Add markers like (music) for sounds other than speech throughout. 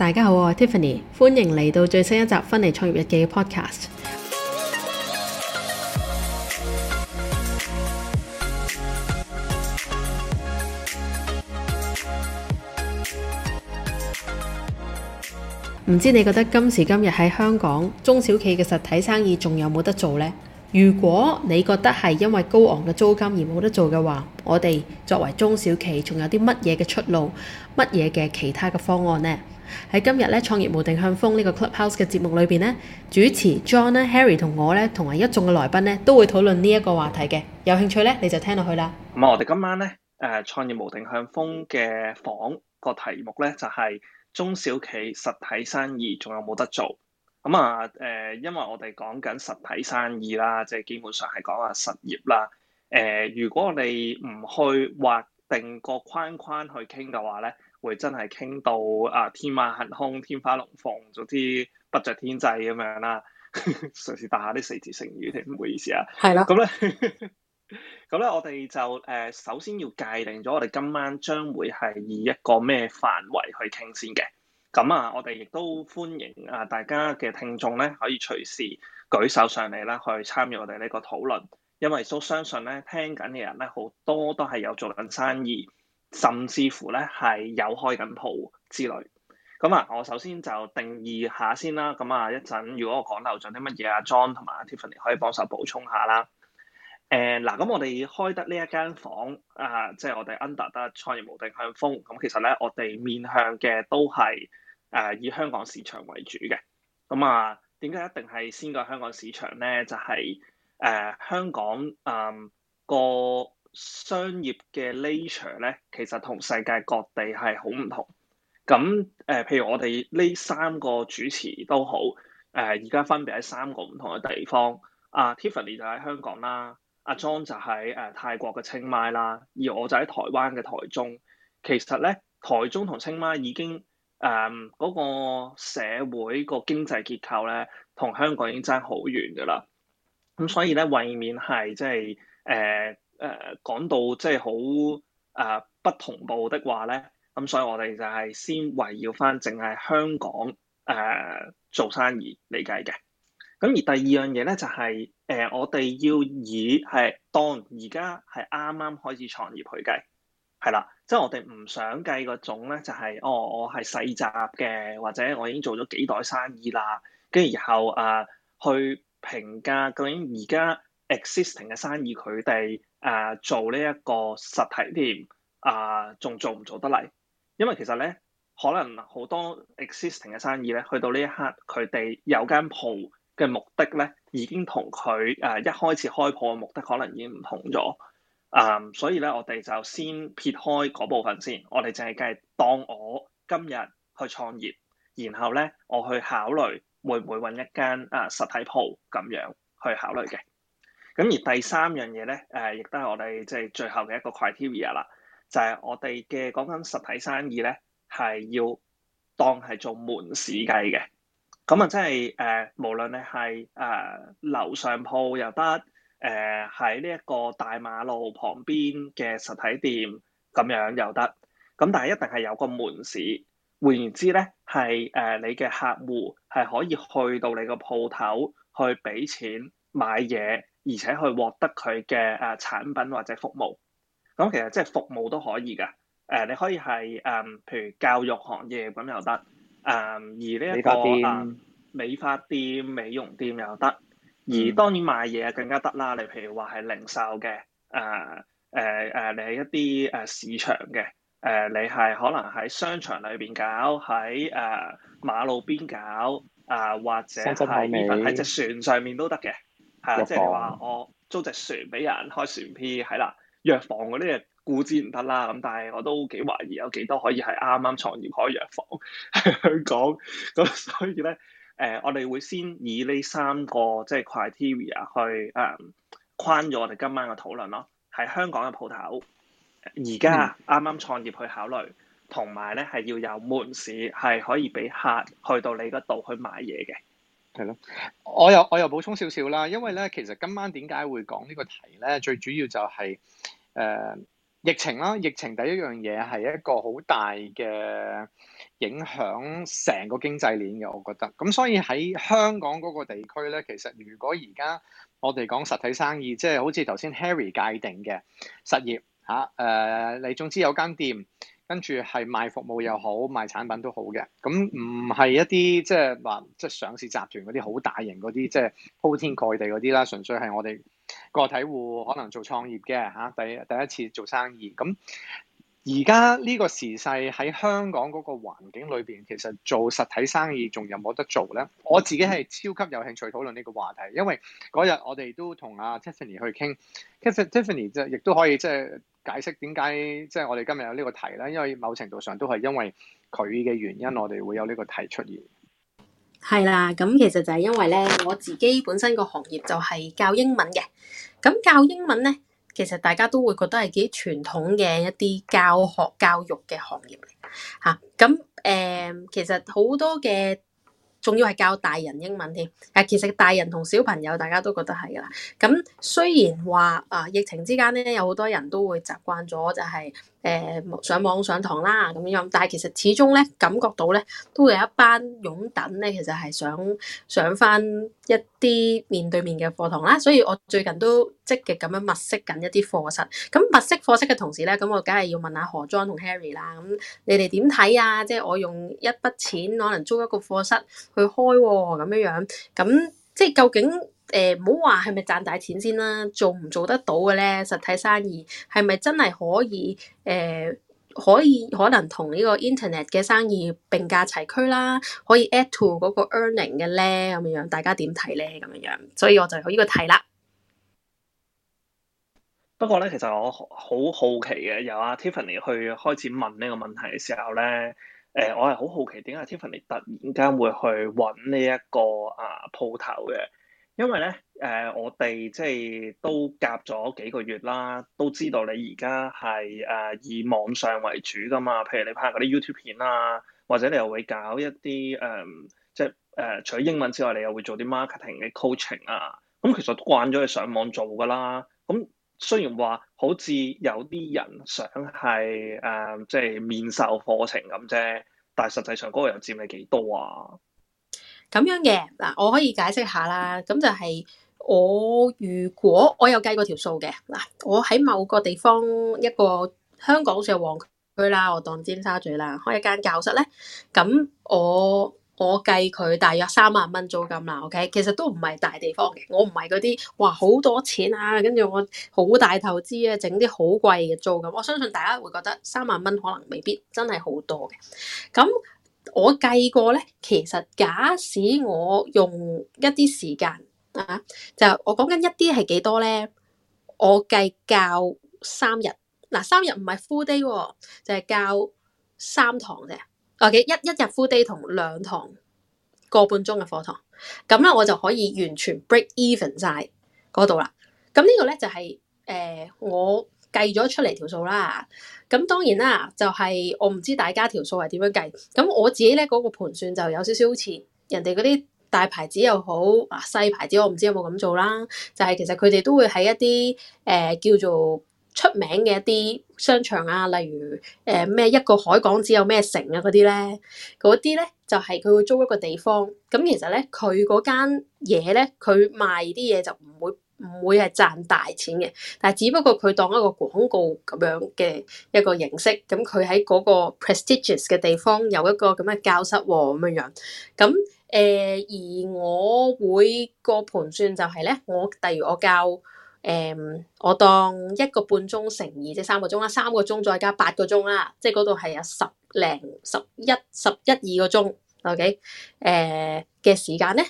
大家好，我係 Tiffany，歡迎嚟到最新一集《芬尼創業日記》嘅 podcast。唔知你覺得今時今日喺香港中小企嘅實體生意仲有冇得做呢？如果你覺得係因為高昂嘅租金而冇得做嘅話，我哋作為中小企，仲有啲乜嘢嘅出路？乜嘢嘅其他嘅方案呢？喺今日咧，創業無定向瘋呢、這個 Clubhouse 嘅節目裏邊咧，主持 John、Harry 我呢同我咧，同埋一眾嘅來賓咧，都會討論呢一個話題嘅。有興趣咧，你就聽落去啦。咁啊，我哋今晚咧，誒、呃、創業無定向瘋嘅訪個題目咧，就係、是、中小企實體生意仲有冇得做？咁、嗯、啊，誒、呃，因為我哋講緊實體生意啦，即係基本上係講下實業啦。誒、呃，如果你唔去劃定個框框去傾嘅話咧，會真係傾到啊天馬行空、天花龍鳳，總之不着天際咁樣啦。隨 (laughs) 時打下啲四字成語，你唔好意思啊。係啦的。咁咧那呢，咁 (laughs) 咧，我哋就誒、呃、首先要界定咗，我哋今晚將會係以一個咩範圍去傾先嘅。咁啊，我哋亦都歡迎啊大家嘅聽眾咧，可以隨時舉手上嚟啦，去參與我哋呢個討論。因為都相信咧，聽緊嘅人咧，好多都係有做緊生意。甚至乎咧係有開緊鋪之類，咁啊，我首先就定義下先啦。咁啊，一陣如果我講漏咗啲乜嘢啊，John 同埋 Tiffany 可以幫手補充下啦。誒、呃，嗱，咁我哋開得呢一間房啊、呃，即係我哋 under 得創業無定向瘋。咁其實咧，我哋面向嘅都係誒、呃、以香港市場為主嘅。咁啊，點解一定係先個香港市場咧？就係、是、誒、呃、香港嗯、呃、個。商業嘅 nature 咧，其實同世界各地係好唔同。咁誒、呃，譬如我哋呢三個主持都好，誒而家分別喺三個唔同嘅地方。阿、啊、Tiffany 就喺香港啦，阿、啊、John 就喺誒、呃、泰國嘅清邁啦，而我就喺台灣嘅台中。其實咧，台中同清邁已經誒嗰、呃那個社會個經濟結構咧，同香港已經爭好遠噶啦。咁所以咧，為免係即係誒。就是呃誒講到即係好誒不同步的話咧，咁所以我哋就係先圍繞翻淨係香港誒、呃、做生意嚟計嘅。咁而第二樣嘢咧就係、是、誒、呃、我哋要以係當而家係啱啱開始創業去計，係啦，即係我哋唔想計嗰種咧，就係、是就是、哦我係細企嘅，或者我已經做咗幾代生意啦，跟住然後啊、呃、去評價究竟而家 existing 嘅生意佢哋。誒、呃、做呢一個實體店啊，仲、呃、做唔做得嚟？因為其實咧，可能好多 existing 嘅生意咧，去到呢一刻，佢哋有間鋪嘅目的咧，已經同佢誒一開始開鋪嘅目的可能已經唔同咗。誒、呃，所以咧，我哋就先撇開嗰部分先，我哋淨係計當我今日去創業，然後咧，我去考慮會唔會揾一間啊、呃、實體鋪咁樣去考慮嘅。咁而第三樣嘢咧，誒、呃，亦都係我哋即係最後嘅一個 criteria 啦，就係、是、我哋嘅講緊實體生意咧，係要當係做門市計嘅。咁啊、就是，即係誒，無論你係誒樓上鋪又得，誒喺呢一個大馬路旁邊嘅實體店咁樣又得。咁但係一定係有個門市。換言之咧，係誒、呃、你嘅客戶係可以去到你個鋪頭去俾錢買嘢。而且去獲得佢嘅誒產品或者服務，咁、啊、其實即係服務都可以㗎。誒、呃，你可以係誒、嗯，譬如教育行業咁又得。誒、嗯，而呢、這、一個美髮店，啊、店、美容店又得。而當然賣嘢更加得啦、嗯呃呃呃。你譬如話係零售嘅，誒誒誒，你係一啲誒市場嘅，誒你係可能喺商場裏邊搞，喺誒、呃、馬路邊搞，啊、呃、或者喺隻船上面都得嘅。係啦，即係話我租隻船俾人開船 P 係啦，藥房嗰啲股資唔得啦，咁但係我都幾懷疑有幾多可以係啱啱創業開藥房喺 (laughs) 香港，咁所以咧，誒、呃、我哋會先以呢三個即係 criteria 去誒、呃、框咗我哋今晚嘅討論咯，係香港嘅鋪頭，而家啱啱創業去考慮，同埋咧係要有門市係可以俾客去到你嗰度去買嘢嘅。係咯，我又我又補充少少啦，因為咧，其實今晚點解會講呢個題咧？最主要就係誒，疫情啦，疫情第一樣嘢係一個好大嘅影響成個經濟鏈嘅，我覺得。咁所以喺香港嗰個地區咧，其實如果而家我哋講實體生意，即係好似頭先 Harry 界定嘅實業吓，誒，你總之有間店。跟住係賣服務又好，賣產品都好嘅，咁唔係一啲即係話即係上市集團嗰啲好大型嗰啲，即係鋪天蓋地嗰啲啦。純粹係我哋個體戶可能做創業嘅嚇，第第一次做生意咁。而家呢個時勢喺香港嗰個環境裏邊，其實做實體生意仲有冇得做咧？我自己係超級有興趣討論呢個話題，因為嗰日我哋都同阿 Tiffany 去傾，Tiffany 即亦都可以即係解釋點解即係我哋今日有呢個題咧，因為某程度上都係因為佢嘅原因，我哋會有呢個題出現。係啦，咁其實就係因為咧，我自己本身個行業就係教英文嘅，咁教英文咧。其實大家都會覺得係幾傳統嘅一啲教學、教育嘅行業嚟，吓咁，誒，其實好多嘅仲要係教大人英文添，誒，其實大人同小朋友大家都覺得係㗎啦，咁、啊、雖然話啊，疫情之間咧，有好多人都會習慣咗就係、是。誒上網上堂啦咁樣，但係其實始終咧感覺到咧，都有一班擁躉咧，其實係想上翻一啲面對面嘅課堂啦。所以我最近都積極咁樣物色緊一啲課室。咁物色課室嘅同時咧，咁我梗係要問下何莊同 Harry 啦，咁你哋點睇啊？即係我用一筆錢可能租一個課室去開喎、啊，咁樣樣。咁即係究竟？誒唔好話係咪賺大錢先啦，做唔做得到嘅咧？實體生意係咪真係可以誒、呃，可以可能同呢個 internet 嘅生意並駕齊驅啦，可以 add to 嗰個 earning 嘅咧咁樣，大家點睇咧咁樣？所以我就有呢個題啦。不過咧，其實我好好奇嘅，由阿、啊、Tiffany 去開始問呢個問題嘅時候咧，誒、呃，我係好好奇點解 Tiffany 突然間會去揾呢一個啊鋪頭嘅？因為咧，誒、呃、我哋即係都夾咗幾個月啦，都知道你而家係誒以網上為主噶嘛。譬如你拍嗰啲 YouTube 片啊，或者你又會搞一啲誒、呃，即係誒、呃、除咗英文之外，你又會做啲 marketing 嘅 coaching 啊。咁、嗯、其實慣咗去上網做噶啦。咁、嗯、雖然話好似有啲人想係誒、呃，即係面授課程咁啫，但係實際上嗰個又佔係幾多啊？咁樣嘅嗱，我可以解釋下啦。咁就係我如果我有計過條數嘅嗱，我喺某個地方一個香港嘅旺區啦，我當尖沙咀啦，開一間教室咧，咁我我計佢大約三萬蚊租金啦。OK，其實都唔係大地方嘅，我唔係嗰啲話好多錢啊，跟住我好大投資啊，整啲好貴嘅租金。我相信大家會覺得三萬蚊可能未必真係好多嘅。咁。我計過咧，其實假使我用一啲時間啊，就我講緊一啲係幾多咧？我計教三日，嗱、啊、三日唔係 full day 就係、是、教三堂啫。ok 一一日 full day 同兩堂個半鐘嘅課堂，咁咧我就可以完全 break even 曬嗰度啦。咁呢個咧就係、是、誒、呃、我。計咗出嚟條數啦，咁當然啦，就係、是、我唔知大家條數係點樣計。咁我自己咧嗰、那個盤算就有少少似人哋嗰啲大牌子又好，啊細牌子我唔知有冇咁做啦。就係、是、其實佢哋都會喺一啲誒、呃、叫做出名嘅一啲商場啊，例如誒咩、呃、一個海港只有咩城啊嗰啲咧，嗰啲咧就係、是、佢會租一個地方。咁其實咧佢嗰間嘢咧，佢賣啲嘢就唔會。唔會係賺大錢嘅，但係只不過佢當一個廣告咁樣嘅一個形式，咁佢喺嗰個 prestigious 嘅地方有一個咁嘅教室喎、哦，咁樣樣，咁誒、呃、而我會個盤算就係咧，我例如我教誒、呃，我當一個半鐘乘二即三個鐘啦，三個鐘再加八個鐘啦，即係嗰度係有十零十一十一二個鐘，OK 誒、呃、嘅時間咧。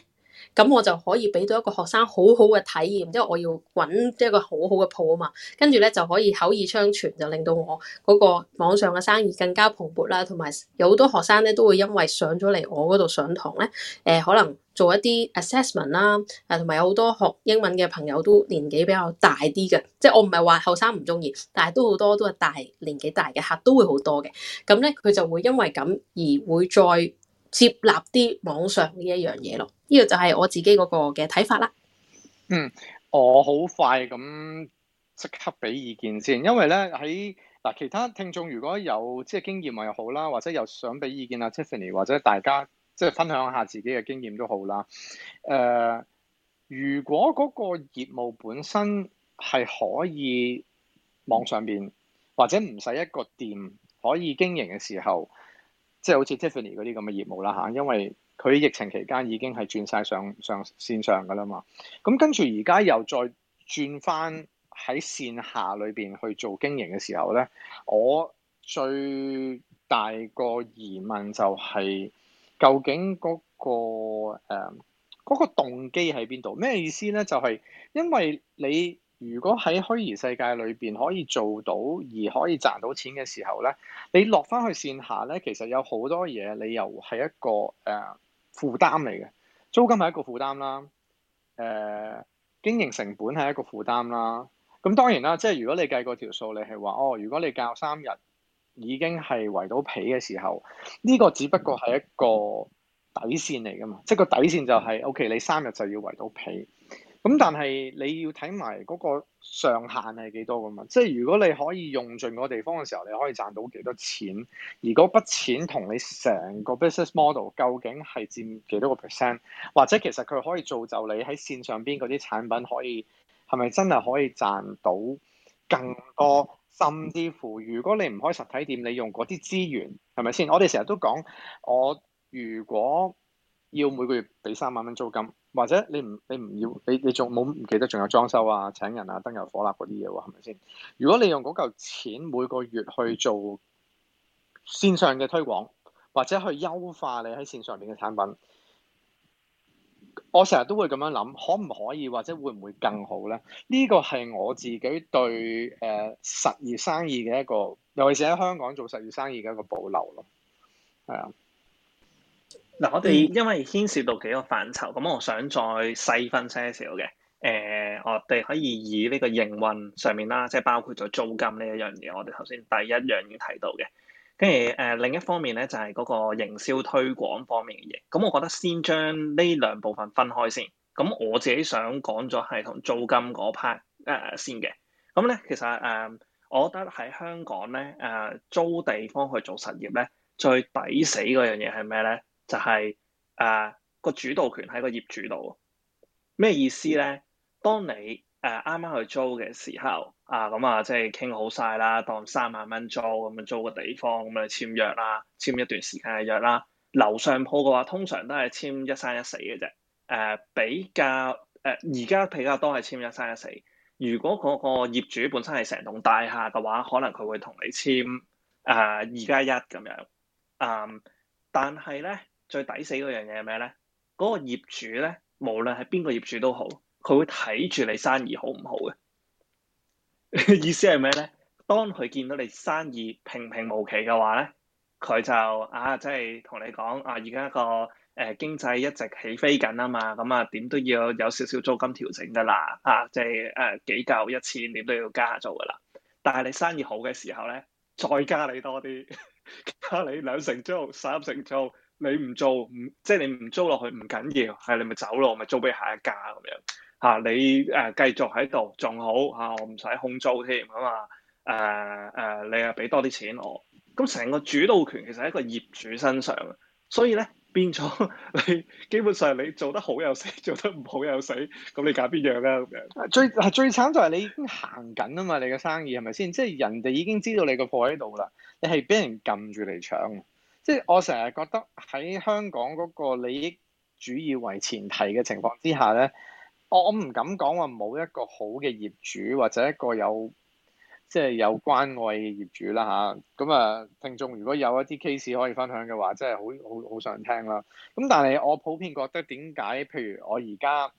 咁我就可以俾到一個學生好好嘅體驗，即係我要揾一個好好嘅鋪啊嘛，跟住咧就可以口耳相傳，就令到我嗰個網上嘅生意更加蓬勃啦，同埋有好多學生咧都會因為上咗嚟我嗰度上堂咧，誒、呃、可能做一啲 assessment 啦、啊，啊同埋有好多學英文嘅朋友都年紀比較大啲嘅，即係我唔係話後生唔鍾意，但係都好多都係大年紀大嘅客都會好多嘅，咁咧佢就會因為咁而會再。接納啲網上呢一樣嘢咯，呢、這個就係我自己嗰個嘅睇法啦。嗯，我好快咁即刻俾意見先，因為咧喺嗱其他聽眾如果有即係經驗又好啦，或者又想俾意見啊，Tiffany，或者大家即係分享下自己嘅經驗都好啦。誒、呃，如果嗰個業務本身係可以網上邊、嗯、或者唔使一個店可以經營嘅時候。即係好似 Tiffany 嗰啲咁嘅業務啦嚇、啊，因為佢疫情期間已經係轉晒上上，上線上嘅啦嘛，咁、嗯、跟住而家又再轉翻喺線下裏邊去做經營嘅時候咧，我最大個疑問就係究竟嗰、那個誒嗰、呃嗰個動機喺邊度？咩意思咧？就係、係、因為你。如果喺虛擬世界裏邊可以做到而可以賺到錢嘅時候咧，你落翻去線下咧，其實有好多嘢你又係一個誒負擔嚟嘅，租金係一個負擔啦，誒、呃、經營成本係一個負擔啦。咁、嗯、當然啦，即係如果你計過條數，你係話哦，如果你教三日已經係圍到皮嘅時候，呢、這個只不過係一個底線嚟㗎嘛，即係個底線就係 OK，你三日就要圍到皮。咁、嗯、但係你要睇埋嗰個上限係幾多咁啊？即係如果你可以用盡個地方嘅時候，你可以賺到幾多錢，而嗰筆錢同你成個 business model 究竟係佔幾多個 percent，或者其實佢可以造就你喺綫上邊嗰啲產品可以係咪真係可以賺到更多？甚至乎，如果你唔開實體店，你用嗰啲資源係咪先？我哋成日都講，我如果要每個月俾三萬蚊租金。或者你唔你唔要你你仲冇唔記得，仲有裝修啊、請人啊、燈油火蠟嗰啲嘢喎，係咪先？如果你用嗰嚿錢每個月去做線上嘅推廣，或者去優化你喺線上邊嘅產品，我成日都會咁樣諗，可唔可以或者會唔會更好咧？呢個係我自己對誒、呃、實業生意嘅一個，尤其是喺香港做實業生意嘅一個保留咯。係啊。嗱，我哋因為牽涉到幾個範疇，咁我想再細分些少嘅。誒、呃，我哋可以以呢個營運上面啦，即係包括咗租金呢一樣嘢，我哋頭先第一樣要提到嘅。跟住誒另一方面咧，就係、是、嗰個營銷推廣方面嘅嘢。咁、嗯、我覺得先將呢兩部分分開先。咁、嗯、我自己想講咗係同租金嗰 part 誒先嘅。咁、嗯、咧，其實誒、呃，我覺得喺香港咧誒、呃、租地方去做實業咧，最抵死嗰樣嘢係咩咧？就係誒個主導權喺個業主度，咩意思咧？當你誒啱啱去租嘅時候，啊咁啊，即係傾好晒啦，當三萬蚊租咁樣，租個地方咁樣、嗯，簽約啦，簽一段時間嘅約啦。樓上鋪嘅話，通常都係簽一三一四嘅啫，誒、呃、比較誒而家比較多係簽一三一四。如果嗰個業主本身係成棟大廈嘅話，可能佢會同你簽誒、呃、二加一咁樣。嗯、呃，但係咧。最抵死嗰樣嘢係咩咧？嗰、那個業主咧，無論係邊個業主都好，佢會睇住你生意好唔好嘅。 (laughs) 意思係咩咧？當佢見到你生意平平無奇嘅話咧，佢就啊，即係同你講啊，而家個誒、呃、經濟一直起飛緊啊嘛，咁啊點都要有少少租金調整噶啦，啊即係誒幾嚿一千點都要加租噶啦。但係你生意好嘅時候咧，再加你多啲，加你兩成租、三成租。你唔做，唔即係你唔租落去唔緊要，係你咪走咯，我咪租俾下一家咁樣嚇、啊。你誒、呃、繼續喺度仲好嚇、啊，我唔使控租添啊嘛。誒、啊、誒，你又俾多啲錢我，咁、啊、成、啊、個主導權其實喺個業主身上，所以咧變咗你基本上你做得好又死，做得唔好又死，咁你揀邊樣啊咁樣？最最慘就係你已經行緊啊嘛，你嘅生意係咪先？即係、就是、人哋已經知道你個貨喺度啦，你係俾人撳住嚟搶。即係我成日覺得喺香港嗰個利益主義為前提嘅情況之下咧，我我唔敢講話冇一個好嘅業主或者一個有即係、就是、有關愛嘅業主啦、啊、吓，咁啊，聽眾如果有一啲 case 可以分享嘅話，真係好好好想聽啦。咁但係我普遍覺得點解？譬如我而家。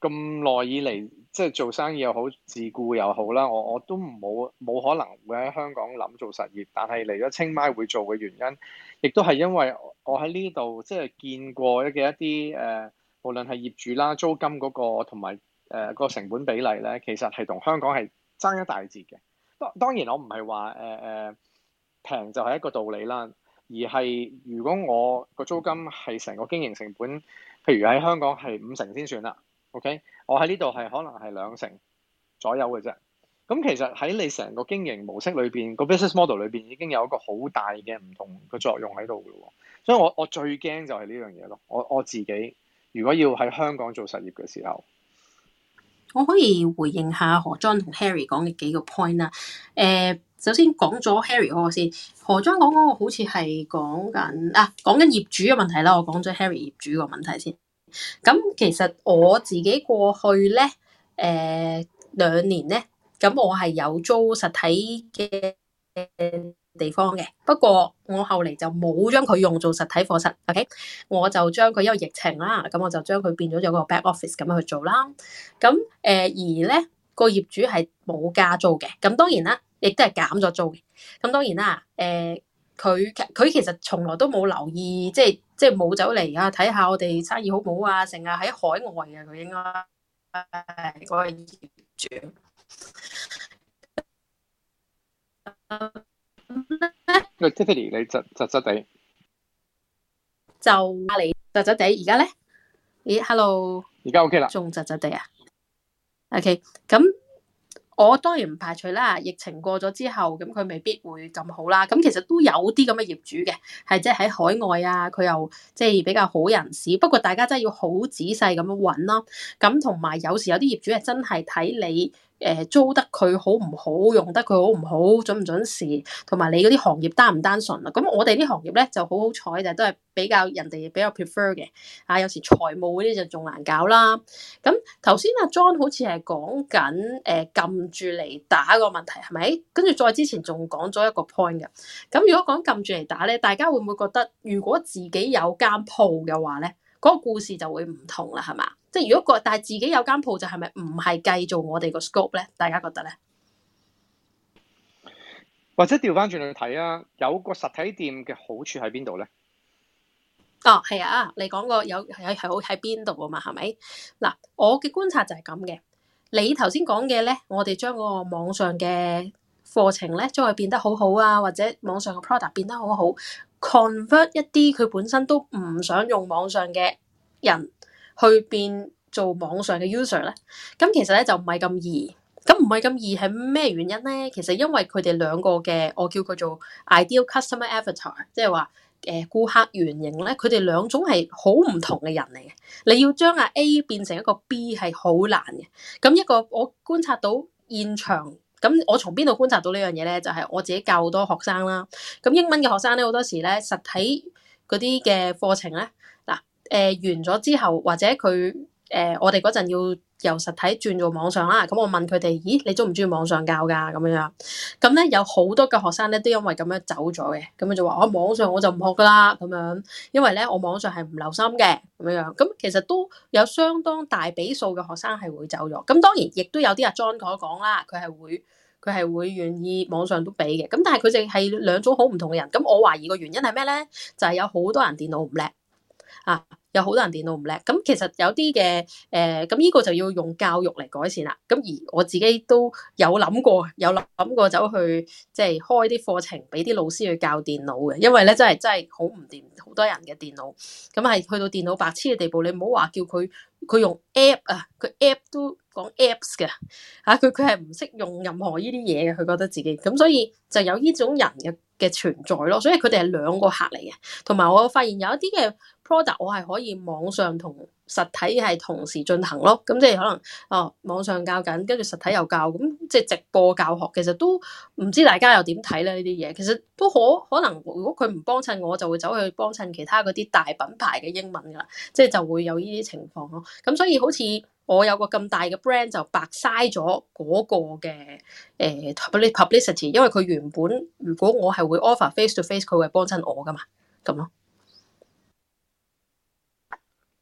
咁耐以嚟，即、就、係、是、做生意又好，自雇又好啦。我我都冇冇可能會喺香港諗做實業，但係嚟咗清邁會做嘅原因，亦都係因為我喺呢度即係見過嘅一啲誒、呃，無論係業主啦、租金嗰、那個同埋誒個成本比例咧，其實係同香港係爭一大截嘅。當當然我唔係話誒誒平就係一個道理啦，而係如果我個租金係成個經營成本，譬如喺香港係五成先算啦。OK，我喺呢度係可能係兩成左右嘅啫。咁其實喺你成個經營模式裏邊，個 business model 裏邊已經有一個好大嘅唔同嘅作用喺度噶。所以我我最驚就係呢樣嘢咯。我我自己如果要喺香港做實業嘅時候，我可以回應下何莊同 Harry 講嘅幾個 point 啦。誒、呃，首先講咗 Harry 嗰個先。何莊講嗰個好似係講緊啊，講緊業主嘅問題啦。我講咗 Harry 業主個問題先。咁其實我自己過去咧，誒、呃、兩年咧，咁我係有租實體嘅地方嘅，不過我後嚟，就冇將佢用做實體課室，OK？我就將佢因為疫情啦，咁我就將佢變咗做個 back office 咁樣去做啦。咁誒、呃、而咧個業主係冇加租嘅，咁當然啦，亦都係減咗租嘅。咁當然啦，誒、呃。佢佢其實從來都冇留意，即係即係冇走嚟啊，睇下我哋生意好唔好啊，成日喺海外啊，佢應該。個 Tiffany，你窒窒地。就你窒窒地，而家咧？咦，Hello！而家 OK 啦，嗯。仲窒窒地啊？OK，咁。我當然唔排除啦，疫情過咗之後，咁佢未必會咁好啦。咁其實都有啲咁嘅業主嘅，係即係喺海外啊，佢又即係比較好人士。不過大家真係要好仔細咁樣揾咯。咁同埋有時有啲業主係真係睇你。誒租得佢好唔好，用得佢好唔好，準唔準時，同埋你嗰啲行業單唔單純啦。咁我哋啲行業咧就好好彩，就但都係比較人哋比較 prefer 嘅。啊，有時財務嗰啲就仲難搞啦。咁頭先阿 John 好似係講緊誒撳住嚟打個問題係咪？跟住再之前仲講咗一個 point 嘅。咁如果講撳住嚟打咧，大家會唔會覺得如果自己有間鋪嘅話咧，嗰個故事就會唔同啦，係嘛？即係如果個但係自己有間鋪，就係咪唔係計做我哋個 scope 咧？大家覺得咧？或者調翻轉去睇啊，有個實體店嘅好處喺邊度咧？哦、啊，係啊，你講個有有係好喺邊度㗎嘛？係咪？嗱，我嘅觀察就係咁嘅。你頭先講嘅咧，我哋將嗰個網上嘅課程咧，將佢變得好好啊，或者網上嘅 product 變得好好，convert 一啲佢本身都唔想用網上嘅人。去變做網上嘅 user 咧，咁其實咧就唔係咁易，咁唔係咁易係咩原因咧？其實因為佢哋兩個嘅我叫佢做 ideal customer avatar，即係話誒顧客原型咧，佢哋兩種係好唔同嘅人嚟嘅。你要將啊 A 變成一個 B 係好難嘅。咁一個我觀察到現場，咁我從邊度觀察到呢樣嘢咧？就係我自己教好多學生啦。咁英文嘅學生咧，好多時咧實體嗰啲嘅課程咧，嗱。誒、呃、完咗之後，或者佢誒、呃、我哋嗰陣要由實體轉做網上啦，咁我問佢哋，咦，你中唔中意網上教㗎？咁樣樣，咁咧有好多嘅學生咧都因為咁樣走咗嘅，咁樣就話，啊，我網上我就唔學㗎啦，咁樣，因為咧我網上係唔留心嘅，咁樣樣，咁其實都有相當大比數嘅學生係會走咗。咁當然亦都有啲阿 John 所講啦，佢係會佢係會願意網上都俾嘅。咁但係佢哋係兩種好唔同嘅人。咁我懷疑個原因係咩咧？就係、是、有好多人電腦唔叻啊！有好多人電腦唔叻，咁其實有啲嘅誒，咁、呃、呢個就要用教育嚟改善啦。咁而我自己都有諗過，有諗過走去即係開啲課程，俾啲老師去教電腦嘅。因為咧真係真係好唔掂，好多人嘅電腦咁係去到電腦白痴嘅地步。你唔好話叫佢佢用 app, APP, APP 啊，佢 app 都講 apps 嘅嚇，佢佢係唔識用任何呢啲嘢嘅，佢覺得自己咁，所以就有呢種人嘅。嘅存在咯，所以佢哋係兩個客嚟嘅，同埋我發現有一啲嘅 product 我係可以網上同實體係同時進行咯，咁、嗯、即係可能哦網上教緊，跟住實體又教，咁、嗯、即係直播教學其實都唔知大家又點睇啦呢啲嘢，其實都可可能如果佢唔幫襯我，就會走去幫襯其他嗰啲大品牌嘅英文㗎喇，即係就會有呢啲情況咯，咁、嗯、所以好似。我有個咁大嘅 brand 就白嘥咗嗰個嘅誒、呃、publicity 因為佢原本如果我係會 offer face to face，佢會幫襯我噶嘛，咁咯。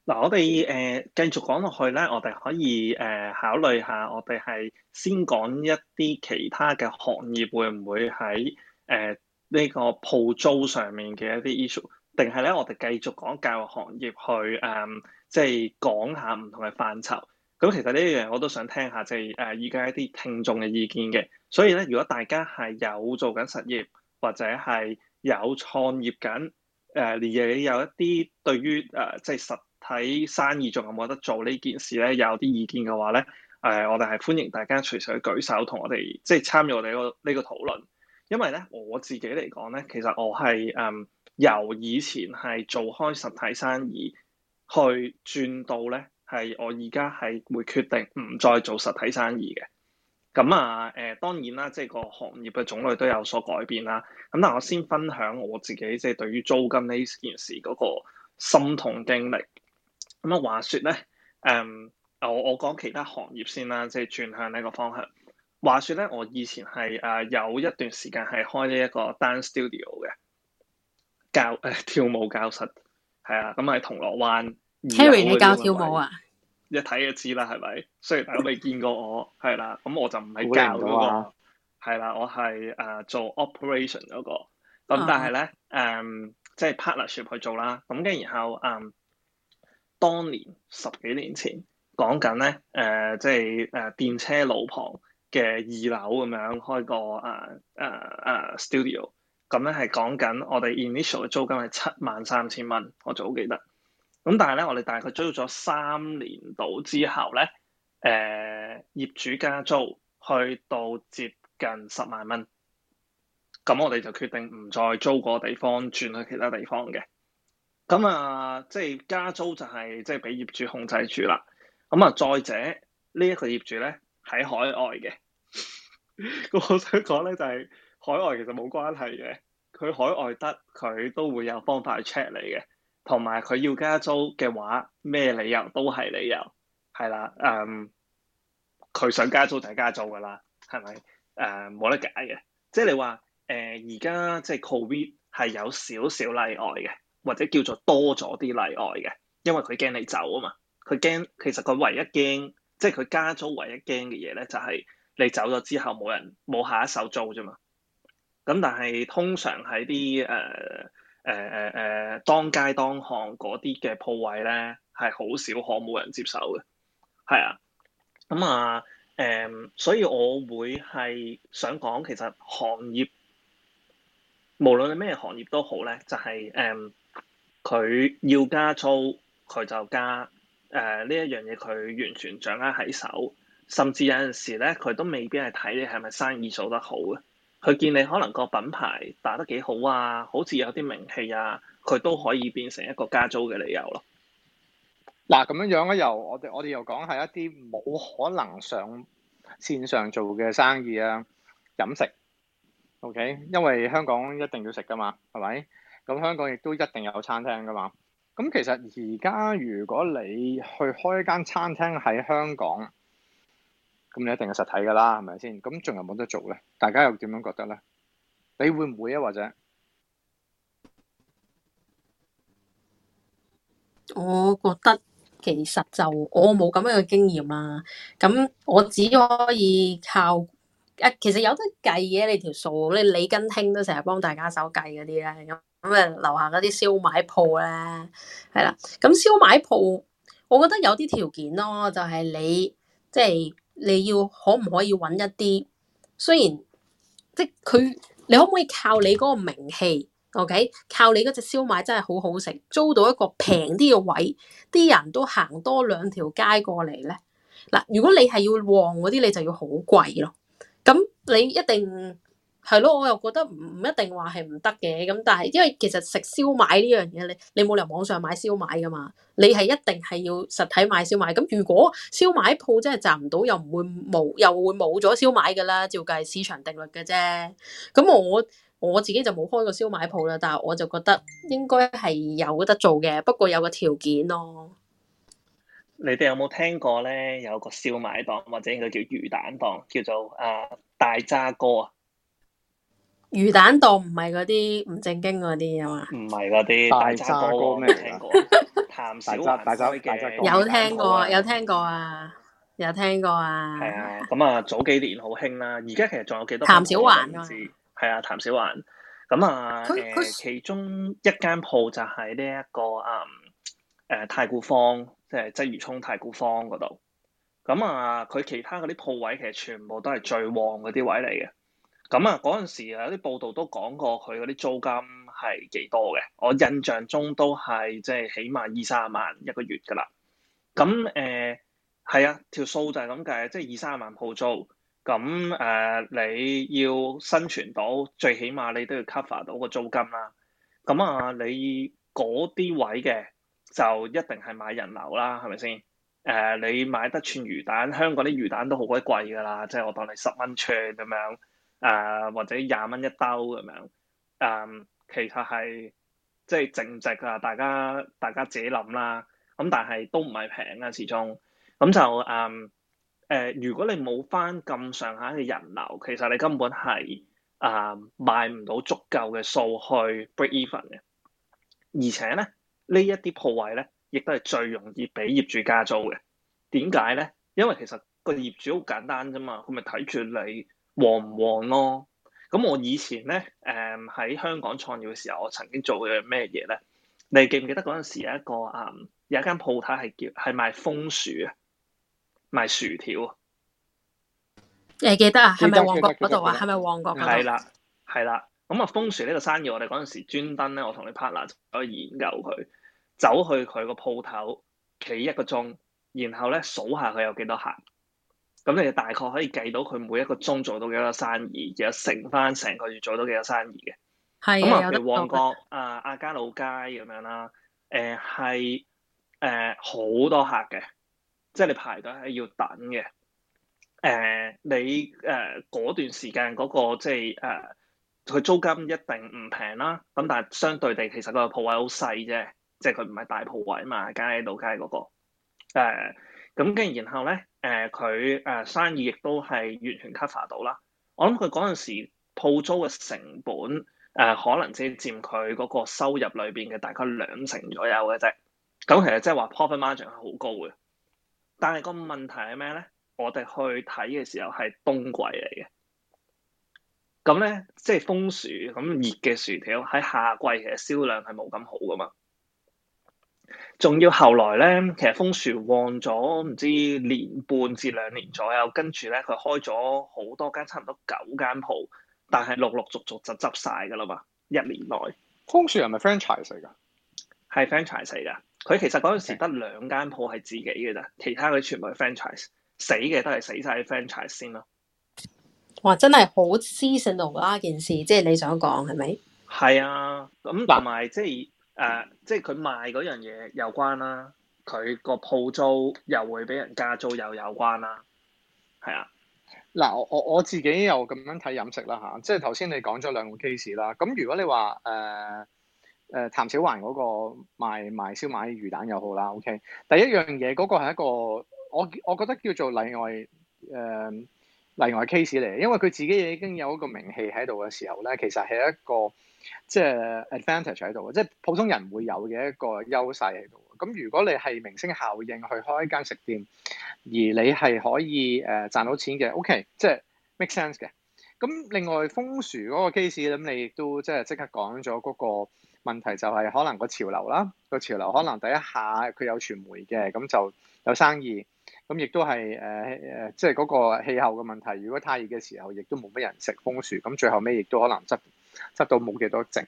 嗱，我哋誒繼續講落去咧，我哋可以誒、呃、考慮下，我哋係先講一啲其他嘅行業會唔會喺誒呢個鋪租上面嘅一啲 issue，定係咧我哋繼續講教育行業去誒、呃，即係講下唔同嘅範疇。咁其實呢一樣我都想聽下，即係誒依家一啲聽眾嘅意見嘅。所以咧，如果大家係有做緊實業或者係有創業緊誒，亦、呃、有一啲對於誒即係實體生意仲有冇得做呢件事咧，有啲意見嘅話咧，誒、呃、我哋係歡迎大家隨時去舉手，同我哋即係參與我哋、呢個呢、呢個討論。因為咧我自己嚟講咧，其實我係誒、呃、由以前係做開實體生意去轉到咧。係我而家係會決定唔再做實體生意嘅，咁啊，誒，當然啦，即係個行業嘅種類都有所改變啦。咁但係我先分享我自己即係對於租金呢件事嗰個心痛經歷。咁啊，話說咧，誒，我我講其他行業先啦，即係轉向呢個方向。話說咧，我以前係誒有一段時間係開呢一個 dance studio 嘅教誒跳舞教室，係啊，咁喺銅鑼灣。Terry 你教跳舞啊？一睇就知啦，係咪？雖然大家未見過我，係啦， (laughs) 咁我就唔係教嗰、那個，係啦、啊，我係誒、uh，做 operation 嗰、那個。咁但係咧，誒、oh。嗯，即係 partnership 去做啦。咁跟然後，嗯、當年十幾年前講緊咧，誒、呃，即係誒、呃、電車路旁嘅二樓咁樣開個誒誒誒 studio。咁咧係講緊我哋 initial 嘅租金係七萬三千蚊，我好記得。咁但係咧，我哋大概租咗三年度之後咧，誒、呃、業主加租去到接近十萬蚊，咁、嗯、我哋就決定唔再租個地方，轉去其他地方嘅。咁、嗯、啊，即係加租就係、是、即係俾業主控制住啦。咁、嗯、啊，再者呢一、這個業主咧喺海外嘅， (laughs) 我想講咧就係、是、海外其實冇關係嘅，佢海外得佢都會有方法去 check 你嘅。同埋佢要加租嘅話，咩理由都係理由，係啦，誒、嗯，佢想加租就加租噶啦，係咪？誒、嗯，冇得解嘅，即係你話，誒、呃，而家即係 Covid 係有少少例外嘅，或者叫做多咗啲例外嘅，因為佢驚你走啊嘛，佢驚，其實佢唯一驚，即係佢加租唯一驚嘅嘢咧，就係、是、你走咗之後冇人冇下一手租啫嘛。咁但係通常喺啲誒。呃誒誒誒，當街當巷嗰啲嘅鋪位咧，係好少可冇人接手嘅，係啊。咁、嗯、啊，誒、嗯，所以我會係想講，其實行業無論係咩行業都好咧，就係、是、誒，佢、嗯、要加租，佢就加。誒、呃、呢一樣嘢，佢完全掌握喺手，甚至有陣時咧，佢都未必係睇你係咪生意做得好嘅。佢見你可能個品牌打得幾好啊，好似有啲名氣啊，佢都可以變成一個加租嘅理由咯。嗱，咁樣樣咧，我又我哋我哋又講係一啲冇可能上線上做嘅生意啊，飲食。OK，因為香港一定要食㗎嘛，係咪？咁香港亦都一定有餐廳㗎嘛。咁其實而家如果你去開間餐廳喺香港。咁你一定係實體噶啦，係咪先？咁仲有冇得做咧？大家又點樣覺得咧？你會唔會啊？或者我覺得其實就我冇咁樣嘅經驗啦。咁我只可以靠啊，其實有得計嘅你條數，你李根興都成日幫大家手計嗰啲咧。咁咁啊，樓下嗰啲燒賣鋪咧，係啦。咁燒賣鋪，我覺得有啲條件咯，就係你，即係。你要可唔可以揾一啲？雖然即佢，你可唔可以靠你嗰個名氣？OK，靠你嗰隻燒賣真係好好食，租到一個平啲嘅位，啲人都行多兩條街過嚟咧。嗱，如果你係要旺嗰啲，你就要好貴咯。咁你一定。係咯，我又覺得唔唔一定話係唔得嘅，咁，但係因為其實食燒賣呢樣嘢，你你冇理由網上買燒賣噶嘛，你係一定係要實體買燒賣。咁如果燒賣鋪真係賺唔到，又唔會冇，又會冇咗燒賣噶啦。照計市場定律嘅啫。咁我我自己就冇開過燒賣鋪啦，但係我就覺得應該係有得做嘅，不過有個條件咯。你哋有冇聽過咧？有個燒賣檔或者應該叫魚蛋檔，叫做啊大渣哥啊。魚蛋檔唔係嗰啲唔正經嗰啲啊嘛，唔係嗰啲大大紮咩？有聽過，啊、有聽過啊，有聽過啊，係啊。咁啊，早幾年好興啦，而家其實仲有幾多譚小？譚小環，係、嗯、啊，譚小環。咁、這個嗯呃、啊，其中一間鋪就喺呢一個誒，太古坊，即係鰂魚涌太古坊嗰度。咁啊，佢其他嗰啲鋪位其實全部都係最旺嗰啲位嚟嘅。咁啊，嗰陣、嗯、時啊，啲報道都講過佢嗰啲租金係幾多嘅？我印象中都係即係起碼二三十萬一個月㗎啦。咁誒係啊，條數就係咁計，即係二三十萬鋪租。咁、嗯、誒、嗯、你要生存到，最起碼你都要 cover 到個租金啦。咁、嗯、啊，你嗰啲位嘅就一定係買人流啦，係咪先？誒、嗯，你買得串魚蛋，香港啲魚蛋都好鬼貴㗎啦，即係我當你十蚊串咁樣。誒、uh, 或者廿蚊一兜咁樣，嗯，其實係即係值唔值啊？大家大家自己諗啦。咁、嗯、但係都唔係平嘅，始終咁、嗯、就嗯誒、呃，如果你冇翻咁上下嘅人流，其實你根本係啊賣唔到足夠嘅數去 break even 嘅。而且咧，呢一啲鋪位咧，亦都係最容易俾業主加租嘅。點解咧？因為其實個業主好簡單啫嘛，佢咪睇住你。旺唔旺咯？咁我以前咧，誒、嗯、喺香港創業嘅時候，我曾經做過嘅咩嘢咧？你記唔記得嗰陣時有一個啊、嗯，有一間鋪頭係叫係賣風薯啊，賣薯條啊。你記得啊，係咪旺角嗰度啊？係咪 (music) 旺角嗰度？係啦，係啦、嗯。咁啊，風薯呢個生意，我哋嗰陣時專登咧，我同你 partner 去研究佢，走去佢個鋪頭企一個鐘，然後咧，數下佢有幾多客。咁你就大概可以計到佢每一個鐘做到幾多生意，而家乘翻成個月做到幾多生意嘅。係的，咁啊，譬如旺角啊、亞皆老街咁樣啦，誒係誒好多客嘅，即係你排隊係要等嘅。誒、呃，你誒嗰、呃、段時間嗰、嗰個即係誒，佢、呃、租金一定唔平啦。咁但係相對地，其實個鋪位好細啫，即係佢唔係大鋪位啊嘛，亞皆老街嗰個。咁跟、呃、然後咧。誒佢誒生意亦都係完全 cover 到啦，我諗佢嗰陣時鋪租嘅成本誒、呃、可能只係佔佢嗰個收入裏邊嘅大概兩成左右嘅啫，咁其實即係話 profit margin 係好高嘅，但係個問題係咩咧？我哋去睇嘅時候係冬季嚟嘅，咁咧即係風薯咁熱嘅薯條喺夏季其實銷量係冇咁好噶嘛。仲要後來咧，其實風樹旺咗唔知年半至兩年左右，跟住咧佢開咗好多間，差唔多九間鋪，但係陸陸續續就執晒噶啦嘛，一年內。風樹係咪 franchise 噶？係 franchise 嚟噶，佢其實嗰陣時得兩間鋪係自己嘅咋，Okay. 其他佢全部 franchise 死嘅都係死晒啲 franchise 先咯。哇，真係好私信同啦件事，即係你想講係咪？係啊，咁、嗯、同埋即係。誒，uh, 即係佢賣嗰樣嘢有關啦、啊，佢個鋪租又會俾人加租又有關啦，係啊。嗱、啊，我我我自己又咁樣睇飲食啦嚇、啊，即係頭先你講咗兩個 case 啦、啊。咁如果你話誒誒譚小環嗰個賣賣燒賣魚蛋又好啦，OK。第一樣嘢嗰、那個係一個我我覺得叫做例外誒、呃、例外 case 嚟，因為佢自己已經有一個名氣喺度嘅時候咧，其實係一個。即係 advantage 喺度，即係、就是、普通人會有嘅一個優勢喺度。咁如果你係明星效應去開間食店，而你係可以誒賺到錢嘅，OK，即係 make sense 嘅。咁另外風薯嗰個 case，咁你亦都即係即刻講咗嗰個問題，就係可能個潮流啦，個潮流可能第一下佢有傳媒嘅，咁就有生意。咁亦都係誒誒，即係嗰個氣候嘅問題。如果太熱嘅時候，亦都冇乜人食風薯，咁最後尾亦都可能執。執到冇幾多剩，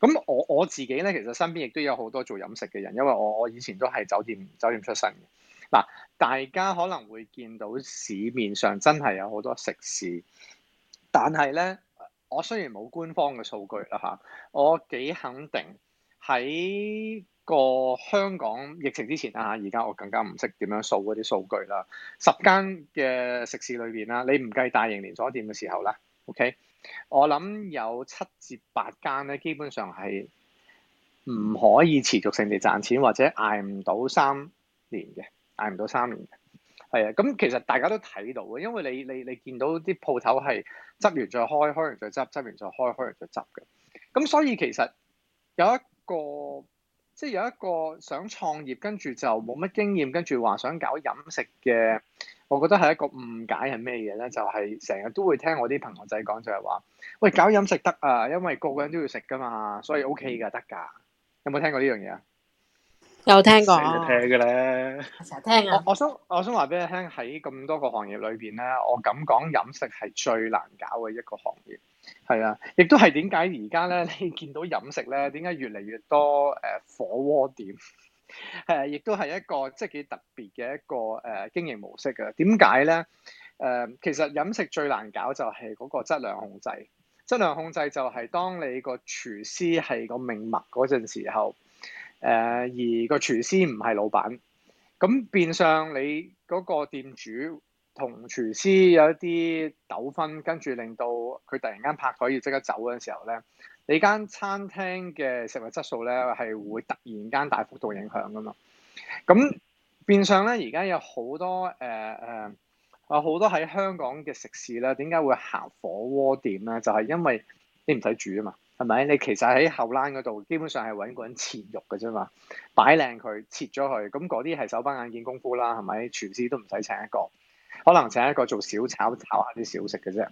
咁我我自己咧，其實身邊亦都有好多做飲食嘅人，因為我我以前都係酒店酒店出身嘅。嗱，大家可能會見到市面上真係有好多食肆，但係咧，我雖然冇官方嘅數據啦嚇、啊，我幾肯定喺個香港疫情之前啦嚇，而、啊、家我更加唔識點樣數嗰啲數據啦。十間嘅食肆裏邊啦，你唔計大型連鎖店嘅時候啦、啊，OK。我諗有七至八間咧，基本上係唔可以持續性地賺錢，或者捱唔到三年嘅，捱唔到三年嘅。係啊，咁、嗯、其實大家都睇到嘅，因為你你你見到啲鋪頭係執完再開，開完再執，執完再開，開完再執嘅。咁、嗯、所以其實有一個即係、就是、有一個想創業，跟住就冇乜經驗，跟住話想搞飲食嘅。我覺得係一個誤解係咩嘢咧？就係成日都會聽我啲朋友仔講，就係話：喂，搞飲食得啊，因為個個人都要食噶嘛，所以 OK 噶，得㗎。有冇聽過呢樣嘢啊？有聽過。成日聽㗎咧。我成日聽啊。我我想我想話俾你聽，喺咁多個行業裏邊咧，我敢講飲食係最難搞嘅一個行業。係啊，亦都係點解而家咧，你見到飲食咧，點解越嚟越多誒、呃、火鍋店？誒，亦都係一個即係幾特別嘅一個誒、呃、經營模式嘅。點解咧？誒、呃，其實飲食最難搞就係嗰個質量控制。質量控制就係當你個廚師係個命脈嗰陣時候，誒、呃，而個廚師唔係老闆，咁變相你嗰個店主同廚師有一啲糾紛，跟住令到佢突然間拍枱，要即刻走嘅時候咧。你間餐廳嘅食物質素咧，係會突然間大幅度影響㗎嘛？咁變相咧，而家有好多誒誒，有、呃、好、呃呃、多喺香港嘅食肆咧，點解會行火鍋店咧？就係、是、因為你唔使煮啊嘛，係咪？你其實喺後欄嗰度基本上係揾個人切肉嘅啫嘛，擺靚佢，切咗佢咁，嗰啲係手板眼見功夫啦，係咪？廚師都唔使請一個，可能請一個做小炒炒下啲小食嘅啫。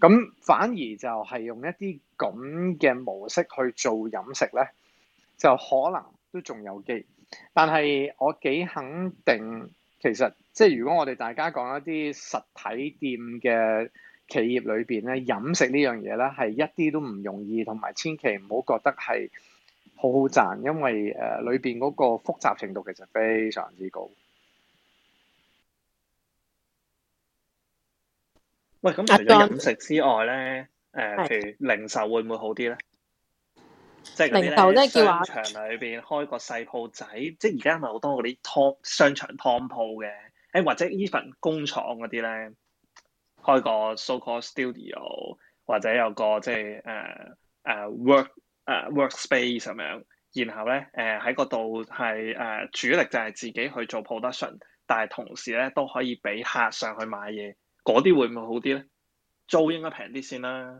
咁反而就係用一啲。咁嘅模式去做飲食呢，就可能都仲有機，但係我幾肯定，其實即係如果我哋大家講一啲實體店嘅企業裏邊呢，飲食呢樣嘢呢，係一啲都唔容易，同埋千祈唔好覺得係好好賺，因為誒裏邊嗰個複雜程度其實非常之高。喂，咁除咗飲食之外呢？誒、呃，譬如零售會唔會好啲咧？的即係零售即係叫話，場裏邊開個細鋪仔，即係而家咪好多嗰啲商場劏鋪嘅，誒或者 even 工廠嗰啲咧，開個 so called studio，或者有個即係誒誒 work 誒、uh, workspace 咁樣，然後咧誒喺個度係誒主力就係自己去做 production，但係同時咧都可以俾客上去買嘢，嗰啲會唔會好啲咧？租應該平啲先啦。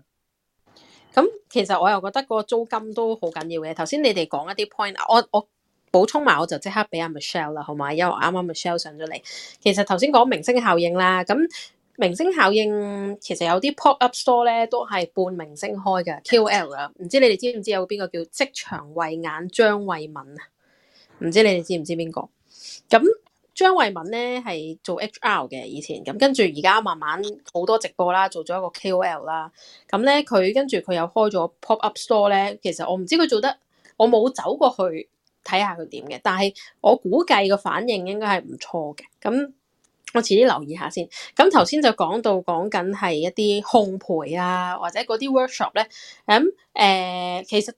咁其實我又覺得個租金都好緊要嘅。頭先你哋講一啲 point，我我補充埋我就即刻俾阿 Michelle 啦，好嘛？因為我啱啱 Michelle 上咗嚟。其實頭先講明星效應啦，咁明星效應其實有啲 pop up store 咧都係半明星開嘅 KOL 啦。唔知你哋知唔知有邊個叫職場慧眼張慧敏啊？唔知你哋知唔知邊個咁？張慧敏咧係做 HR 嘅以前。咁跟住而家慢慢好多直播啦，做咗一個 KOL 啦。咁咧佢跟住佢又開咗 pop up store 咧。其實我唔知佢做得，我冇走過去睇下佢點嘅。但係我估計個反應應該係唔錯嘅。咁我遲啲留意下先。咁頭先就講到講緊係一啲烘焙啊，或者嗰啲 workshop 咧。咁、嗯、誒、呃，其實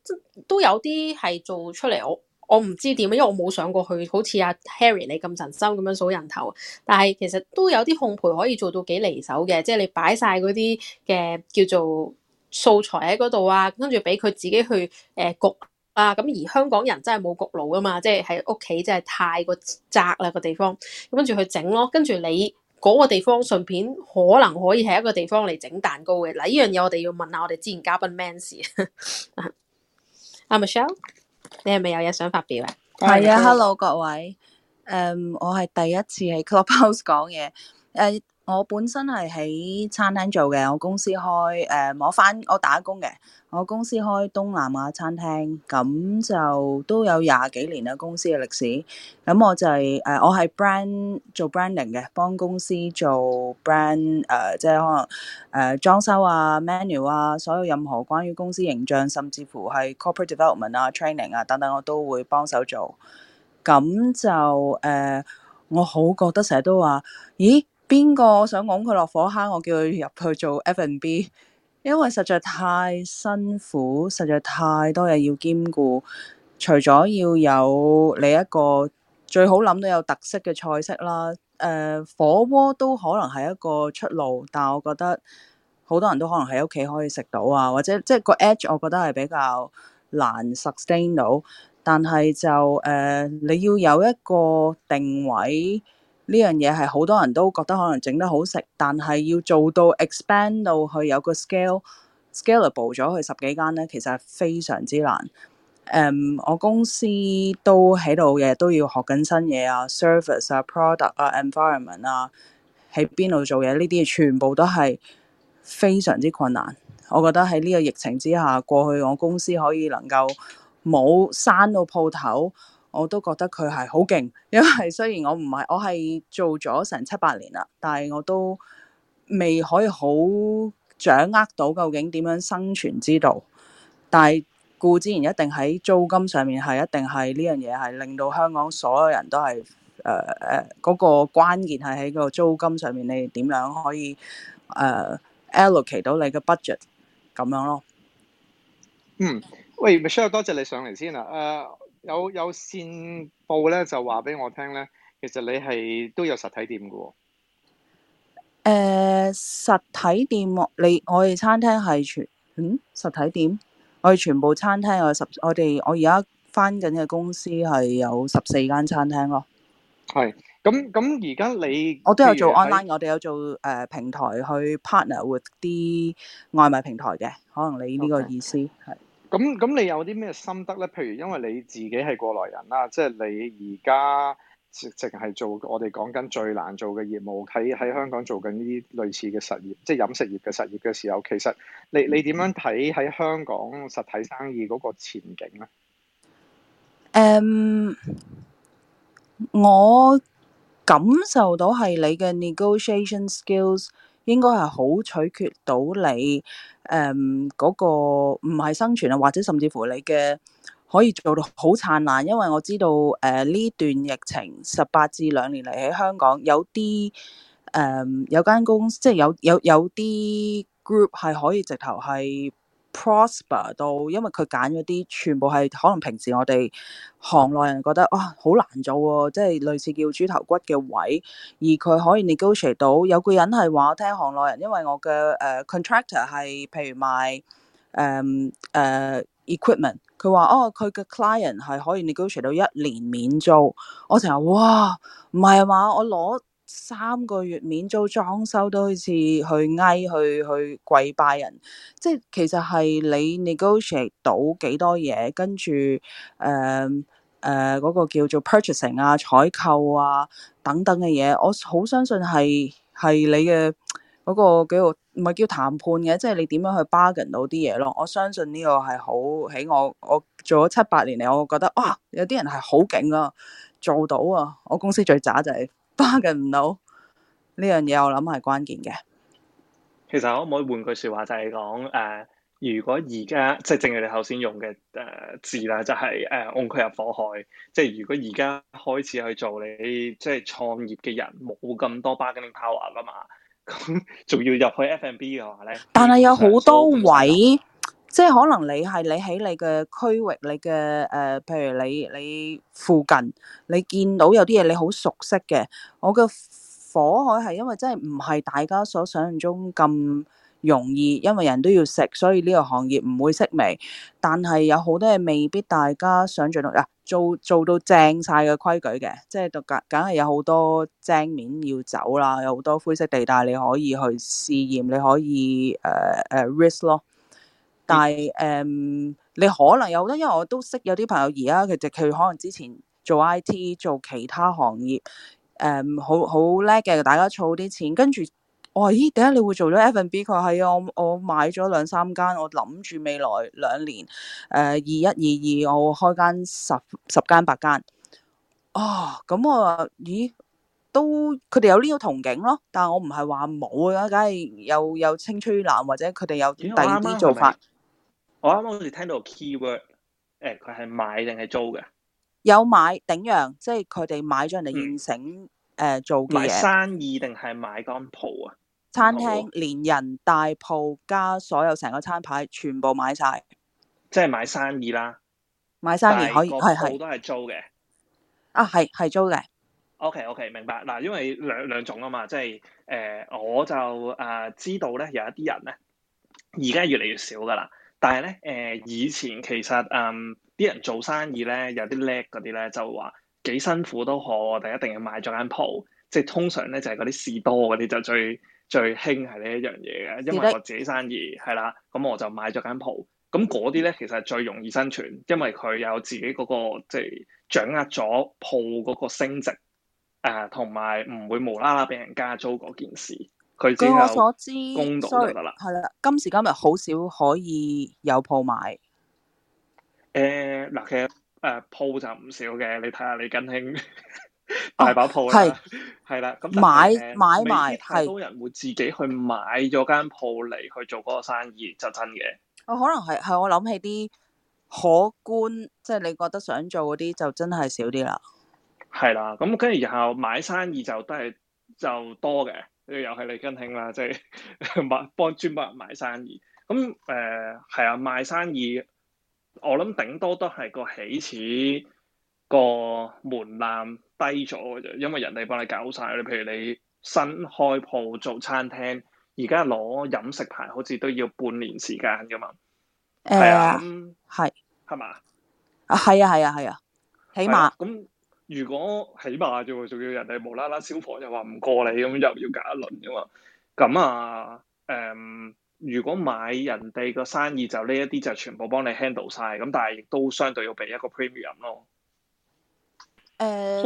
都有啲係做出嚟我。我唔知點啊，因為我冇想過去，好似阿 Harry 你咁神心咁樣數人頭。但係其實都有啲烘焙可以做到幾離手嘅，即係你擺晒嗰啲嘅叫做素材喺嗰度啊，跟住俾佢自己去誒焗啊。咁而香港人真係冇焗爐噶嘛，即係喺屋企真係太過窄啦，個地方，跟住去整咯。跟住你嗰個地方順便可能可以係一個地方嚟整蛋糕嘅。嗱，呢樣嘢我哋要問下我哋之前嘉賓 Man (laughs) m a n s 阿 Michelle。你係咪有嘢想發表啊？係啊，Hello 各位，誒、um，我係第一次喺 Clubhouse 講嘢，誒、uh。我本身係喺餐廳做嘅，我公司開誒，我返我打工嘅。我公司開東南亞餐廳，咁就都有廿幾年啦，公司嘅歷史。咁我就係誒，我係 brand 做 branding 嘅，幫公司做 brand 誒，即係可能誒裝修啊、menu 啊，所有任何關於公司形象，甚至乎係 corporate development 啊、training 啊等等，我都會幫手做。咁就誒，我好覺得成日都話咦？邊個想拱佢落火坑？我叫佢入去做 F&B，因為實在太辛苦，實在太多嘢要兼顧。除咗要有你一個最好諗到有特色嘅菜式啦，誒、呃、火鍋都可能係一個出路，但係我覺得好多人都可能喺屋企可以食到啊，或者即係個 edge，我覺得係比較難 sustain 到。但係就誒、呃、你要有一個定位。呢樣嘢係好多人都覺得可能整得好食，但係要做到 expand 到去有個 scale scalable 咗去十幾間呢，其實係非常之難。誒，um，我公司都喺度嘅，都要學緊新嘢啊，service 啊，product 啊，environment 啊，喺邊度做嘢呢啲全部都係非常之困難。我覺得喺呢個疫情之下，過去我公司可以能夠冇閂到鋪頭。我都覺得佢係好勁，因為雖然我唔係，我係做咗成七八年啦，但係我都未可以好掌握到究竟點樣生存之道。但係固之然，一定喺租金上面係一定係呢樣嘢係令到香港所有人都係誒、誒，嗰個關鍵係喺個租金上面，你點樣可以誒、呃、allocate 到你嘅 budget 咁樣咯？嗯，喂，Michelle，多謝你上嚟先啊，誒、呃。有有線報咧，就話俾我聽咧，其實你係都有實體店嘅喎、哦。誒、呃、實體店，你我哋餐廳係全嗯實體店，我哋全部餐廳有十，我哋我而家翻緊嘅公司係有十四間餐廳咯。係，咁咁而家你我都有做 online，我哋有做誒、呃、平台去 partner with 啲外賣平台嘅，可能你呢個意思係。Okay. 咁咁，你有啲咩心得咧？譬如，因為你自己係過來人啦，即係你而家直淨係做我哋講緊最難做嘅業務，喺喺香港做緊呢啲類似嘅實業，即係飲食業嘅實業嘅時候，其實你你點樣睇喺香港實體生意嗰個前景咧？誒，um, 我感受到係你嘅 negotiation skills 應該係好取決到你。誒嗰、um, 個唔係生存啊，或者甚至乎你嘅可以做到好燦爛，因為我知道誒呢、uh, 段疫情十八至兩年嚟喺香港有啲誒、um, 有間公司，即係有有有啲 group 係可以直頭係 prosper 到，因為佢揀咗啲全部係可能平時我哋行內人覺得啊好、哦、難做、哦，即係類似叫豬頭骨嘅位，而佢可以 negotiate 到有個人係話，我聽行內人，因為我嘅誒、uh, contractor 係譬如賣誒誒 equipment，佢話哦佢嘅 client 係可以 negotiate 到一年免租，我成日哇，唔係啊嘛，我攞。三個月免租裝修都好似去嗌去去跪拜人，即係其實係你 negotiate 到幾多嘢，跟住誒誒嗰個叫做 purchasing 啊採購啊等等嘅嘢。我好相信係係你嘅嗰個叫做唔係叫談判嘅，即係你點樣去 bargain 到啲嘢咯。我相信呢個係好喺我我做咗七八年嚟，我覺得哇有啲人係好勁啊，做到啊。我公司最渣就係。巴 bargain 唔到呢樣嘢，我諗係關鍵嘅。其實可唔可以換句說話，就係講誒，如果而家即係淨係你頭先用嘅誒、呃、字啦，就係誒按佢入火海。即係如果而家開始去做你即係創業嘅人，冇咁多 bargaining power 噶嘛，咁仲要入去 F&B 嘅話咧？但係有好多位。即係可能你係你喺你嘅區域，你嘅誒、呃，譬如你你附近，你見到有啲嘢你好熟悉嘅。我嘅火海係因為真係唔係大家所想象中咁容易，因為人都要食，所以呢個行業唔會式微。但係有好多嘢未必大家想象到，嗱、啊、做做到正晒嘅規矩嘅，即係都梗梗係有好多正面要走啦，有好多灰色地帶你可以去試驗，你可以誒誒、呃呃、risk 咯。但係誒，um，你可能有得，因為我都識有啲朋友而家其就實佢可能之前做 IT 做其他行業誒，好好叻嘅，大家儲啲錢，跟住我話咦，點、欸、解你會做咗 F&B？佢話係啊，我我買咗兩三間，我諗住未來兩年誒二一二二，呃、2 2我開間十十間八間。哦，咁我話咦，都佢哋有呢個憧憬咯，但係我唔係話冇啊，梗係有有青出藍或者佢哋有第二啲做法。欸我啱啱好似聽到 keyword，誒，佢係買定係租嘅？有買頂讓，即係佢哋買咗人哋現成誒做嘅。買生意定係買間鋪啊？餐廳連人大鋪加所有成個餐牌全部買晒，即係買生意啦。買生意可以係好多都係租嘅。啊，係係租嘅。OK OK，明白嗱，因為兩兩種啊嘛，即係誒，我就誒知道咧，有一啲人咧，而家越嚟越少㗎喇。但係咧，誒、呃、以前其實誒啲、嗯、人做生意咧，有啲叻嗰啲咧，就話幾辛苦都好，我哋一定要買咗間鋪。即係通常咧，就係嗰啲士多嗰啲就最最興係呢一樣嘢嘅。因為我自己生意係啦，咁我就買咗間鋪。咁嗰啲咧其實最容易生存，因為佢有自己嗰、那個即係、就是、掌握咗鋪嗰個升值，誒同埋唔會無啦啦俾人加租嗰件事。據我所知，公道得啦。係啦，今時今日好少可以有鋪買。誒，嗱，其實誒鋪就唔少嘅，你睇下李根興大把鋪啦，係 (laughs) 啦。咁、哦、買買埋太多人會自己去買咗間鋪嚟去做嗰個生意，就真嘅。哦，可能係係我諗起啲可觀，即係你覺得想做嗰啲，就真係少啲啦。係啦，咁跟住然後買生意就都係就多嘅。又係李根興啦，即係買幫,幫專幫人賣生意。咁誒係啊，賣生意我諗頂多都係個起始個門檻低咗嘅啫，因為人哋幫你搞晒。你譬如你新開鋪做餐廳，而家攞飲食牌好似都要半年時間㗎嘛。誒、呃，咁係係嘛？啊，係是吧啊，係啊，係啊,啊,啊，起碼、啊。如果起碼啫仲要人哋無啦啦，消防又話唔過你，咁又要隔一輪嘅嘛？咁啊，誒、嗯，如果買人哋個生意就呢一啲，就全部幫你 handle 晒。咁但係亦都相對要俾一個 premium 咯。誒、呃，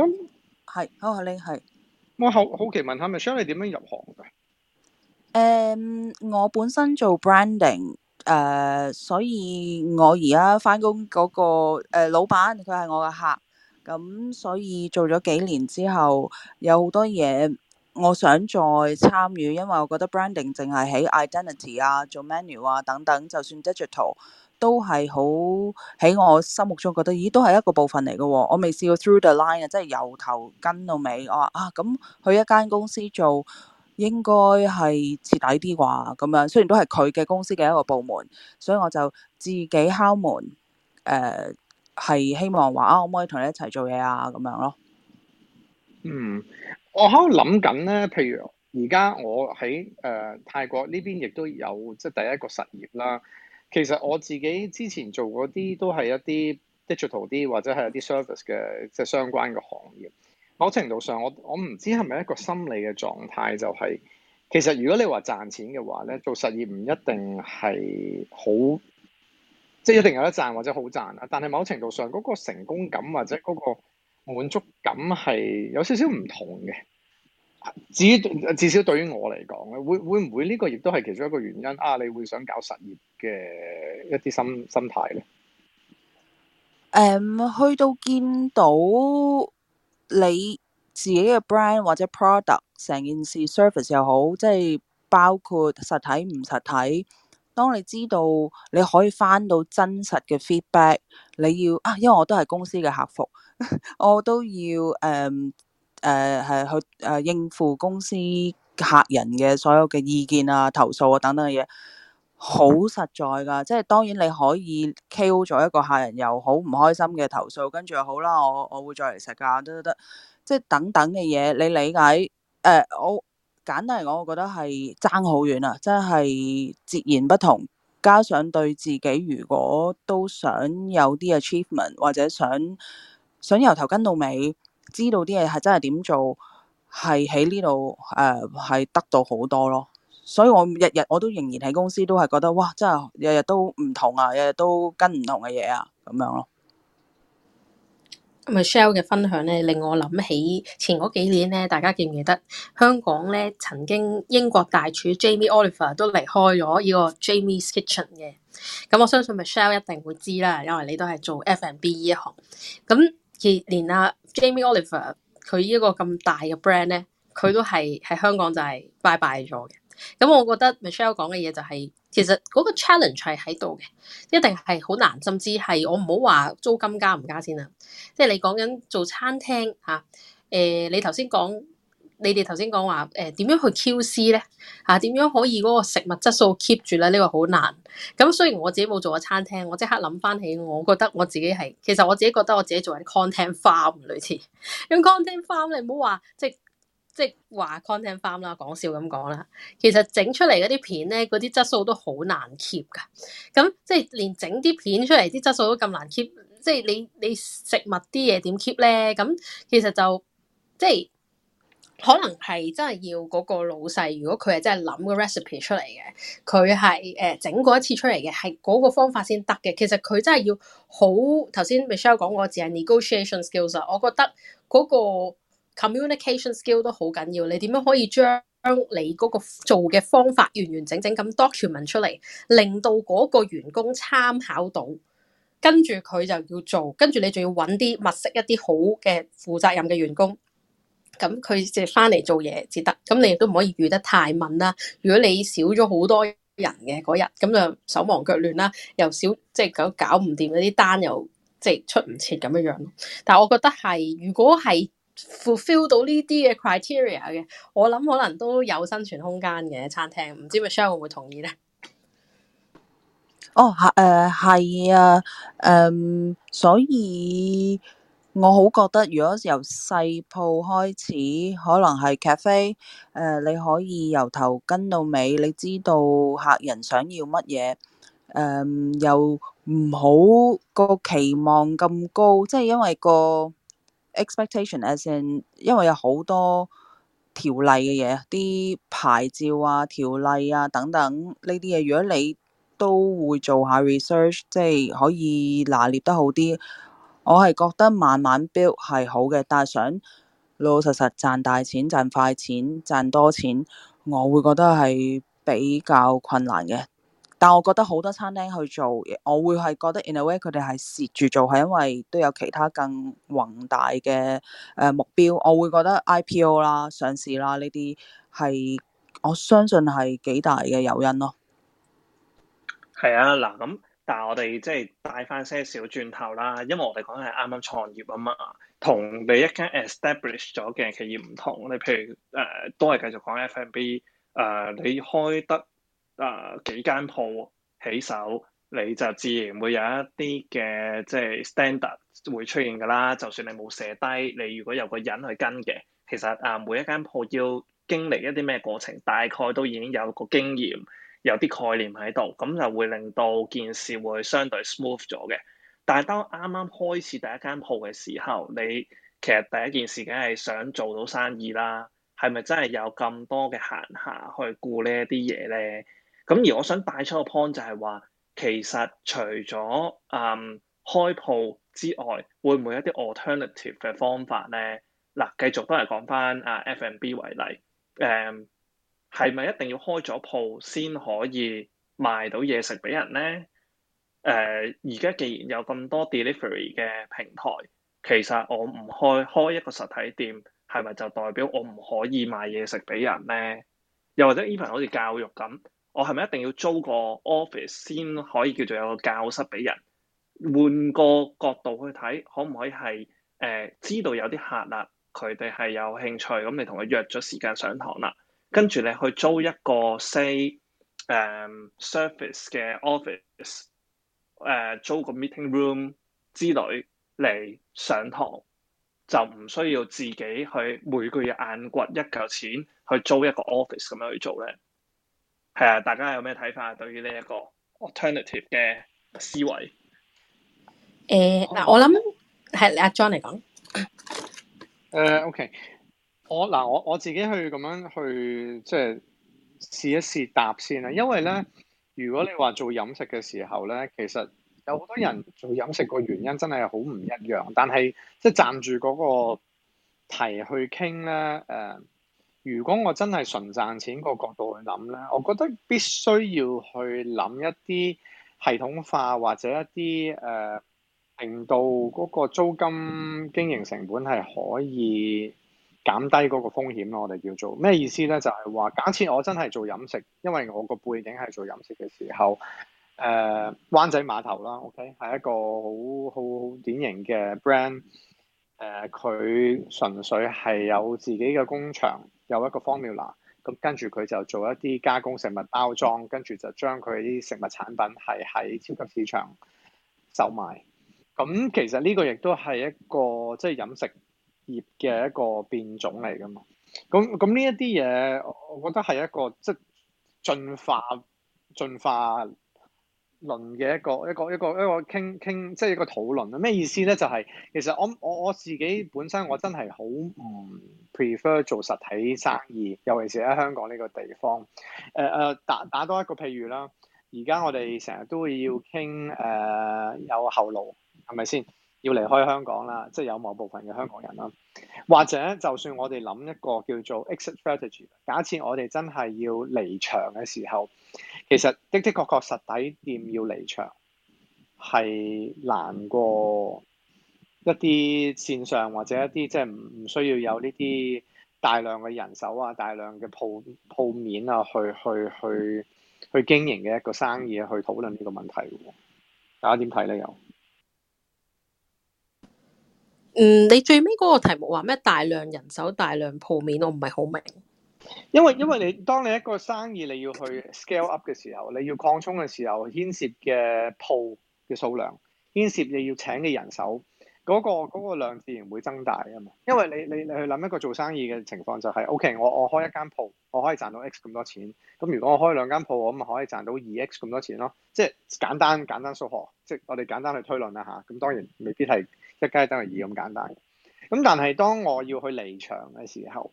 係 So,，好你係。我好好奇問下，咪想你點樣入行嘅？誒、呃，我本身做 branding，誒、呃，所以我而家返工嗰個、呃、老闆佢係我嘅客。咁所以做咗幾年之後，有好多嘢我想再參與，因為我覺得 branding 淨係喺 identity 啊、做 menu 啊等等，就算 digital 都係好。喺我心目中覺得，咦都係一個部分嚟嘅、哦。我未試過 through the line 啊，即係由頭跟到尾。我話啊，咁去一間公司做應該係徹底啲啩，咁樣雖然都係佢嘅公司嘅一個部門，所以我就自己敲門誒。呃係希望話啊，可唔可以同你一齊做嘢啊？咁樣咯。嗯，我喺度諗緊咧。譬如而家我喺誒、呃、泰國呢邊，亦都有即係第一個實業啦。其實我自己之前做嗰啲都係一啲 digital 啲，或者係一啲 service 嘅即係相關嘅行業。某程度上我我唔知係咪一個心理嘅狀態，就係其實如果你賺話賺錢嘅話咧，做實業唔一定係好。即係一定有得賺或者好賺啊，但係某程度上嗰個成功感或者嗰個滿足感係有少少唔同嘅。至於至少對於我嚟講咧，會會唔會呢個亦都係其中一個原因啊？你會想搞實業嘅一啲心心態咧？誒，um, 去到見到你自己嘅 brand 或者 product，成件事 service 又好，即係包括實體唔實體。當你知道你可以翻到真實嘅 feedback，你要啊，因為我都係公司嘅客服， (laughs) 我都要誒誒係去誒應付公司客人嘅所有嘅意見啊、投訴啊等等嘅嘢，好實在噶。即係當然你可以 KO 咗一個客人又好唔開心嘅投訴，跟住又好啦，我我會再嚟食噶，得得得，即係等等嘅嘢，你理解誒、呃、我。簡單嚟講，我覺得係爭好遠啊，真係截然不同。加上對自己，如果都想有啲 achievement，或者想想由頭跟到尾，知道啲嘢係真係點做，係喺呢度誒係得到好多咯。所以我日日我都仍然喺公司，都係覺得哇，真係日日都唔同啊，日日都跟唔同嘅嘢啊，咁樣咯。Michelle 嘅分享咧，令我諗起前嗰幾年咧，大家記唔記得香港咧曾經英國大廚 Jamie Oliver 都離開咗呢個 Jamie's Kitchen 嘅。咁我相信 Michelle 一定會知啦，因為你都係做 F&B 呢一行。咁連啊 Jamie Oliver 佢呢一個咁大嘅 brand 咧，佢都係喺香港就係拜拜咗嘅。咁、嗯、我覺得 Michelle 講嘅嘢就係、是，其實嗰個 challenge 係喺度嘅，一定係好難，甚至係我唔好話租金加唔加先啦。即係你講緊做餐廳嚇，誒你頭先講，你哋頭先講話誒點樣去 QC 咧嚇，點、啊、樣可以嗰個食物質素 keep 住咧？呢、這個好難。咁、嗯、雖然我自己冇做過餐廳，我即刻諗翻起，我覺得我自己係，其實我自己覺得我自己做緊 content farm 類似，用 content farm 你唔好話即係，就是即係話 content farm 啦，講笑咁講啦。其實整出嚟嗰啲片咧，嗰啲質素都好難 keep 噶。咁即係連整啲片出嚟，啲質素都咁難 keep。即係你你食物啲嘢點 keep 咧？咁其實就即係可能係真係要嗰個老細，如果佢係真係諗個 recipe 出嚟嘅，佢係誒整過一次出嚟嘅，係嗰個方法先得嘅。其實佢真係要好頭先 Michelle 講過字，字係 negotiation skills。我覺得嗰、嗰個。communication skill 都好緊要，你點樣可以將你嗰個做嘅方法完完整整咁 document 出嚟，令到嗰個員工參考到，跟住佢就要做，跟住你仲要揾啲物色一啲好嘅負責任嘅員工，咁佢即係返嚟做嘢至得。咁你亦都唔可以預得太敏啦。如果你少咗好多人嘅嗰日，咁就手忙腳亂啦，又少即係、就是、搞搞唔掂嗰啲單又，又即係出唔切咁樣樣。但係我覺得係如果係。Fulfill 到呢啲嘅 criteria 嘅，我諗可能都有生存空間嘅餐廳。唔知 Michelle 會唔會同意呢？哦，誒、啊、係啊，嗯，所以我好覺得，如果由細鋪開始，可能係 cafe 誒，你可以由頭跟到尾，你知道客人想要乜嘢誒，又唔好個期望咁高，即係因為、嗰個。expectation，as in，因為有好多條例嘅嘢，啲牌照啊、條例啊等等呢啲嘢，如果你都會做下 research，即係可以拿捏得好啲。我係覺得慢慢 build 係好嘅，但係想老老實實賺大錢、賺快錢、賺多錢，我會覺得係比較困難嘅。但我覺得好多餐廳去做，我會係覺得 in a way 佢哋係蝕住做，係因為都有其他更宏大嘅誒目標。我會覺得 IPO 啦、上市啦呢啲係我相信係幾大嘅誘因咯。係啊，嗱咁，但係我哋即係帶翻些少轉頭啦，因為我哋講緊係啱啱創業啊嘛，同你一間 establish 咗嘅企業唔同。你譬如誒、呃，都係繼續講 F&B，誒、呃、你開得，誒、啊、幾間鋪起手，你就自然會有一啲嘅即係 standard 會出現㗎啦。就算你冇寫低，你如果有個人去跟嘅，其實誒、啊、每一間鋪要經歷一啲咩過程，大概都已經有個經驗，有啲概念喺度，咁就會令到件事會相對 smooth 咗嘅。但係當啱啱開始第一間鋪嘅時候，你其實第一件事梗係想做到生意啦，係咪真係有咁多嘅閒暇去顧呢一啲嘢咧？咁而我想帶出個 point 就係話，其實除咗嗯開鋪之外，會唔會一啲 alternative 嘅方法咧？嗱，繼續都係講翻啊 F&B 為例，誒係咪一定要開咗鋪先可以賣到嘢食俾人咧？誒而家既然有咁多 delivery 嘅平台，其實我唔開開一個實體店，係咪就代表我唔可以賣嘢食俾人咧？又或者 even 好似教育咁。我係咪一定要租個 office 先可以叫做有個教室俾人？換個角度去睇，可唔可以係誒、呃、知道有啲客啦、啊，佢哋係有興趣，咁你同佢約咗時間上堂啦，跟住你去租一個 say service 嘅 office，誒租個 meeting room 之類嚟上堂，就唔需要自己去每個月硬掘一嚿錢去租一個 office 咁樣去做咧？係啊，大家有咩睇法？對於呢一個 alternative 嘅思維，誒，uh, uh，嗱，我諗係阿 John 嚟講，誒，OK，我嗱我我自己去咁樣去即係試一試答先啦。因為咧，如果你話做飲食嘅時候咧，其實有好多人做飲食個原因真係好唔一樣。但係即係站住嗰個題去傾咧，誒，uh。如果我真係純賺錢個角度去諗呢，我覺得必須要去諗一啲系統化或者一啲誒，令到嗰個租金經營成本係可以減低嗰個風險咯。我哋叫做咩意思呢？就係、是、話，假設我真係做飲食，因為我個背景係做飲食嘅時候，誒、呃、灣仔碼頭啦，OK 係一個好好典型嘅 brand，佢、呃、純粹係有自己嘅工場。有一個 formula，咁跟住佢就做一啲加工食物包裝，跟住就將佢啲食物產品係喺超級市場售賣。咁其實呢個亦都係一個即係、就是、飲食業嘅一個變種嚟㗎嘛。咁咁呢一啲嘢，我我覺得係一個即係進化進化，進化論嘅一個一個一個一個傾傾，即係一個討論啊！咩意思咧？就係、是、其實我我我自己本身我真係好唔 prefer 做實體生意，尤其是喺香港呢個地方。誒、呃、誒，打打多一個譬如啦，而家我哋成日都要傾誒、呃、有後路，係咪先？要離開香港啦，即、就、係、是、有某部分嘅香港人啦。或者就算我哋諗一個叫做 exit strategy，假設我哋真係要離場嘅時候。其實的的確確，實體店要離場係難過一啲線上或者一啲即係唔唔需要有呢啲大量嘅人手啊，大量嘅鋪鋪面啊，去去去去經營嘅一個生意去討論呢個問題。大家點睇咧？又嗯，你最尾嗰個題目話咩？大量人手、大量鋪面，我唔係好明。因為，因為你當你一個生意你要去 scale up 嘅時候，你要擴充嘅時候，牽涉嘅鋪嘅數量，牽涉你要請嘅人手，嗰個嗰個量自然會增大啊嘛。因為你你你去諗一個做生意嘅情況就係，OK，我我開一間鋪，我可以賺到 X 咁多錢，咁如果我開兩間鋪，我咪可以賺到二 X 咁多錢咯。即係簡單簡單數學，即係我哋簡單去推論啦吓。咁當然未必係一加一等於二咁簡單。咁但係當我要去離場嘅時候。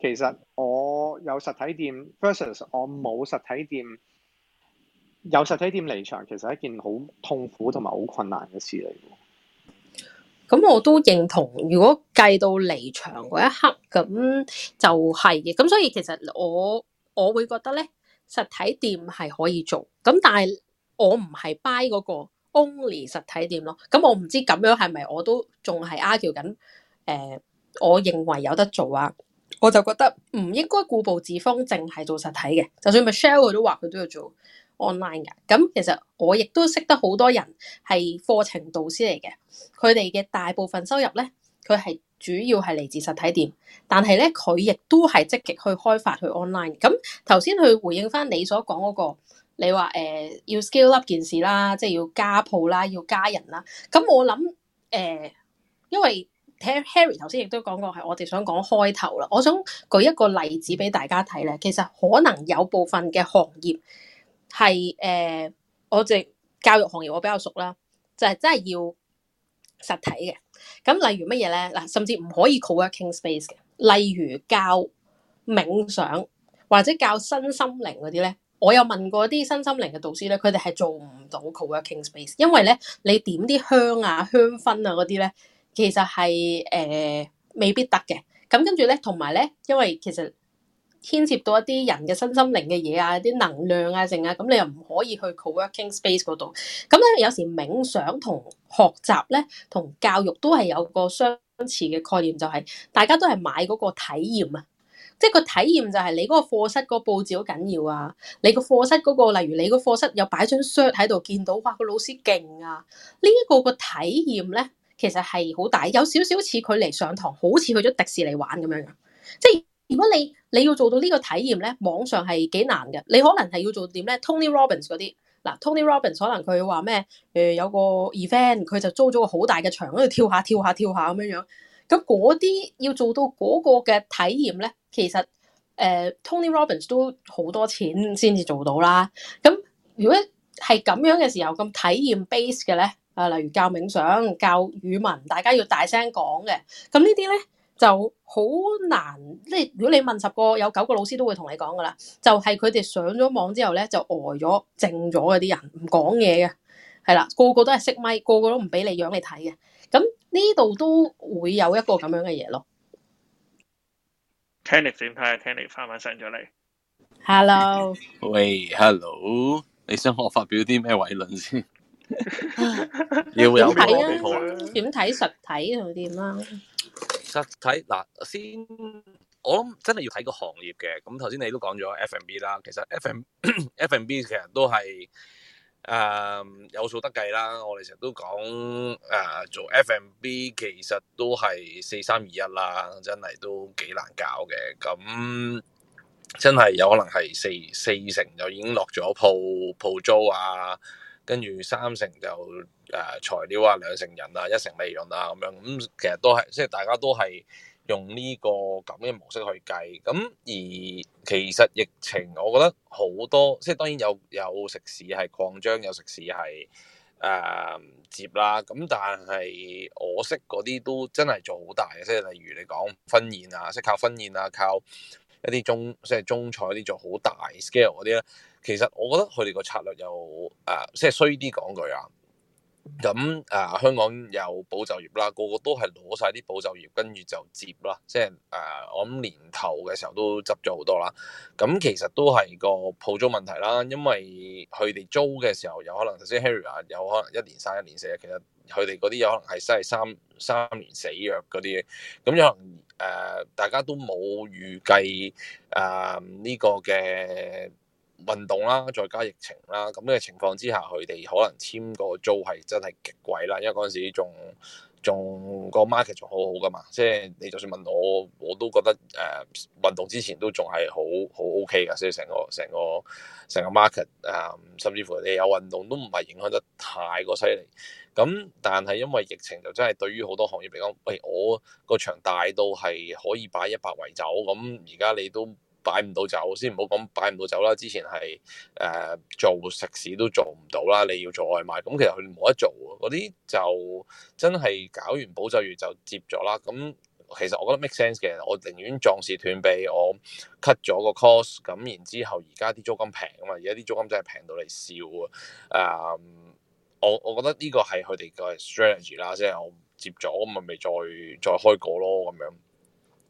其實我有實體店 versus 我冇實體店，有實體店離場其實係一件好痛苦同埋好困難嘅事嚟嘅。咁我都認同，如果計到離場嗰一刻，咁就係、是、嘅。咁所以其實我我會覺得咧，實體店係可以做。咁但係我唔係 buy 嗰個 only 實體店咯。咁我唔知咁樣係咪我都仲係 argue 緊。誒、呃，我認為有得做啊！我就覺得唔應該固步自封，淨係做實體嘅。就算 Michelle 佢都話佢都要做 online 嘅。咁其實我亦都識得好多人係課程導師嚟嘅，佢哋嘅大部分收入咧，佢係主要係嚟自實體店，但係咧佢亦都係積極去開發去 online。咁頭先去回應翻你所講嗰、那個，你話誒、呃、要 scale up 件事啦，即係要加鋪啦，要加人啦。咁我諗誒、呃，因為。Harry 頭先亦都講過，係我哋想講開頭啦。我想舉一個例子俾大家睇咧，其實可能有部分嘅行業係誒、呃，我哋教育行業我比較熟啦，就係、是、真係要實體嘅。咁例如乜嘢咧？嗱，甚至唔可以 co-working space 嘅，例如教冥想或者教身心靈嗰啲咧。我有問過啲身心靈嘅導師咧，佢哋係做唔到 co-working space，因為咧你點啲香啊、香薰啊嗰啲咧。其實係誒、呃、未必得嘅咁，跟住咧，同埋咧，因為其實牽涉到一啲人嘅身心靈嘅嘢啊，啲能量啊，剩啊，咁你又唔可以去 co-working space 嗰度咁咧。有時冥想同學習咧，同教育都係有個相似嘅概念，就係、是、大家都係買嗰個體驗啊，即係個體驗就係你嗰個課室嗰個佈置好緊要啊。你個課室嗰、那個，例如你個課室有擺張書喺度，見到哇個老師勁啊，呢、這個個體驗咧。其實係好大，有少少似佢嚟上堂，好似去咗迪士尼玩咁樣樣。即係如果你你要做到呢個體驗咧，網上係幾難嘅。你可能係要做點咧？Tony Robbins 嗰啲，嗱、啊，Tony Robbins 可能佢話咩？誒、呃，有個 event，佢就租咗個好大嘅場，喺度跳下跳下跳下咁樣樣。咁嗰啲要做到嗰個嘅體驗咧，其實誒、呃，Tony Robbins 都好多錢先至做到啦。咁如果係咁樣嘅時候，咁體驗 base 嘅咧？啊，例如教冥想、教語文，大家要大聲講嘅，咁、嗯、呢啲咧就好難。即係如果你問十個，有九個老師都會同你講噶啦，就係佢哋上咗網之後咧就呆咗、靜咗嗰啲人，唔講嘢嘅，係啦，個個都係識咪，個個都唔俾你樣你睇嘅。咁呢度都會有一個咁樣嘅嘢咯。Tennis 點睇啊？Tennis 翻返上咗嚟 Hello. (laughs) Hello。喂，Hello。你想我發表啲咩偉論先？ (laughs) (laughs) (laughs) 要有咩睇啊？點睇實體又點啦？實體嗱，先我諗真係要睇個行業嘅。咁頭先你都講咗 F&B 啦，其實 F&B (laughs) F&B 其實都係誒、呃、有數得計啦。我哋成日都講誒、呃、做 F&B 其實都係四三二一啦，真係都幾難搞嘅。咁真係有可能係四四成就已經落咗鋪鋪租啊！跟住三成就誒材料啊，兩成人啊，一成利潤啊咁樣，咁其實都係，即係大家都係用呢個咁嘅模式去計。咁而其實疫情，我覺得好多，即係當然有有食肆係擴張，有食肆係誒接啦。咁但係我識嗰啲都真係做好大嘅，即係例如你講婚宴啊，即靠婚宴啊，靠一啲中即係中菜啲做好大 scale 啲咧。其實我覺得佢哋個策略又誒、呃，即係衰啲講句啊。咁誒、呃，香港有保就業啦，個個都係攞晒啲保就業，跟住就接啦。即係誒、呃，我諗年頭嘅時候都執咗好多啦。咁其實都係個鋪租問題啦，因為佢哋租嘅時候有可能頭先 Harry 啊，有可能一年生一年死啊，其實佢哋嗰啲有可能係真係三三年死約嗰啲。咁有可能誒、呃，大家都冇預計誒呢、呃這個嘅。運動啦，再加疫情啦，咁嘅情況之下，佢哋可能簽個租係真係極貴啦，因為嗰陣時仲仲、個 market 仲好好㗎嘛，即係你就算問我，我都覺得誒、呃、運動之前都仲係好好 OK 㗎，所以成個成個成個 market 啊、呃，甚至乎你有運動都唔係影響得太過犀利。咁但係因為疫情就真係對於好多行業嚟講，喂我個場大到係可以擺一百圍走，咁而家你都，擺唔到走先，唔好講擺唔到走啦。之前係誒、呃、做食肆都做唔到啦。你要做外賣，咁其實佢冇得做啊。嗰啲就真係搞完保就業就接咗啦。咁其實我覺得 make sense 嘅，我寧願壯士斷臂，我 cut 咗個 cost。咁然之後，而家啲租金平啊嘛，而家啲租金真係平到嚟笑啊！誒、呃，我我覺得呢個係佢哋個 strategy 啦，即係我接咗，咁咪咪再再開個咯咁樣。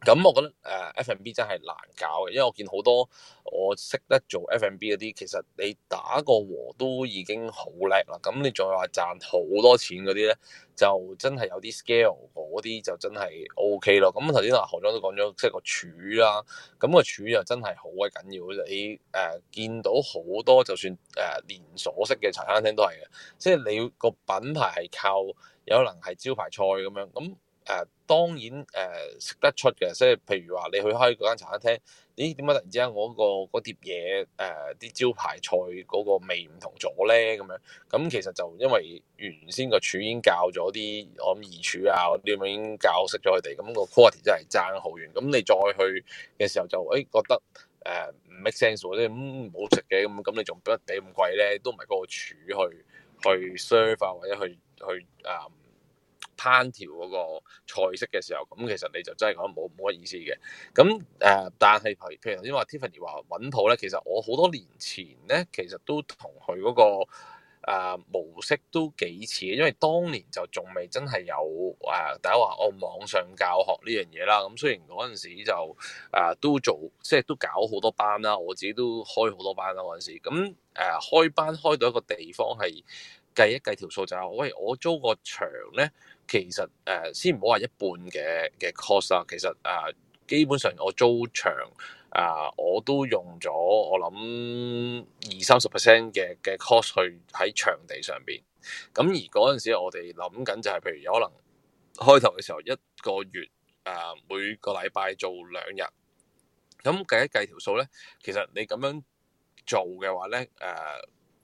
咁我覺得誒 F&B 真係難搞嘅，因為我見好多我識得做 F&B 嗰啲，其實你打個和都已經好叻啦。咁你仲要話賺好多錢嗰啲咧，就真係有啲 scale 嗰啲就真係 OK 咯。咁頭先阿何總都講咗，即係個柱啦、啊。咁、嗰個柱又真係好鬼緊要。你誒、呃、見到好多就算誒、呃、連鎖式嘅茶餐廳都係嘅，即係你個品牌係靠有可能係招牌菜咁樣咁。嗯誒、呃、當然誒食、呃、得出嘅，即係譬如話你去開嗰間茶餐廳，咦點解突然之間我、嗰個嗰碟嘢誒啲招牌菜嗰個味唔同咗咧？咁樣咁其實就因為原先個廚已經教咗啲我二廚啊，啲咁已經教識咗佢哋，咁、嗰個 quality 真係爭好遠。咁你再去嘅時候就誒、欸、覺得誒唔、呃、make sense 即咁唔好食嘅，咁咁你仲俾得俾咁貴咧，都唔係個廚去去 serve、啊、或者去去，去啊。烹調嗰個菜式嘅時候，咁其實你就真係講冇冇乜意思嘅。咁誒、呃，但係譬如譬如頭先話 Tiffany 話揾鋪咧，其實我好多年前咧，其實都同佢嗰個、呃、模式都幾似，因為當年就仲未真係有誒、呃，大家話我、哦、網上教學呢樣嘢啦。咁雖然嗰陣時就誒、呃、都做，即係都搞好多班啦，我自己都開好多班啦嗰陣時。咁、呃、誒開班開到一個地方係。計一計條數就係、是，喂，我租個場咧，其實誒、呃，先唔好話一半嘅嘅 cost 啊，其實啊、呃，基本上我租場啊、呃，我都用咗我諗二三十 percent 嘅嘅 cost 去喺場地上邊。咁而嗰陣時我哋諗緊就係、是，譬如有可能開頭嘅時候一個月啊、呃，每個禮拜做兩日。咁計一計條數咧，其實你咁樣做嘅話咧，誒、呃。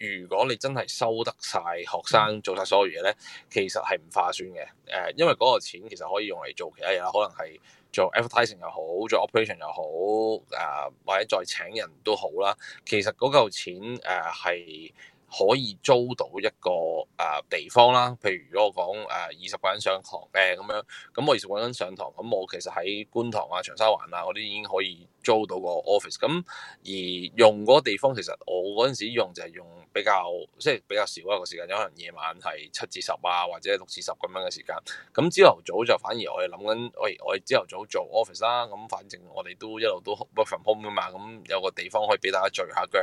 如果你真係收得晒，學生做晒所有嘢咧，其實係唔劃算嘅。誒、呃，因為嗰個錢其實可以用嚟做其他嘢啦，可能係做 advertising 又好，做 operation 又好，誒、呃，或者再請人都好啦。其實嗰嚿錢誒係，呃可以租到一個啊、呃、地方啦，譬如如果我講誒二十個人上堂嘅咁樣，咁我二十個人上堂，咁我其實喺觀塘啊、長沙灣啊嗰啲已經可以租到個 office。咁而用嗰個地方，其實我嗰陣時用就係用比較即係、就是、比較少一個時間，有可能夜晚係七至十啊，或者六至十咁樣嘅時間。咁朝頭早就反而我哋諗緊，喂，我哋朝頭早做 office 啦。咁反正我哋都一路都 work from home 啊嘛。咁有個地方可以俾大家聚下腳，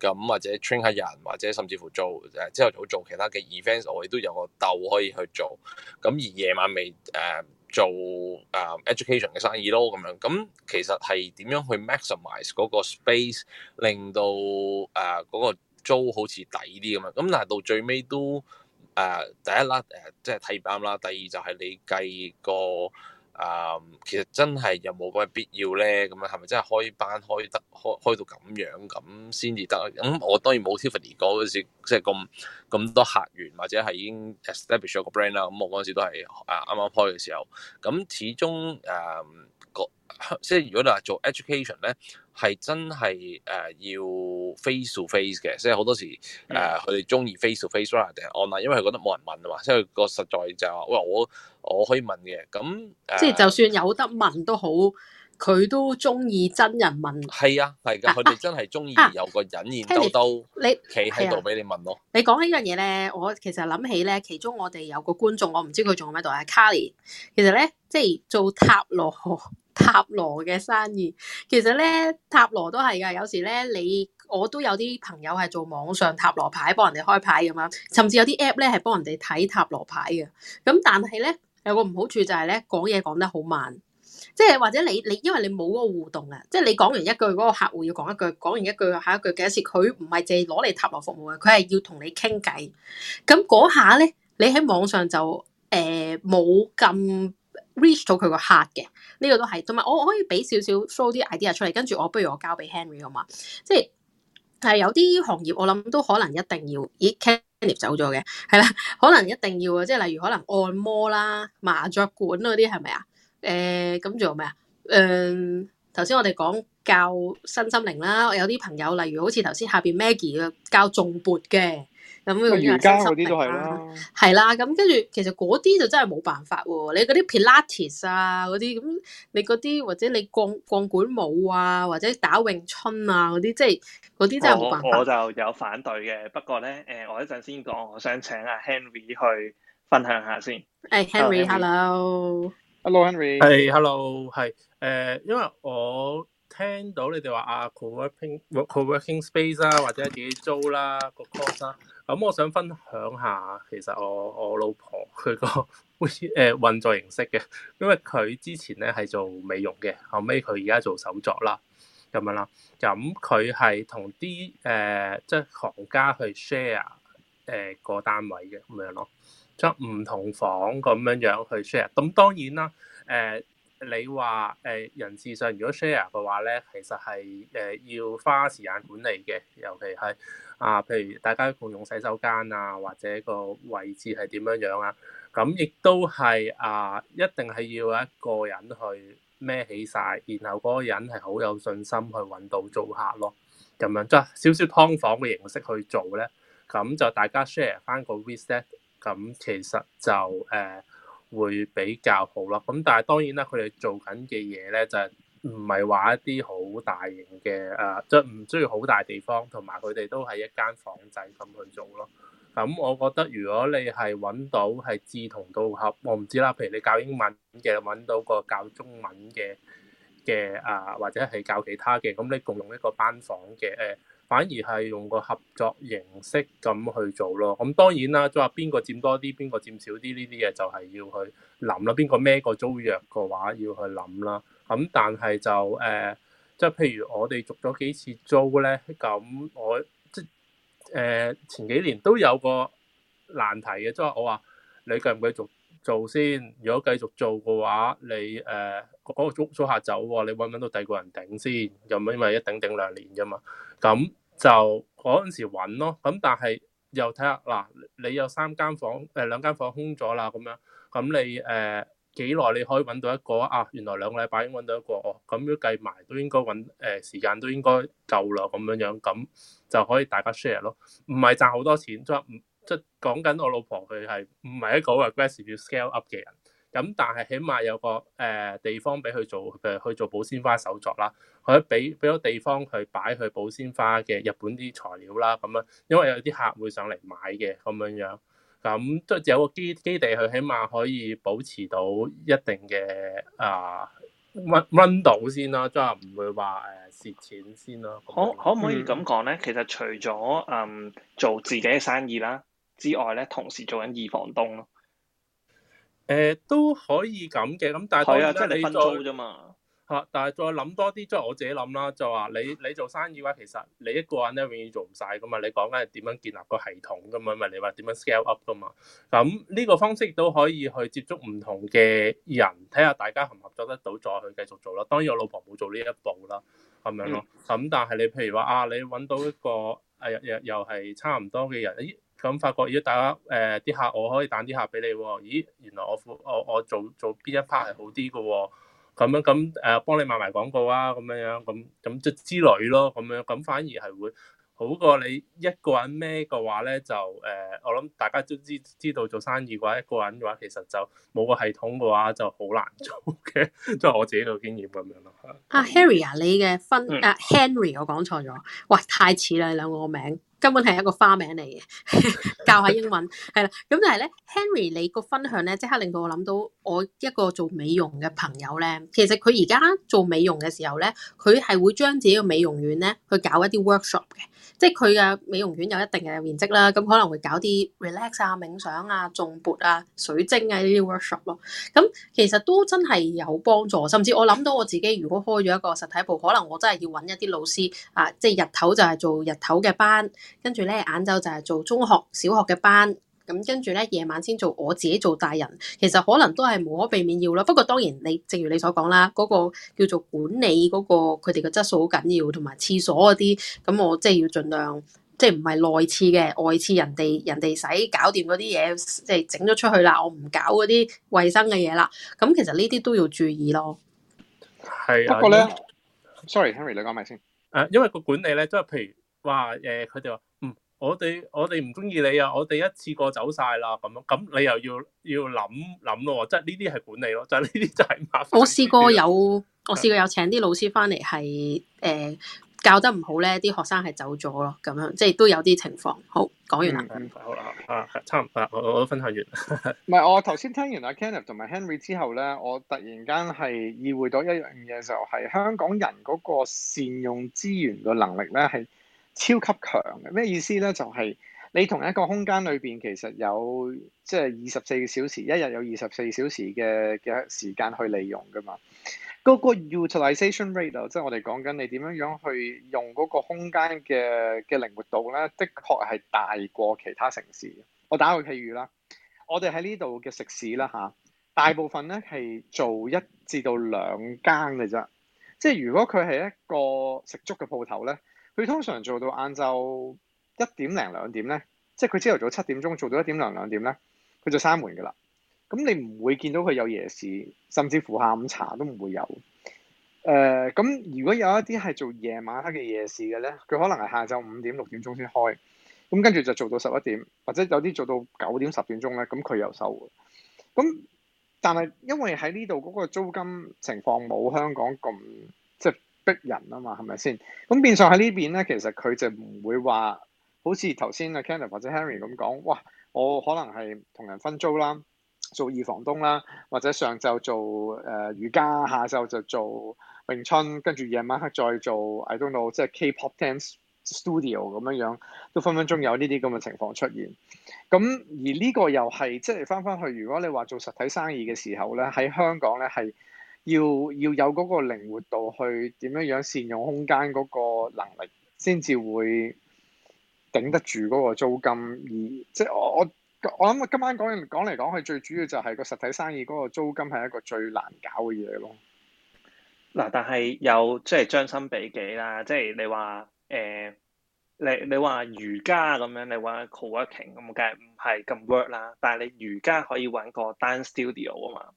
咁或者 train 下人，或者甚至乎做誒朝頭早做其他嘅 event，s 我哋都有個竇可以去做。咁而夜晚未誒做誒 education 嘅生意咯，咁樣咁其實係點樣去 maximize 嗰個 space，令到誒嗰個租好似抵啲咁樣。咁但係到最尾都誒第一粒誒即係睇擔啦，第二就係你計個。啊，um，其實真係有冇咁必要咧？咁樣係咪真係開班開得開開到咁樣咁先至得？咁我當然冇 Tiffany 講嗰時即係咁咁多客源或者係已經 establish 咗個 brand 啦。咁我嗰陣時都係啊啱啱開嘅時候。咁始終啊、嗯、即係如果你話做 education 咧，係真係誒要 face to face 嘅，即係好多時誒佢哋中意 face to face 定係 online，因為佢覺得冇人問啊嘛。即係個實在就話、係、喂，我。我可以問嘅，咁即係就算有得問都好，佢都中意真人問。係啊，係㗎，佢哋、啊、真係中意有個隱然豆豆，你企喺度俾你問咯。你講呢樣嘢咧，我其實諗起咧，其中我哋有個觀眾，我唔知佢做喺度，但係 Carrie 其實咧即係做塔羅塔羅嘅生意。其實咧塔羅都係㗎，有時咧你我都有啲朋友係做網上塔羅牌，幫人哋開牌咁樣，甚至有啲 app 咧係幫人哋睇塔羅牌嘅。咁但係咧。有個唔好處就係咧，講嘢講得好慢，即係或者你你因為你冇嗰個互動啊，即係你講完一句嗰個客戶要講一句，講完一句下一句，其實佢唔係淨係攞嚟塔羅服務嘅，佢係要同你傾偈。咁嗰下咧，你喺網上就誒冇咁 reach 到佢個客嘅，呢個都係。同埋我可以俾少少 show 啲 idea 出嚟，跟住我不如我交俾 Henry 好嘛，即係係有啲行業我諗都可能一定要以。走咗嘅，係啦，可能一定要啊，即係例如可能按摩啦、麻雀館嗰啲，係咪啊？誒，咁仲有咩啊？誒，頭先我哋講教身心靈啦，有啲朋友例如好似頭先下邊 Maggie 嘅教誦缽嘅。咁瑜伽嗰啲都係啦，係啦、啊，咁跟住其實嗰啲就真係冇辦法喎、啊。你嗰啲 Pilates 啊，嗰啲咁，咁你嗰啲或者你鋼鋼管舞啊，或者打詠春啊嗰啲，即係嗰啲真係冇辦法我，我就有反對嘅，不過咧，誒、呃，我一陣先講，我想請阿 Henry 去分享下先。誒，Henry，hello。Hello，Henry。係，hello，係。誒，因為我聽到你哋話啊 co-working，co-working space 啊，或者自己租啦個 course 啦。 (music) 咁、嗯、我想分享下，其實我我老婆佢個運誒運作形式嘅，因為佢之前咧係做美容嘅，後尾佢而家做手作啦咁樣啦，咁佢係同啲誒即係行家去 share 誒、呃、個單位嘅咁樣咯，將唔同房咁樣樣去 share。咁當然啦，誒、呃。你話誒、呃、人事上如果 share 嘅話咧，其實係誒、呃、要花時間管理嘅，尤其係啊、呃，譬如大家共用洗手間啊，或者個位置係點樣樣啊，咁亦都係啊、呃，一定係要一個人去孭起晒，然後嗰個人係好有信心去揾到租客咯，咁樣即係少少劏房嘅形式去做咧，咁就大家 share 翻個 reset，咁其實就誒。呃會比較好咯，咁但係當然啦，佢哋做緊嘅嘢咧就係唔係話一啲好大型嘅誒，即係唔需要好大地方，同埋佢哋都係一間房仔咁去做咯。咁、嗯、我覺得如果你係揾到係志同道合，我唔知啦，譬如你教英文嘅揾到個教中文嘅嘅誒，或者係教其他嘅，咁你共用一個班房嘅誒。反而係用個合作形式咁去做咯，咁當然啦，即話邊個佔多啲，邊個佔少啲呢啲嘢就係要去諗啦。邊個孭個租約嘅話，要去諗啦。咁但係就誒即係譬如我哋續咗幾次租咧，咁我即誒、呃、前幾年都有個難題嘅，即係我話你計唔計續。做先，如果繼續做嘅話，你誒嗰個租租客走喎，你揾唔揾到第二個人頂先，又咪因為一頂頂兩年啫嘛，咁就嗰陣時揾咯。咁但係又睇下嗱，你有三間房，誒兩間房空咗啦，咁樣，咁你誒幾耐你可以揾到一個啊？原來兩個禮拜已經揾到一個哦，咁要計埋都應該揾誒時間都應該夠啦，咁樣樣咁就可以大家 share 咯。唔係賺好多錢，即係唔～即係講緊我老婆佢係唔係一個話 aggressive scale up 嘅人，咁但係起碼有個誒、呃、地方俾佢做誒去做保鮮花手作啦，或者俾俾咗地方去擺去保鮮花嘅日本啲材料啦，咁樣因為有啲客會上嚟買嘅咁樣樣，咁即係有個基基地佢起碼可以保持到一定嘅啊溫溫度先啦，即係唔會話誒、呃、蝕錢先咯。好嗯、可可唔可以咁講咧？其實除咗誒、嗯、做自己嘅生意啦。之外咧，同時做緊二房東咯。誒、呃、都可以咁嘅，咁但係當然的你，就你但再嚇，但係再諗多啲，即係我自己諗啦，就話你你做生意嘅話，其實你一個人咧永遠做唔晒噶嘛。你講緊係點樣建立個系統噶嘛？咪你話點樣 scale up 噶嘛？咁呢個方式都可以去接觸唔同嘅人，睇下大家合唔合作得到，再去繼續做啦。當然我老婆冇做呢一步啦，咁樣咯。咁、嗯、但係你譬如話啊，你揾到一個誒誒又係差唔多嘅人，咁發覺，如果大家誒啲客，我可以彈啲客俾你喎。咦，原來我我我做做邊一 part 係好啲嘅喎。咁樣咁誒，幫你賣埋廣告啊，咁樣樣咁咁即之類咯。咁樣咁反而係會好過你一個人孭嘅話咧？就誒、呃，我諗大家都知知道做生意嘅話，一個人嘅話其實就冇個系統嘅話就好難做嘅。即 (laughs) 係我自己嘅經驗咁樣咯。啊 Harry 啊，你嘅分啊，Henry 我講錯咗，哇，太似啦你兩個個名。根本係一個花名嚟嘅， (laughs) 教下英文係啦。咁但係咧，Henry，你個分享咧，即刻令到我諗到我一個做美容嘅朋友咧。其實佢而家做美容嘅時候咧，佢係會將自己個美容院咧去搞一啲 workshop 嘅，即係佢嘅美容院有一定嘅面積啦。咁、嗯、可能會搞啲 relax 啊、冥想啊、頌缽啊、水晶啊呢啲 workshop 咯。咁、嗯、其實都真係有幫助，甚至我諗到我自己如果開咗一個實體舖，可能我真係要揾一啲老師啊，即係日頭就係做日頭嘅班。跟住咧，晏晝就係做中學、小學嘅班咁，跟住咧夜晚先做我自己做大人。其實可能都係無可避免要咯。不過當然，你正如你所講啦，嗰個叫做管理嗰個佢哋嘅質素好緊要，同埋廁所嗰啲咁，我即係要盡量即係唔係內廁嘅外廁人哋人哋使搞掂嗰啲嘢，即係整咗出去啦。我唔搞嗰啲衛生嘅嘢啦。咁其實呢啲都要注意咯。係、啊、不過咧，sorry Henry，你講埋先誒，因為個管理咧都係譬如。哇！誒、呃，佢哋話：嗯，我哋我哋唔中意你啊！我哋一次過走晒啦咁樣。咁你又要要諗諗咯，即係呢啲係管理咯，就係呢啲就係麻煩。我試過有，是的 我試過有請啲老師翻嚟係誒教得唔好咧，啲學生係走咗咯，咁樣即係都有啲情況。好，講完啦。嗯嗯、好啦，啊，差唔多，我我都分享完。唔 (laughs) 係，我頭先聽完阿 Kenneth 同埋 Henry 之後咧，我突然間係意會到一樣嘢，就係香港人嗰個善用資源嘅能力咧，係。超級強嘅。咩意思咧？就係你同一個空間裏邊，其實有即係二十四小時，一日有二十四小時嘅嘅時間去利用噶嘛。嗰個 utilization rate 即係我哋講緊你點樣樣去用嗰個空間嘅嘅靈活度咧，的確係大過其他城市。我打個譬喻啦，我哋喺呢度嘅食肆啦嚇，大部分咧係做一至到兩間嘅啫。即係如果佢係一個食粥嘅鋪頭咧。佢通常做到晏晝一點零兩點咧，即係佢朝頭早七點鐘做到一點零兩點咧，佢就閂門㗎啦。咁你唔會見到佢有夜市，甚至乎下午茶都唔會有。誒、呃，咁如果有一啲係做夜晚黑嘅夜市嘅咧，佢可能係下晝五點六點鐘先開，咁跟住就做到十一點，或者有啲做到九點十點鐘咧，咁佢又收㗎。咁但係因為喺呢度嗰個租金情況冇香港咁逼人啊嘛，係咪先？咁變相喺呢邊咧，其實佢就唔會話好似頭先啊 Kenneth 或者 Henry 咁講，哇！我可能係同人分租啦，做二房東啦，或者上晝做誒、呃、瑜伽，下晝就做詠春，跟住夜晚黑再做 I don't know，即係 K-pop dance studio 咁樣樣，都分分鐘有呢啲咁嘅情況出現。咁而呢個又係即係翻翻去，如果你話做實體生意嘅時候咧，喺香港咧係。要要有嗰個靈活度去點樣樣善用空間嗰個能力，先至會頂得住嗰個租金而。而即係我我我諗，我，我今晚講講嚟講去，最主要就係個實體生意嗰個租金係一個最難搞嘅嘢咯。嗱，但係有即係將心比己啦，即、就、係、是、你話誒、呃，你你話瑜伽咁樣，你揾 co-working 咁梗唔係咁 work 啦。但係你瑜伽可以揾個 dance studio 啊嘛。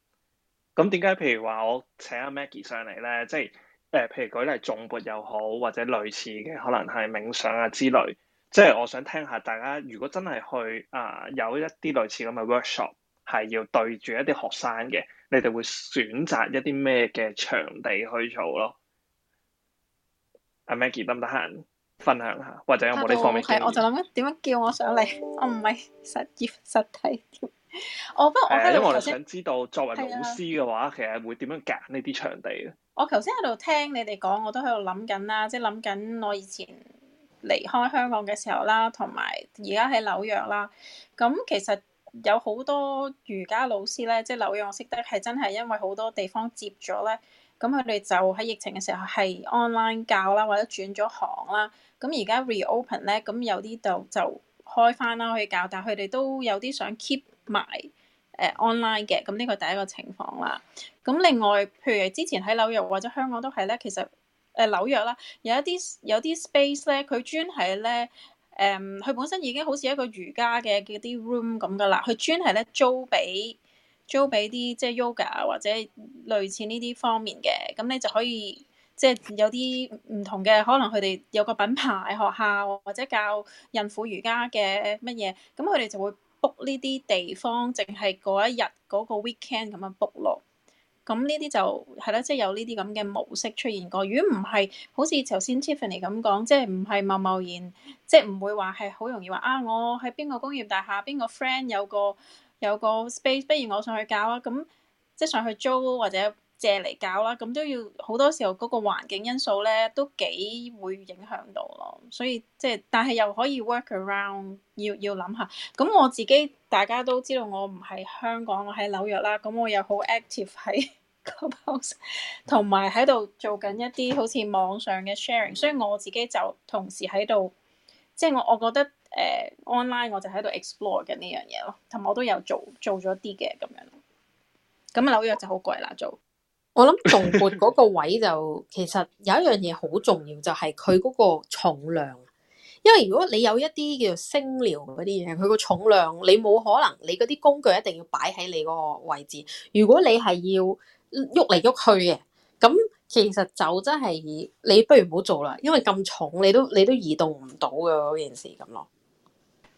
咁點解？譬如話我請阿 Maggie 上嚟咧，即係誒、呃，譬如舉例，重撥又好，或者類似嘅，可能係冥想啊之類。即係我想聽下大家，如果真係去啊、呃，有一啲類似咁嘅 workshop，係要對住一啲學生嘅，你哋會選擇一啲咩嘅場地去做咯？阿、啊、Maggie 得唔得閒分享下？或者有冇呢方面經驗？係，我就諗緊點樣叫我上嚟？我唔係實業實體。實哦、我不，因為我係想知道作為老師嘅話，啊、其實會點樣揀呢啲場地咧？我頭先喺度聽你哋講，我都喺度諗緊啦，即係諗緊我以前離開香港嘅時候啦，同埋而家喺紐約啦。咁其實有好多瑜伽老師咧，即係紐約我識得係真係因為好多地方接咗咧，咁佢哋就喺疫情嘅時候係 online 教啦，或者轉咗行啦。咁而家 reopen 咧，咁有啲就就開翻啦，可以教，但係佢哋都有啲想 keep。埋誒、嗯、online 嘅，咁呢個第一個情況啦。咁另外，譬如之前喺紐約或者香港都係咧，其實誒、呃、紐約啦，有一啲有啲 space 咧，佢專係咧誒，佢本身已經好似一個瑜伽嘅嗰啲 room 咁噶啦，佢專係咧租俾租俾啲即係 yoga 或者類似呢啲方面嘅，咁、嗯、你就可以即係有啲唔同嘅，可能佢哋有個品牌學校或者教孕婦瑜伽嘅乜嘢，咁佢哋就會。book 呢啲地方，淨係嗰一日嗰個 weekend 咁樣 book 咯。咁呢啲就係啦，即係有呢啲咁嘅模式出現過。如果唔係，好似頭先 Tiffany 咁講，即係唔係貿貿然，即係唔會話係好容易話啊！我喺邊個工業大廈，邊個 friend 有個有個 space，不如我上去搞啊！咁即係上去租或者。借嚟搞啦，咁都要好多時候嗰個環境因素咧，都幾會影響到咯。所以即係，但係又可以 work around，要要諗下。咁我自己大家都知道，我唔係香港，我喺紐約啦。咁我又好 active 喺 Clubhouse 同埋喺度做緊一啲好似網上嘅 sharing。所以我自己就同時喺度，即係我我覺得誒 online，呃、我就喺度 explore 緊呢樣嘢咯。同埋我都有做做咗啲嘅咁樣。咁啊紐約就好貴啦，做。我諗重撥嗰個位就其實有一樣嘢好重要，就係佢嗰個重量。因為如果你有一啲叫做聲療嗰啲嘢，佢個重量你冇可能，你嗰啲工具一定要擺喺你個位置。如果你係要喐嚟喐去嘅，咁其實就真係你不如唔好做啦，因為咁重你都你都移動唔到嘅嗰件事咁咯。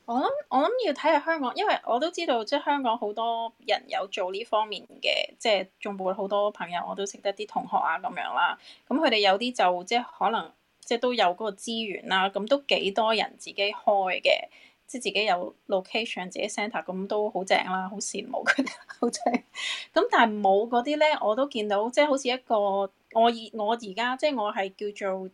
我諗我諗要睇下香港，因為我都知道即係香港好多人有做呢方面嘅，即係中部好多朋友我都識得啲同學啊咁樣啦。咁佢哋有啲就即係可能即係都有嗰個資源啦，咁都幾多人自己開嘅，即係自己有 location、自己 center 咁都好正啦，好羨慕佢哋好正。咁 (laughs) 很棒笑但係冇嗰啲咧，我都見到即係好似一個我而我而家即係我係叫做。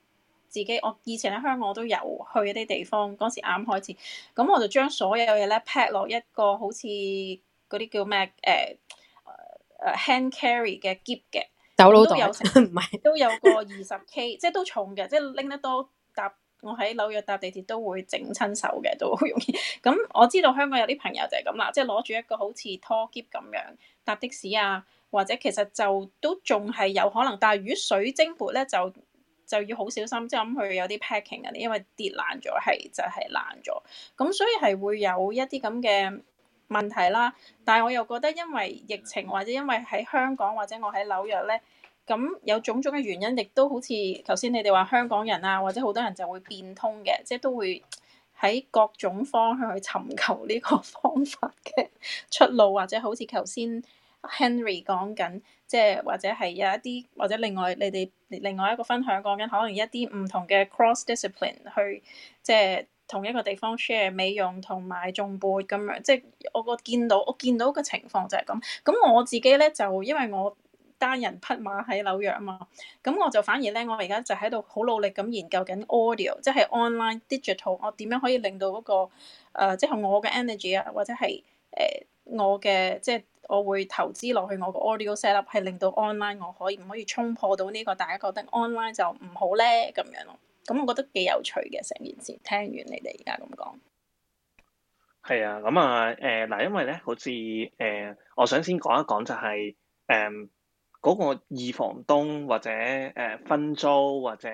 自己我以前喺香港都有去一啲地方，嗰時啱開始，咁我就將所有嘢咧劈落一個好似嗰啲叫咩誒誒 hand carry 嘅喼嘅。呃呃、走都有唔係是都有個二十 K， (laughs) 即係都重嘅，即係拎得多搭我喺紐約搭地鐵都會整親手嘅，都好容易。咁 (laughs) 我知道香港有啲朋友就係咁啦，即係攞住一個好似拖喼咁樣搭的士啊，或者其實就都仲係有可能，但係如果水晶盤咧就。就要好小心，即係我諗有啲 packing 嗰啲，因為跌爛咗係就係爛咗，咁所以係會有一啲咁嘅問題啦。但係我又覺得，因為疫情或者因為喺香港或者我喺紐約咧，咁有種種嘅原因，亦都好似頭先你哋話香港人啊，或者好多人就會變通嘅，即係都會喺各種方向去尋求呢個方法嘅出路，或者好似頭先。Henry 講緊，即係或者係有一啲，或者另外你哋另外一個分享講緊，可能一啲唔同嘅 cross discipline 去，即係同一個地方 share 美容同埋種播咁樣。即係我個見到，我見到嘅情況就係咁。咁我自己咧就因為我單人匹馬喺紐約啊嘛，咁我就反而咧我而家就喺度好努力咁研究緊 audio，即係 online digital，我點樣可以令到嗰個誒，即係我嘅 energy 啊，或者係誒。呃我嘅即係我會投資落去我個 audio set up，係令到 online 我可以唔可以沖破到呢、這個大家覺得 online 就唔好咧咁樣咯，咁我覺得幾有趣嘅成件事。聽完你哋而家咁講係啊，咁啊誒嗱，因為咧好似誒、呃、我想先講一講就係誒嗰個二房東或者誒、呃、分租或者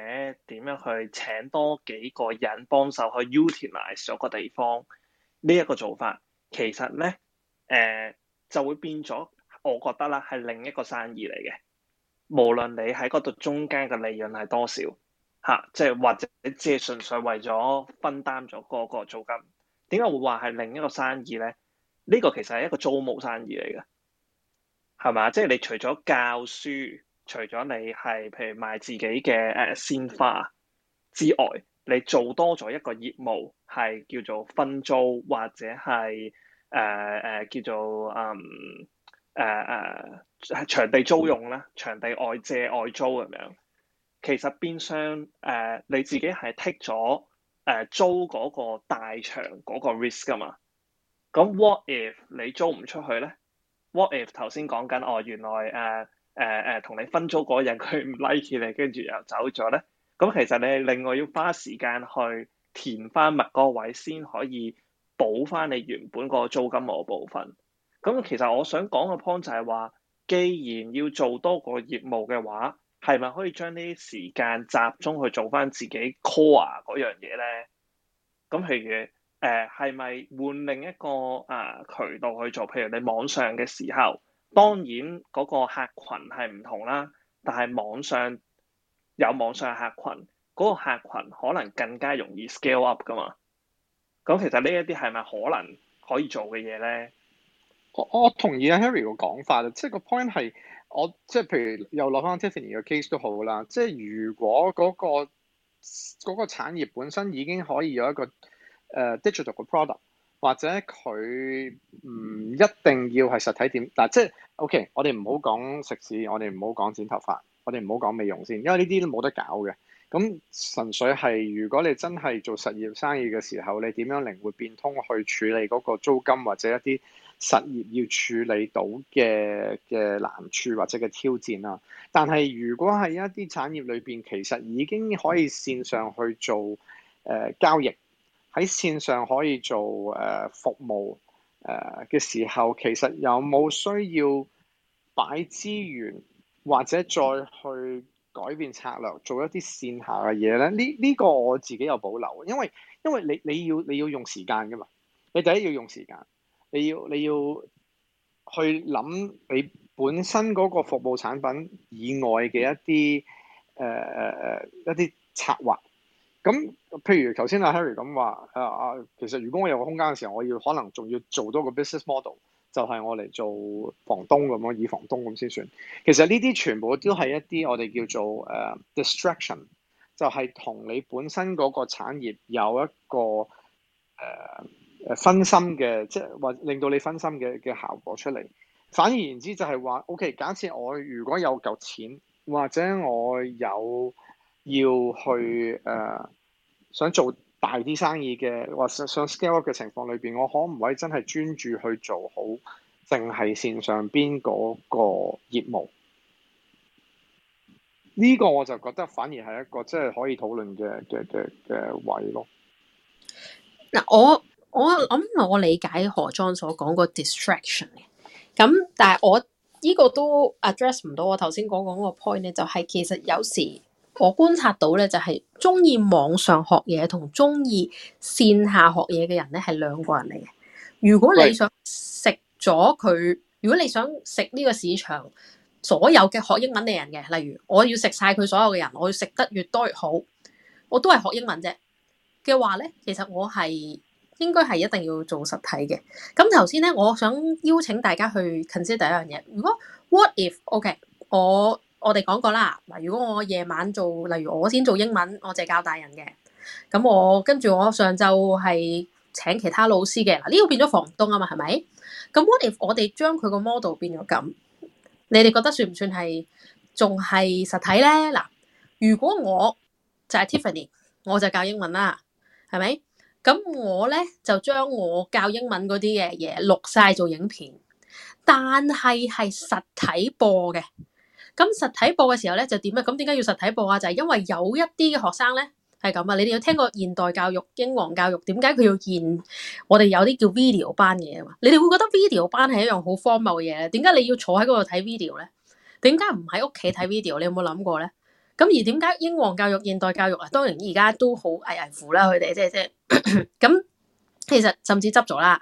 點樣去請多幾個人幫手去 utilize 咗個地方呢一、這個做法，其實咧。誒，uh, 就會變咗，我覺得啦，係另一個生意嚟嘅。無論你喺嗰度中間嘅利潤係多少，吓、啊，即、就、係、是、或者你只係純粹為咗分擔咗嗰個租、那個、金，點解會話係另一個生意咧？呢、這個其實係一個租務生意嚟嘅，係嘛？即、就、係、是、你除咗教書，除咗你係譬如賣自己嘅誒鮮花之外，你做多咗一個業務，係叫做分租或者係。誒誒、uh, 叫做嗯誒誒係場地租用啦，場地外借外租咁樣。其實變相誒、uh, 你自己係剔咗誒租嗰個大場嗰個 risk 噶嘛。咁 what if 你租唔出去咧？what if 頭先講緊哦，原來誒誒誒同你分租嗰日佢唔 like 你，跟住又走咗咧？咁其實你另外要花時間去填翻物嗰個位先可以。補翻你原本個租金嗰部分。咁其實我想講嘅 point 就係話，既然要做多個業務嘅話，係咪可以將呢啲時間集中去做翻自己 core 嗰樣嘢咧？咁譬如誒，係咪換另一個誒、呃、渠道去做？譬如你網上嘅時候，當然嗰個客群係唔同啦，但係網上有網上客群，嗰、嗰個客群可能更加容易 scale up 噶嘛。咁其實呢一啲係咪可能可以做嘅嘢咧？我我同意啊 Harry 嘅講法啦，即係個 point 係我即係譬如又攞返 Tiffany 嘅 case 都好啦，即係如果嗰個嗰個產業本身已經可以有一個誒 digital 嘅 product，或者佢唔一定要係實體店嗱，即係 OK，我哋唔好講食肆，我哋唔好講剪頭髮，我哋唔好講美容先，因為呢啲都冇得搞嘅。咁純粹係，如果你真係做實業生意嘅時候，你點樣靈活變通去處理嗰個租金或者一啲實業要處理到嘅嘅難處或者嘅挑戰啊？但係如果係一啲產業裏邊，其實已經可以線上去做誒、呃、交易，喺線上可以做誒、呃、服務誒嘅、呃、時候，其實有冇需要擺資源或者再去改變策略做一啲線下嘅嘢咧，呢呢個我自己有保留。因為因為你你要你要用時間噶嘛，你第一要用時間，你要你要去諗你本身嗰個服務產品以外嘅一啲誒誒一啲策劃，咁譬如頭先阿 Harry 咁話啊啊，其實如果我有個空間嘅時候，我要可能仲要做多個 business model。就係我嚟做房東咁咯，以房東咁先算。其實呢啲全部都係一啲我哋叫做誒、uh, distraction，就係同你本身嗰個產業有一個誒誒、uh, 分心嘅，即係或令到你分心嘅嘅效果出嚟。反而言之就係話，OK，假設我如果有嚿錢，或者我有要去誒、uh, 想做。大啲生意嘅或想想 scale up 嘅情況裏邊，我可唔可以真係專注去做好淨係線上邊嗰個業務？呢個我就覺得反而係一個即係可以討論嘅嘅嘅嘅位咯。嗱，我我諗我理解何莊所講個 distraction 嘅，咁但係我呢個都 address 唔到我頭先講講個 point 咧，就係其實有時。我觀察到咧，就係中意網上學嘢同中意線下學嘢嘅人咧，係兩個人嚟嘅。如果你想食咗佢，如果你想食呢個市場所有嘅學英文嘅人嘅，例如我要食晒佢所有嘅人，我要食得越多越好，我都係學英文啫嘅話咧，其實我係應該係一定要做實體嘅。咁頭先咧，我想邀請大家去 consider 第一樣嘢。如果 what if OK，我我哋講過啦，嗱，如果我夜晚做，例如我先做英文，我就係教大人嘅，咁我跟住我上晝係請其他老師嘅，嗱、這、呢個變咗房東啊嘛，係咪？咁 what if 我哋將佢個 model 變咗咁，你哋覺得算唔算係仲係實體咧？嗱，如果我就係、是、Tiffany，我就教英文啦，係咪？咁我咧就將我教英文嗰啲嘅嘢錄晒做影片，但係係實體播嘅。咁實體課嘅時候咧就點啊？咁點解要實體課啊？就係因為有一啲嘅學生咧係咁啊！你哋有聽過現代教育、英皇教育點解佢要現？我哋有啲叫 video 班嘅嘛？你哋會覺得 video 班係一樣好荒謬嘅嘢，點解你要坐喺嗰度睇 video 咧？點解唔喺屋企睇 video？你有冇諗過咧？咁而點解英皇教育、現代教育啊？當然而家都好危危乎啦，佢哋即係即係咁，其實甚至執咗啦。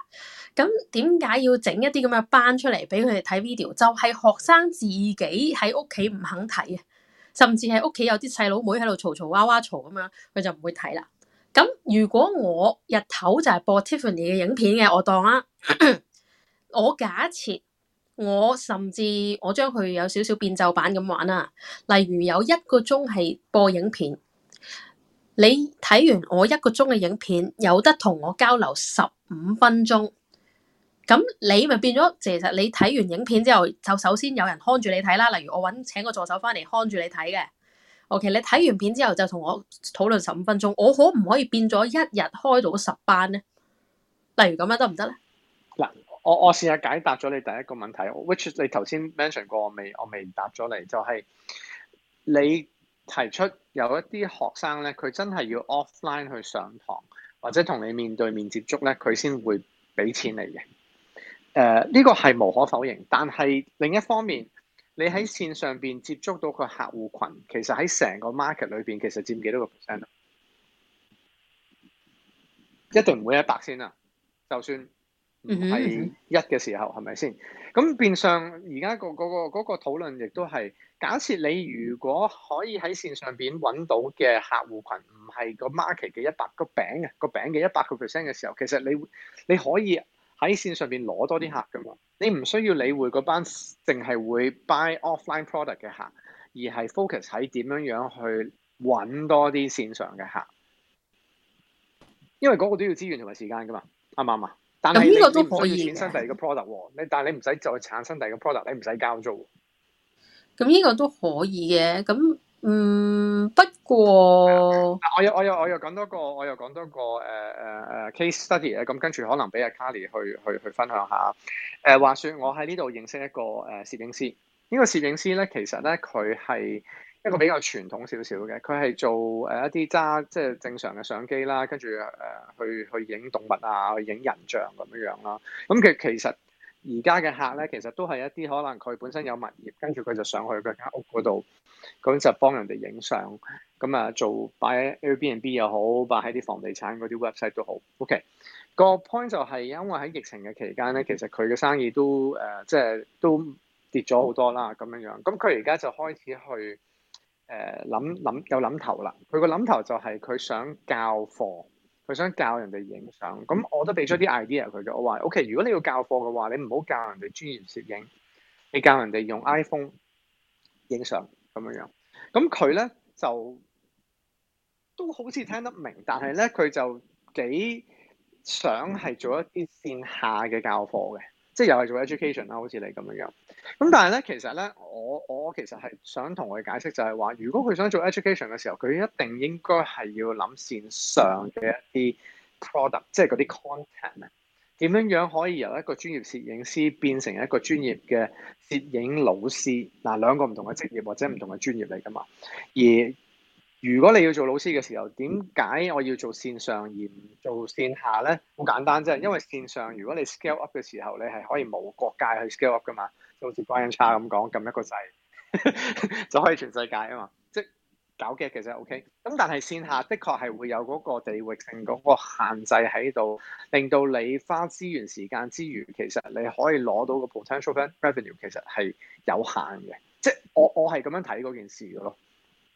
咁點解要整一啲咁嘅班出嚟俾佢哋睇 video？就係、是、學生自己喺屋企唔肯睇啊，甚至係屋企有啲細佬妹喺度嘈嘈哇哇嘈咁樣，佢就唔會睇啦。咁如果我日頭就係播 Tiffany 嘅影片嘅，我當啊， (coughs) 我假設我甚至我將佢有少少變奏版咁玩啦、啊，例如有一個鐘係播影片，你睇完我一個鐘嘅影片，有得同我交流十五分鐘。咁你咪變咗，其實你睇完影片之後，就首先有人看住你睇啦。例如我搵請個助手翻嚟看住你睇嘅。OK，你睇完片之後就同我討論十五分鐘。我可唔可以變咗一日開到十班咧？例如咁樣得唔得咧？嗱，我我試下解答咗你第一個問題，which 你頭先 mention 過，我未我未答咗你，就係你提出有一啲學生咧，佢真係要 offline 去上堂或者同你面對面接觸咧，佢先會俾錢你嘅。誒呢、uh, 個係無可否認，但係另一方面，你喺線上邊接觸到個客戶群，其實喺成個 market 裏邊，其實佔幾多個 percent 呀？一定唔會一百先啦、啊，就算唔係一嘅時候，係咪先？咁、hmm. 變相而家、嗰個嗰、嗰個嗰、嗰個討論亦都係，假設你如果可以喺線上邊揾到嘅客戶群唔係個 market 嘅一百個餅嘅、嗰個餅嘅一百個 percent 嘅時候，其實你你可以。喺線上邊攞多啲客噶嘛？你唔需要理會嗰班淨係會 buy offline product 嘅客，而係 focus 喺點樣樣去揾多啲線上嘅客。因為嗰個都要資源同埋時間噶嘛，啱唔啱啊？但係呢個都可以衍生第二個 product 喎。但你但係你唔使再產生第二個 product，你唔使交租。咁呢個都可以嘅。咁。嗯，不過、uh, 我又我又我又講多個，我又講多個誒誒誒 case study 咧。咁跟住可能俾阿 Carrie 去去去分享下。誒、uh,，話說我喺呢度認識一個誒攝、uh, 影師。呢個攝影師咧，其實咧佢係一個比較傳統少少嘅，佢係做誒一啲揸即係正常嘅相機啦，跟住誒、uh, 去去影動物啊，去影人像咁樣樣啦。咁佢其其實。而家嘅客咧，其實都係一啲可能佢本身有物業，跟住佢就上去佢間屋嗰度，咁就幫人哋影相，咁啊做擺喺 Airbnb 又好，擺喺啲房地產嗰啲 website 都好。OK，個 point 就係因為喺疫情嘅期間咧，其實佢嘅生意都誒、呃、即係都跌咗好多啦咁樣樣。咁佢而家就開始去誒諗諗有諗頭啦。佢個諗頭就係佢想教房。佢想教人哋影相，咁我都俾咗啲 idea 佢嘅。我話 OK，如果你要教課嘅話，你唔好教人哋專業攝影，你教人哋用 iPhone 影相咁樣樣，咁佢咧就都好似聽得明，但係咧佢就幾想係做一啲線下嘅教課嘅，即係又係做 education 啦，好似你咁樣樣。咁但係咧，其實咧，我我其實係想同佢解釋就係話，如果佢想做 education 嘅時候，佢一定應該係要諗線上嘅一啲 product，即係嗰啲 content 啊，點樣樣可以由一個專業攝影師變成一個專業嘅攝影老師嗱、啊，兩個唔同嘅職業或者唔同嘅專業嚟噶嘛。而如果你要做老師嘅時候，點解我要做線上而唔做線下咧？好簡單，即係因為線上如果你 scale up 嘅時候，你係可以冇國界去 scale up 噶嘛。到時——好似 Brian Chai 咁講，撳一個掣 (laughs) 就可以全世界啊嘛！即係搞嘅其實 OK，咁但係線下的確係會有嗰個地域性嗰個限制喺度，令到你花資源時間之餘，其實你可以攞到個 potential revenue 其實係有限嘅。即係我我係咁樣睇嗰件事嘅咯。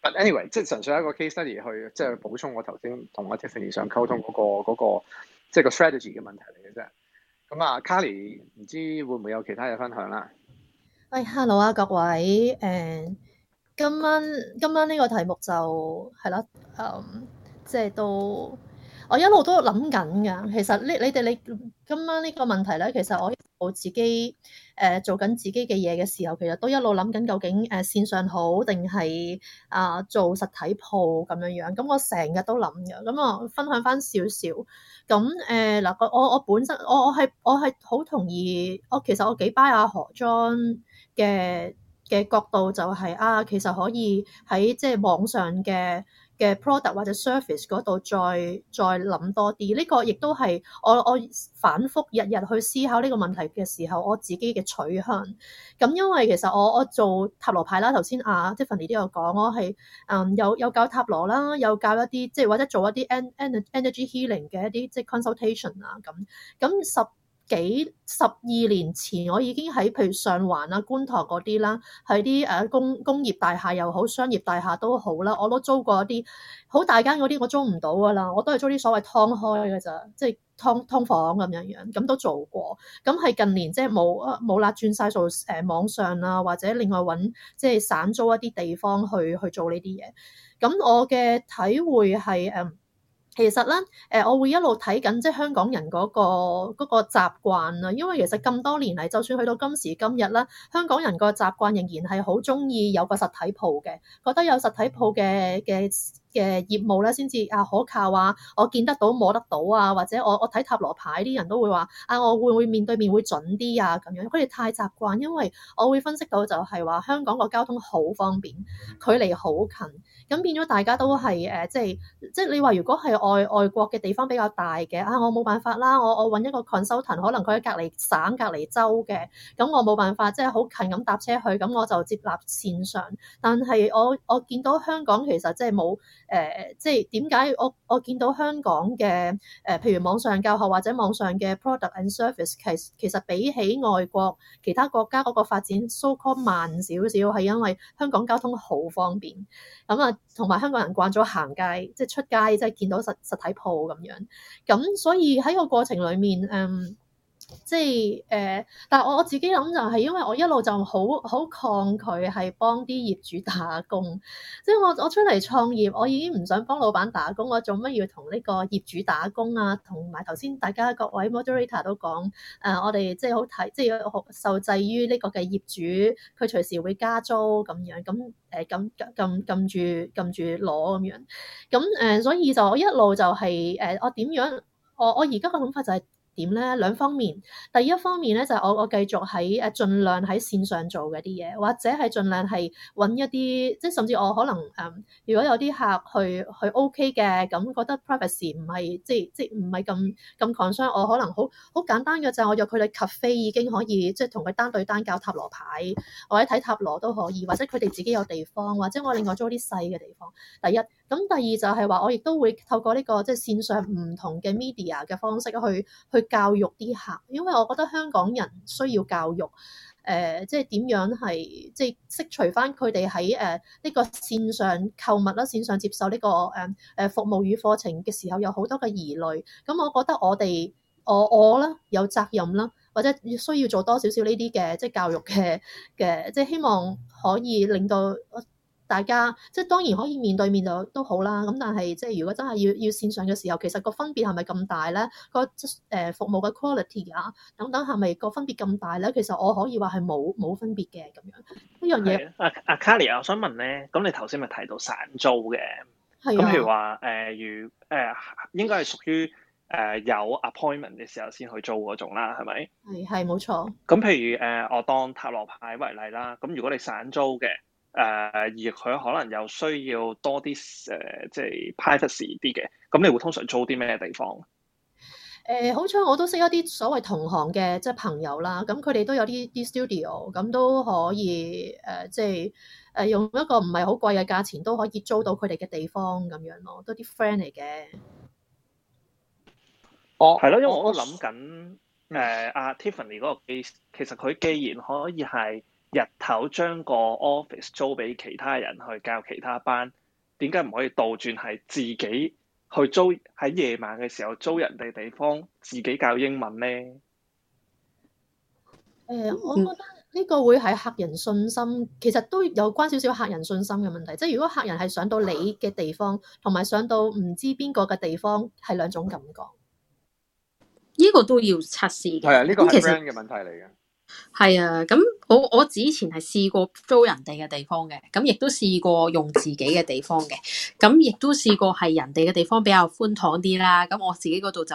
But anyway，即係純粹係一個 case study 去即係補充我頭先同阿 Tiffany 想溝通嗰、嗰個、嗰個嗰個、即係個 strategy 嘅問題嚟嘅啫。咁啊 Carly 唔知會唔會有其他嘢分享啦？喂，hello 啊，各位誒，今晚今晚呢個題目就係啦，嗯，即係都我一路都諗緊㗎。其實呢，你哋你今晚呢個問題咧，其實我我自己誒、呃、做緊自己嘅嘢嘅時候，其實都一路諗緊究竟誒線上好定係啊做實體鋪咁樣樣。咁我成日都諗㗎，咁我分享翻少少。咁誒嗱，我我我本身我我係我係好同意。我其實我幾 buy 阿何 John。嘅嘅角度就係、是、啊，其實可以喺即係網上嘅嘅 product 或者 service 嗰度再再諗多啲。呢、這個亦都係我我反覆日日去思考呢個問題嘅時候，我自己嘅取向。咁、嗯、因為其實我我做塔羅牌啦，頭先啊，即係芬尼都有講，我係嗯有有教塔羅啦，有教一啲即係或者做一啲 energy healing 嘅一啲即係、就是、consultation 啊咁咁、啊、十。幾十二年前，我已經喺譬如上環啊、觀塘嗰啲啦，喺啲誒工工業大廈又好、商業大廈都好啦，我都租過一啲好大間嗰啲，我租唔到㗎喇，我都係租啲所謂劏開嘅咋，即係劏劏房咁樣樣，咁都做過。咁係近年即係冇冇啦，轉晒做誒網上啦，或者另外揾即係散租一啲地方去去做呢啲嘢。咁我嘅體會係誒。其實咧，誒，我會一路睇緊，即係香港人嗰個嗰個習慣啦。因為其實咁多年嚟，就算去到今時今日啦，香港人個習慣仍然係好鍾意有個實體鋪嘅，覺得有實體鋪嘅嘅嘅業務咧，先至啊可靠啊，我見得到，摸得到啊，或者我我睇塔羅牌啲人都會話啊，我會唔會面對面會準啲啊，咁樣。佢哋太習慣，因為我會分析到就係話香港個交通好方便，距離好近，咁變咗大家都係誒，即係即係你話如果係外外國嘅地方比較大嘅啊，我冇辦法啦，我我揾一個 consultant，可能佢喺隔離省隔離州嘅，咁我冇辦法即係好近咁搭車去，咁我就接納線上。但係我我見到香港其實即係冇。誒，即係點解我我見到香港嘅誒、呃，譬如網上教學或者網上嘅 product and service，其實其實比起外國其他國家嗰個發展 so-called 慢少少，係因為香港交通好方便，咁、嗯、啊，同埋香港人慣咗行街，即、就、係、是、出街，即、就、係、是、見到實實體鋪咁樣，咁、嗯、所以喺個過程裡面，嗯。即係誒，但係我我自己諗就係，因為我一路就好好抗拒係幫啲業主打工。即係我我出嚟創業，我已經唔想幫老闆打工。我做乜要同呢個業主打工啊？同埋頭先大家各位 Moderator 都講誒，我哋即係好睇，即係受制於呢個嘅業主，佢隨時會加租咁樣。咁誒，撳撳撳住撳住攞咁樣。咁誒，所以就我一路就係、是、誒，我點樣？我我而家嘅諗法就係、是。點咧？兩方面，第一方面咧就係、是、我我繼續喺誒盡量喺線上做嘅啲嘢，或者係盡量係揾一啲即係甚至我可能誒、嗯，如果有啲客去去 OK 嘅，咁覺得 privacy 唔係即係即係唔係咁咁 concern，我可能好好簡單嘅就係我約佢嚟 cafe 已經可以即係同佢單對單教塔羅牌，或者睇塔羅都可以，或者佢哋自己有地方，或者我另外租啲細嘅地方。第一咁，第二就係話我亦都會透過呢、這個即係線上唔同嘅 media 嘅方式去去。教育啲客，因為我覺得香港人需要教育，誒、呃，即係點樣係，即係釋除返佢哋喺誒呢個線上購物啦、線上接受呢、這個誒誒、呃呃、服務與課程嘅時候有好多嘅疑慮。咁我覺得我哋我我啦，有責任啦，或者需要做多少少呢啲嘅即係教育嘅嘅，即係、就是、希望可以令到。大家即係當然可以面對面就都好啦，咁但係即係如果真係要要線上嘅時候，其實個分別係咪咁大咧？個即係誒服務嘅 quality 啊，等等係咪個分別咁大咧？其實我可以話係冇冇分別嘅咁樣呢樣嘢、啊。阿阿 Carrie 我想問咧，咁你頭先咪提到散租嘅？係啊。咁譬如話誒、呃，如誒、呃、應該係屬於誒、呃、有 appointment 嘅時候先去租嗰種啦，係咪？係係冇錯。咁譬如誒、呃，我當塔羅牌為例啦，咁如果你散租嘅。誒而佢可能又需要多啲誒，即係 privacy 啲嘅，咁、就是嗯、你會通常租啲咩地方？誒、呃，好彩我都識一啲所謂同行嘅即係朋友啦，咁佢哋都有啲啲 studio，咁都可以誒、呃，即係誒、呃、用一個唔係好貴嘅價錢都可以租到佢哋嘅地方咁樣咯，都啲 friend 嚟嘅。哦，係咯，因為我都諗緊誒阿 Tiffany 嗰、那個 case，其實佢既然可以係。日頭將個 office 租俾其他人去教其他班，點解唔可以倒轉，係自己去租，喺夜晚嘅時候租人哋地方自己教英文咧？誒、呃，我覺得呢個會係客人信心，其實都有關少少客人信心嘅問題。即係如果客人係上到你嘅地方，同埋上到唔知邊個嘅地方，係兩種感覺。呢個都要測試嘅，係啊，呢個係 brand 嘅問題嚟嘅。係啊，咁我我之前係試過租人哋嘅地方嘅，咁亦都試過用自己嘅地方嘅，咁亦都試過係人哋嘅地方比較寬敞啲啦，咁我自己嗰度就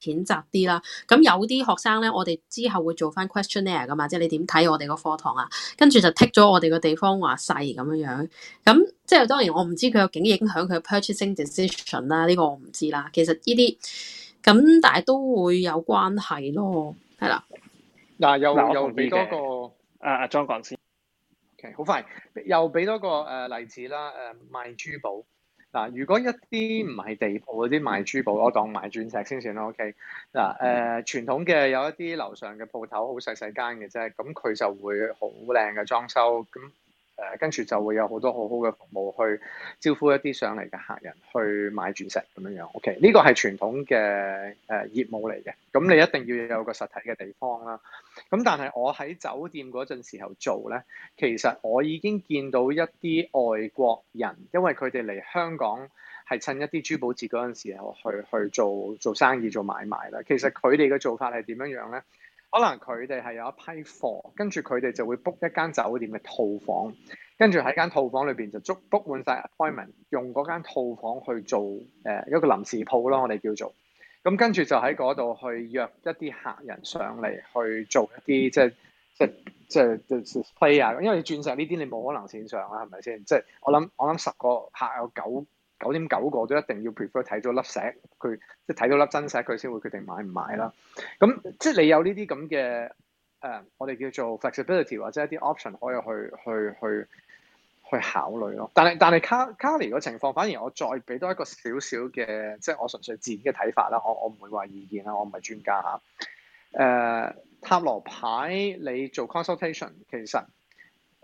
淺窄啲啦。咁有啲學生咧，我哋之後會做翻 questionnaire 噶嘛，即係你點睇我哋個課堂啊？跟住就剔咗我哋個地方話細咁樣樣，咁即係當然我唔知佢究竟影響佢 purchasing decision 啦，呢個我唔知啦。其實呢啲咁，但係都會有關係咯，係啦。嗱、啊，又又俾多個，阿阿莊講先，OK，好快，又俾多個誒、呃、例子啦，誒、啊、賣珠寶，嗱、啊，如果一啲唔係地鋪嗰啲賣珠寶，我當賣鑽石先算啦，OK，嗱，誒、啊呃、傳統嘅有一啲樓上嘅鋪頭，好細細間嘅啫，咁佢就會好靚嘅裝修，咁。誒、跟住就會有好多好好嘅服務去招呼一啲上嚟嘅客人去買鑽石咁樣樣。OK，呢個係傳統嘅誒業務嚟嘅。咁你一定要有個實體嘅地方啦。咁但係我喺酒店嗰陣時候做咧，其實我已經見到一啲外國人，因為佢哋嚟香港係趁一啲珠寶節嗰陣時候去去做做生意做買賣啦。其實佢哋嘅做法係點樣樣咧？可能佢哋係有一批貨，跟住佢哋就會 book 一間酒店嘅套房，跟住喺間套房裏邊就捉 book 滿晒 appointment，用嗰間套房去做誒一個臨時鋪啦。我哋叫做咁，跟住就喺嗰度去約一啲客人上嚟去做一啲即係即係即係即係 play 啊。咁因為你鑽石呢啲你冇可能線上啊，係咪先？即係我諗我諗十個客有九九點九個都一定要 prefer 睇咗粒石，佢即係睇到粒真石佢先會決定買唔買啦。咁即係你有呢啲咁嘅誒，uh, 我哋叫做 flexibility 或者一啲 option 可以去去去去考慮咯。但係但係 Carly 個情況，反而我再俾多一個少少嘅，即係我純粹自己嘅睇法啦。我我唔會話意見啦，我唔係專家嚇。誒、uh, 塔羅牌你做 consultation 其實。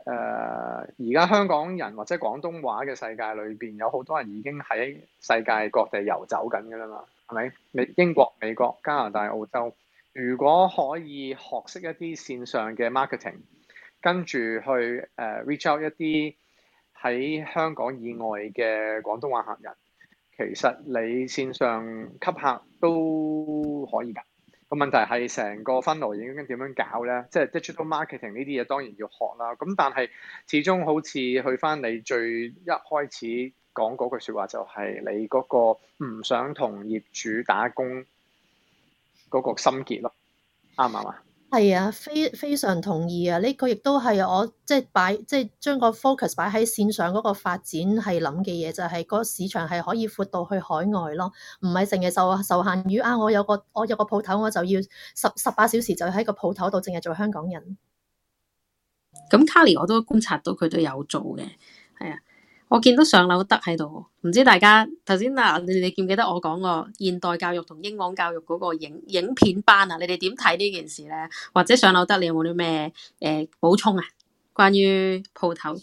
誒而家香港人或者廣東話嘅世界裏邊有好多人已經喺世界各地遊走緊噶啦嘛，係咪？你英國、美國、加拿大、澳洲，如果可以學識一啲線上嘅 marketing，跟住去誒、uh, reach out 一啲喺香港以外嘅廣東話客人，其實你線上吸客都可以噶。個問題係成個分類已經點樣搞咧？即係 digital marketing 呢啲嘢當然要學啦。咁但係始終好似去返你最一開始講嗰句説話，就係你嗰個唔想同業主打工嗰個心結咯。啱唔啱啊？係啊，非非常同意啊！呢、這個亦都係我即係、就是、擺即係、就、將、是、個 focus 擺喺線上嗰個發展係諗嘅嘢，就係、是、個市場係可以闊到去海外咯，唔係成日受受限於啊，我有個我有個鋪頭，我就要十十八小時就喺個鋪頭度，淨係做香港人。咁卡 a 我都觀察到佢都有做嘅，係啊。我見到上樓得喺度，唔知大家頭先嗱，你你記唔記得我講過現代教育同英皇教育嗰個影影片班啊？你哋點睇呢件事咧？或者上樓得，你有冇啲咩誒補充啊？關於鋪頭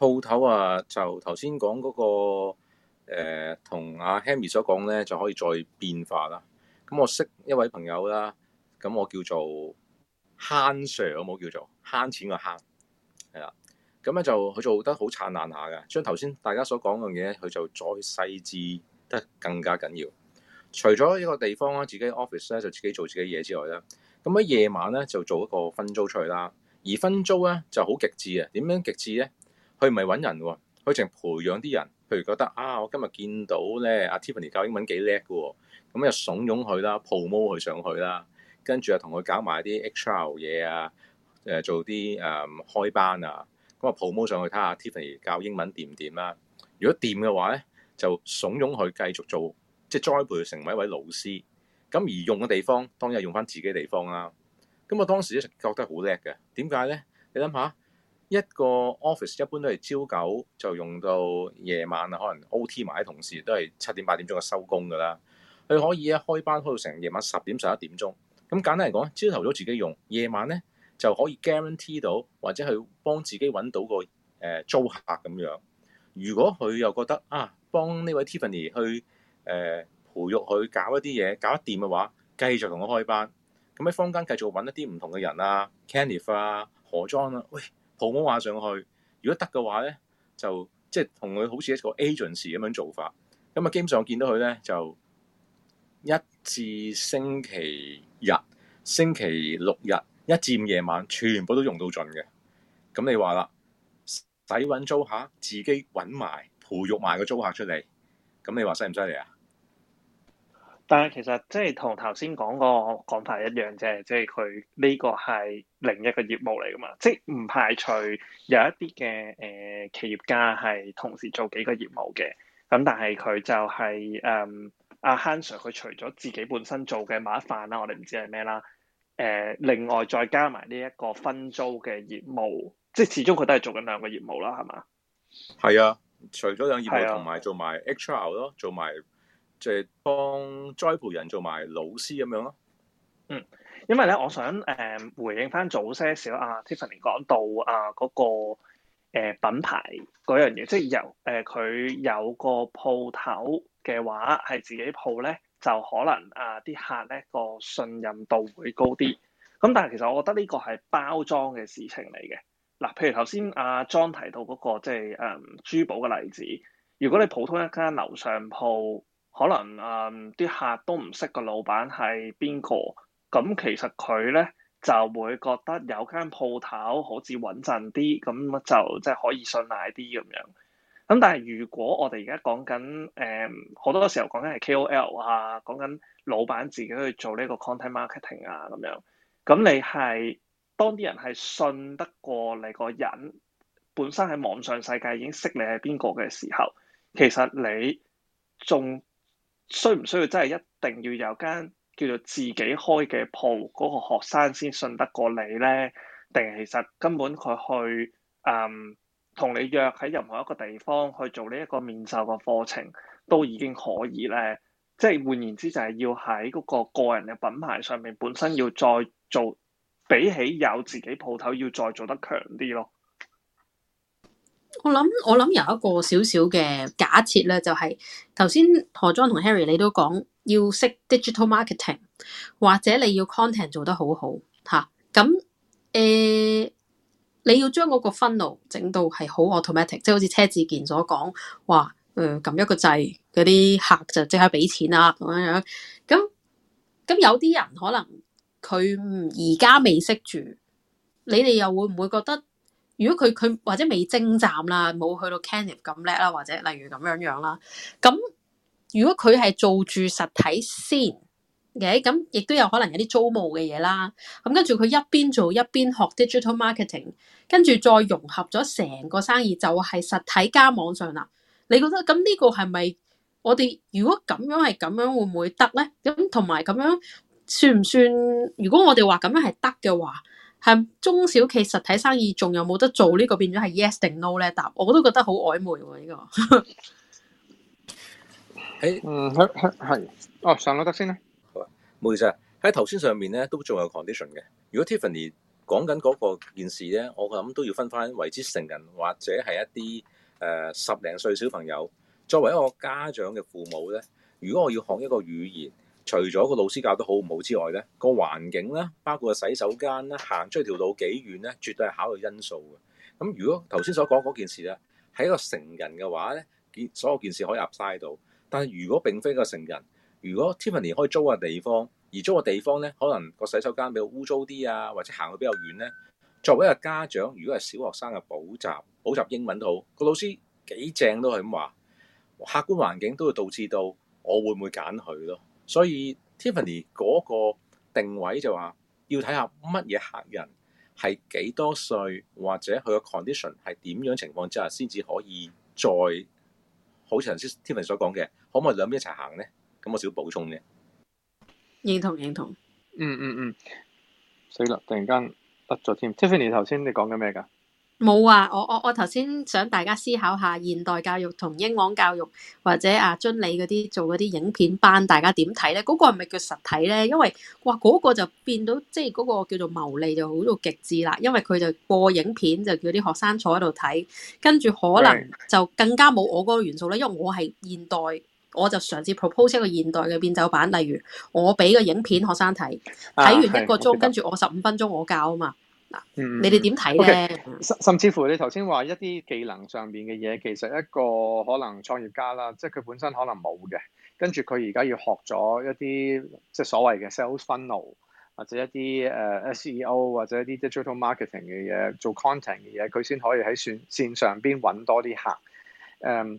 鋪頭啊，就頭先講嗰個誒，同、呃、阿 Henry 所講咧，就可以再變化啦。咁我識一位朋友啦，咁我叫做慳 Sir，好冇叫做慳錢個慳係啦。咁咧就佢做得好燦爛下嘅，將頭先大家所講嘅嘢，佢就再細緻得更加緊要。除咗一個地方啦，自己 office 咧就自己做自己嘢之外啦，咁喺夜晚咧就做一個分租出去啦。而分租咧就好極致啊！點樣極致咧？佢唔係揾人喎，佢淨係培養啲人。譬如覺得啊，我今日見到咧阿 Tiffany 教英文幾叻嘅喎，咁又、啊、慫恿佢啦 promote 佢上去啦，跟住又同佢搞埋啲 extra 嘢啊，誒做啲誒、嗯嗯嗯嗯嗯嗯、開班啊。咁啊，promo 上去睇下 Tiffany 教英文掂唔掂啦？如果掂嘅話咧，就慫恿佢繼續做，即係栽培佢成為一位老師。咁而用嘅地方，當然係用翻自己地方啦。咁我當時咧覺得好叻嘅，點解咧？你諗下，一個 office 一般都係朝九就用到夜晚啊，可能 OT 埋啲同事都係七點八點鐘就收工㗎啦。佢可以咧開班開到成夜晚十點十一點鐘。咁簡單嚟講，朝頭早自己用，夜晚咧，就可以 guarantee 到，或者去幫自己揾到個誒、呃、租客咁樣。如果佢又覺得啊，幫呢位 Tiffany 去誒、呃、培育佢搞一啲嘢搞得掂嘅話，繼續同佢開班咁，喺、嗯、坊間繼續揾一啲唔同嘅人啊 Kenneth 啊，何莊啊，喂，抱我話上去。如果得嘅話咧，就即係同佢好似一個 agency 咁樣做法。咁、嗯、啊，基本上見到佢咧就一至星期日、星期六日，一至五夜晚全部都用到盡嘅，咁你話啦，使揾租客，自己揾埋培育埋個租客出嚟，咁你話犀唔犀利啊？但係其實即係同頭先講個講法一樣啫，即係佢呢個係另一個業務嚟噶嘛，即係唔排除有一啲嘅誒企業家係同時做幾個業務嘅，咁但係佢就係誒阿 Han Sir 佢除咗自己本身做嘅某一份啦，我哋唔知係咩啦。誒另外再加埋呢一個分租嘅業務，即係始終佢都係做緊兩個業務啦，係嘛？係啊，除咗有業務同埋、啊、做埋 H R 咯、即係，做埋即係幫栽培人做埋老師咁樣咯。嗯，因為咧，我想誒、呃、回應翻早些少啊 Tiffany 講到啊嗰、嗰個、呃、品牌嗰樣嘢，即係由誒佢、呃、有個鋪頭嘅話係自己鋪咧。就可能啊，啲客咧個信任度會高啲。咁但係其實我覺得呢個係包裝嘅事情嚟嘅。嗱，譬如頭先阿莊提到嗰個即係誒珠寶嘅例子，如果你普通一間樓上鋪，可能誒啲客都唔識個老闆係邊個，咁其實佢咧就會覺得有間鋪頭好似穩陣啲，咁就即係可以信賴啲咁樣。咁但係如果我哋而家講緊誒，好多時候講緊係 KOL 啊，講緊老闆自己去做呢一個 content marketing 啊咁樣，咁你係當啲人係信得過你個人，本身喺網上世界已經識你係邊個嘅時候，其實你仲需唔需要真係一定要有間叫做自己開嘅鋪嗰個學生先信得過你咧？定係其實根本佢去嗯？同你約喺任何一個地方去做呢一個面授嘅課程，都已經可以咧。即係換言之，就係要喺嗰個個人嘅品牌上面，本身要再做，比起有自己鋪頭，要再做得強啲咯。我諗我諗有一個小小嘅假設咧，就係頭先何莊同 Harry 你都講要識 digital marketing，或者你要 content 做得好好吓。咁、啊、誒。你要將嗰個分路整到係好 automatic，即係好似車志健所講，哇，誒、呃、撳一個掣，嗰啲客就即刻俾錢啦咁樣樣。咁咁有啲人可能佢而家未識住，你哋又會唔會覺得，如果佢佢或者未精湛啦，冇去到 Canif 咁叻啦，或者例如咁樣樣啦，咁如果佢係做住實體先。嘅咁，亦都有可能有啲租務嘅嘢啦。咁跟住佢一邊做一邊學 digital marketing，跟住再融合咗成個生意就係、是、實體加網上啦。你覺得咁呢個係咪我哋如果咁樣係咁樣會唔會得咧？咁同埋咁樣算唔算？如果我哋話咁樣係得嘅話，係中小企實體生意仲有冇得做，這個 yes no，呢個變咗係 yes 定 no 咧？答我都覺得好曖昧喎、啊、呢、這個。誒，嗯，係哦，上個得先啦。冇意思啊，喺頭先上面咧都仲有 condition 嘅。如果 Tiffany 講緊嗰個件事咧，我諗都要分翻為之成人或者係一啲誒、呃、十零歲小朋友。作為一個家長嘅父母咧，如果我要學一個語言，除咗個老師教得好唔好之外咧，個環境啦，包括洗手間啦，行出條路幾遠咧，絕對係考慮因素嘅。咁如果頭先所講嗰件事咧，係一個成人嘅話咧，件所有件事可以 abside 到，但係如果並非一個成人。如果 Tiffany 可以租個地方，而租個地方咧，可能個洗手間比較污糟啲啊，或者行去比較遠咧。作為一個家長，如果係小學生嘅補習補習英文都好，個老師幾正都係咁話，客觀環境都會導致到我會唔會揀佢咯。所以 Tiffany 嗰個定位就話要睇下乜嘢客人係幾多歲或者佢嘅 condition 係點樣情況之下，先至可以再好似頭先 Tiffany 所講嘅，可唔可以兩邊一齊行咧？咁我少補充嘅認同認同，嗯嗯嗯，死啦！突然間 absent，Tiffany 頭先你講緊咩噶？冇啊！我我我頭先想大家思考下現代教育同英皇教育或者阿津理嗰啲做嗰啲影片班，大家點睇咧？嗰個係咪叫實體咧？因為哇，嗰個就變到即係嗰個叫做牟利就好到極致啦！因為佢就播影片就叫啲學生坐喺度睇，跟住可能就更加冇我嗰個元素咧，因為我係現代。我就嘗試 propose 一個現代嘅變奏版，例如我俾個影片學生睇，睇完一個鐘，啊、跟住我十五分鐘我教啊嘛。嗱、嗯，你哋點睇咧？Okay. 甚至乎你頭先話一啲技能上面嘅嘢，其實一個可能創業家啦，即係佢本身可能冇嘅，跟住佢而家要學咗一啲即係所謂嘅 sales funnel 或者一啲誒 SEO 或者一啲 digital marketing 嘅嘢，做 content 嘅嘢，佢先可以喺線線上邊揾多啲客。嗯、um。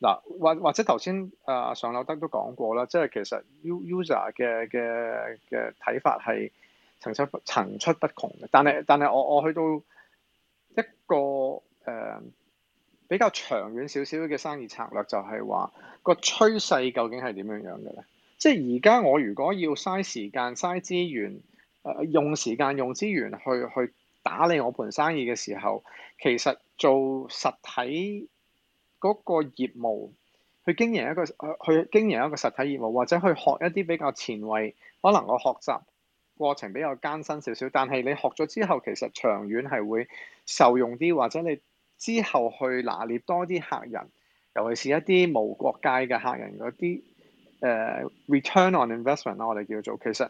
嗱，或或者頭先誒尚柳德都講過啦，即係其實 user 嘅嘅嘅睇法係層出層出不窮嘅。但係但係我我去到一個誒、呃、比較長遠少少嘅生意策略就，就係話個趨勢究竟係點樣樣嘅咧？即係而家我如果要嘥時間嘥資源，誒、呃、用時間用資源去去打理我盤生意嘅時候，其實做實體。嗰個業務去經營一個、呃、去經營一個實體業務，或者去學一啲比較前衛，可能我學習過程比較艱辛少少，但係你學咗之後，其實長遠係會受用啲，或者你之後去拿捏多啲客人，尤其是一啲無國界嘅客人嗰啲誒 return on investment 啦，我哋叫做，其實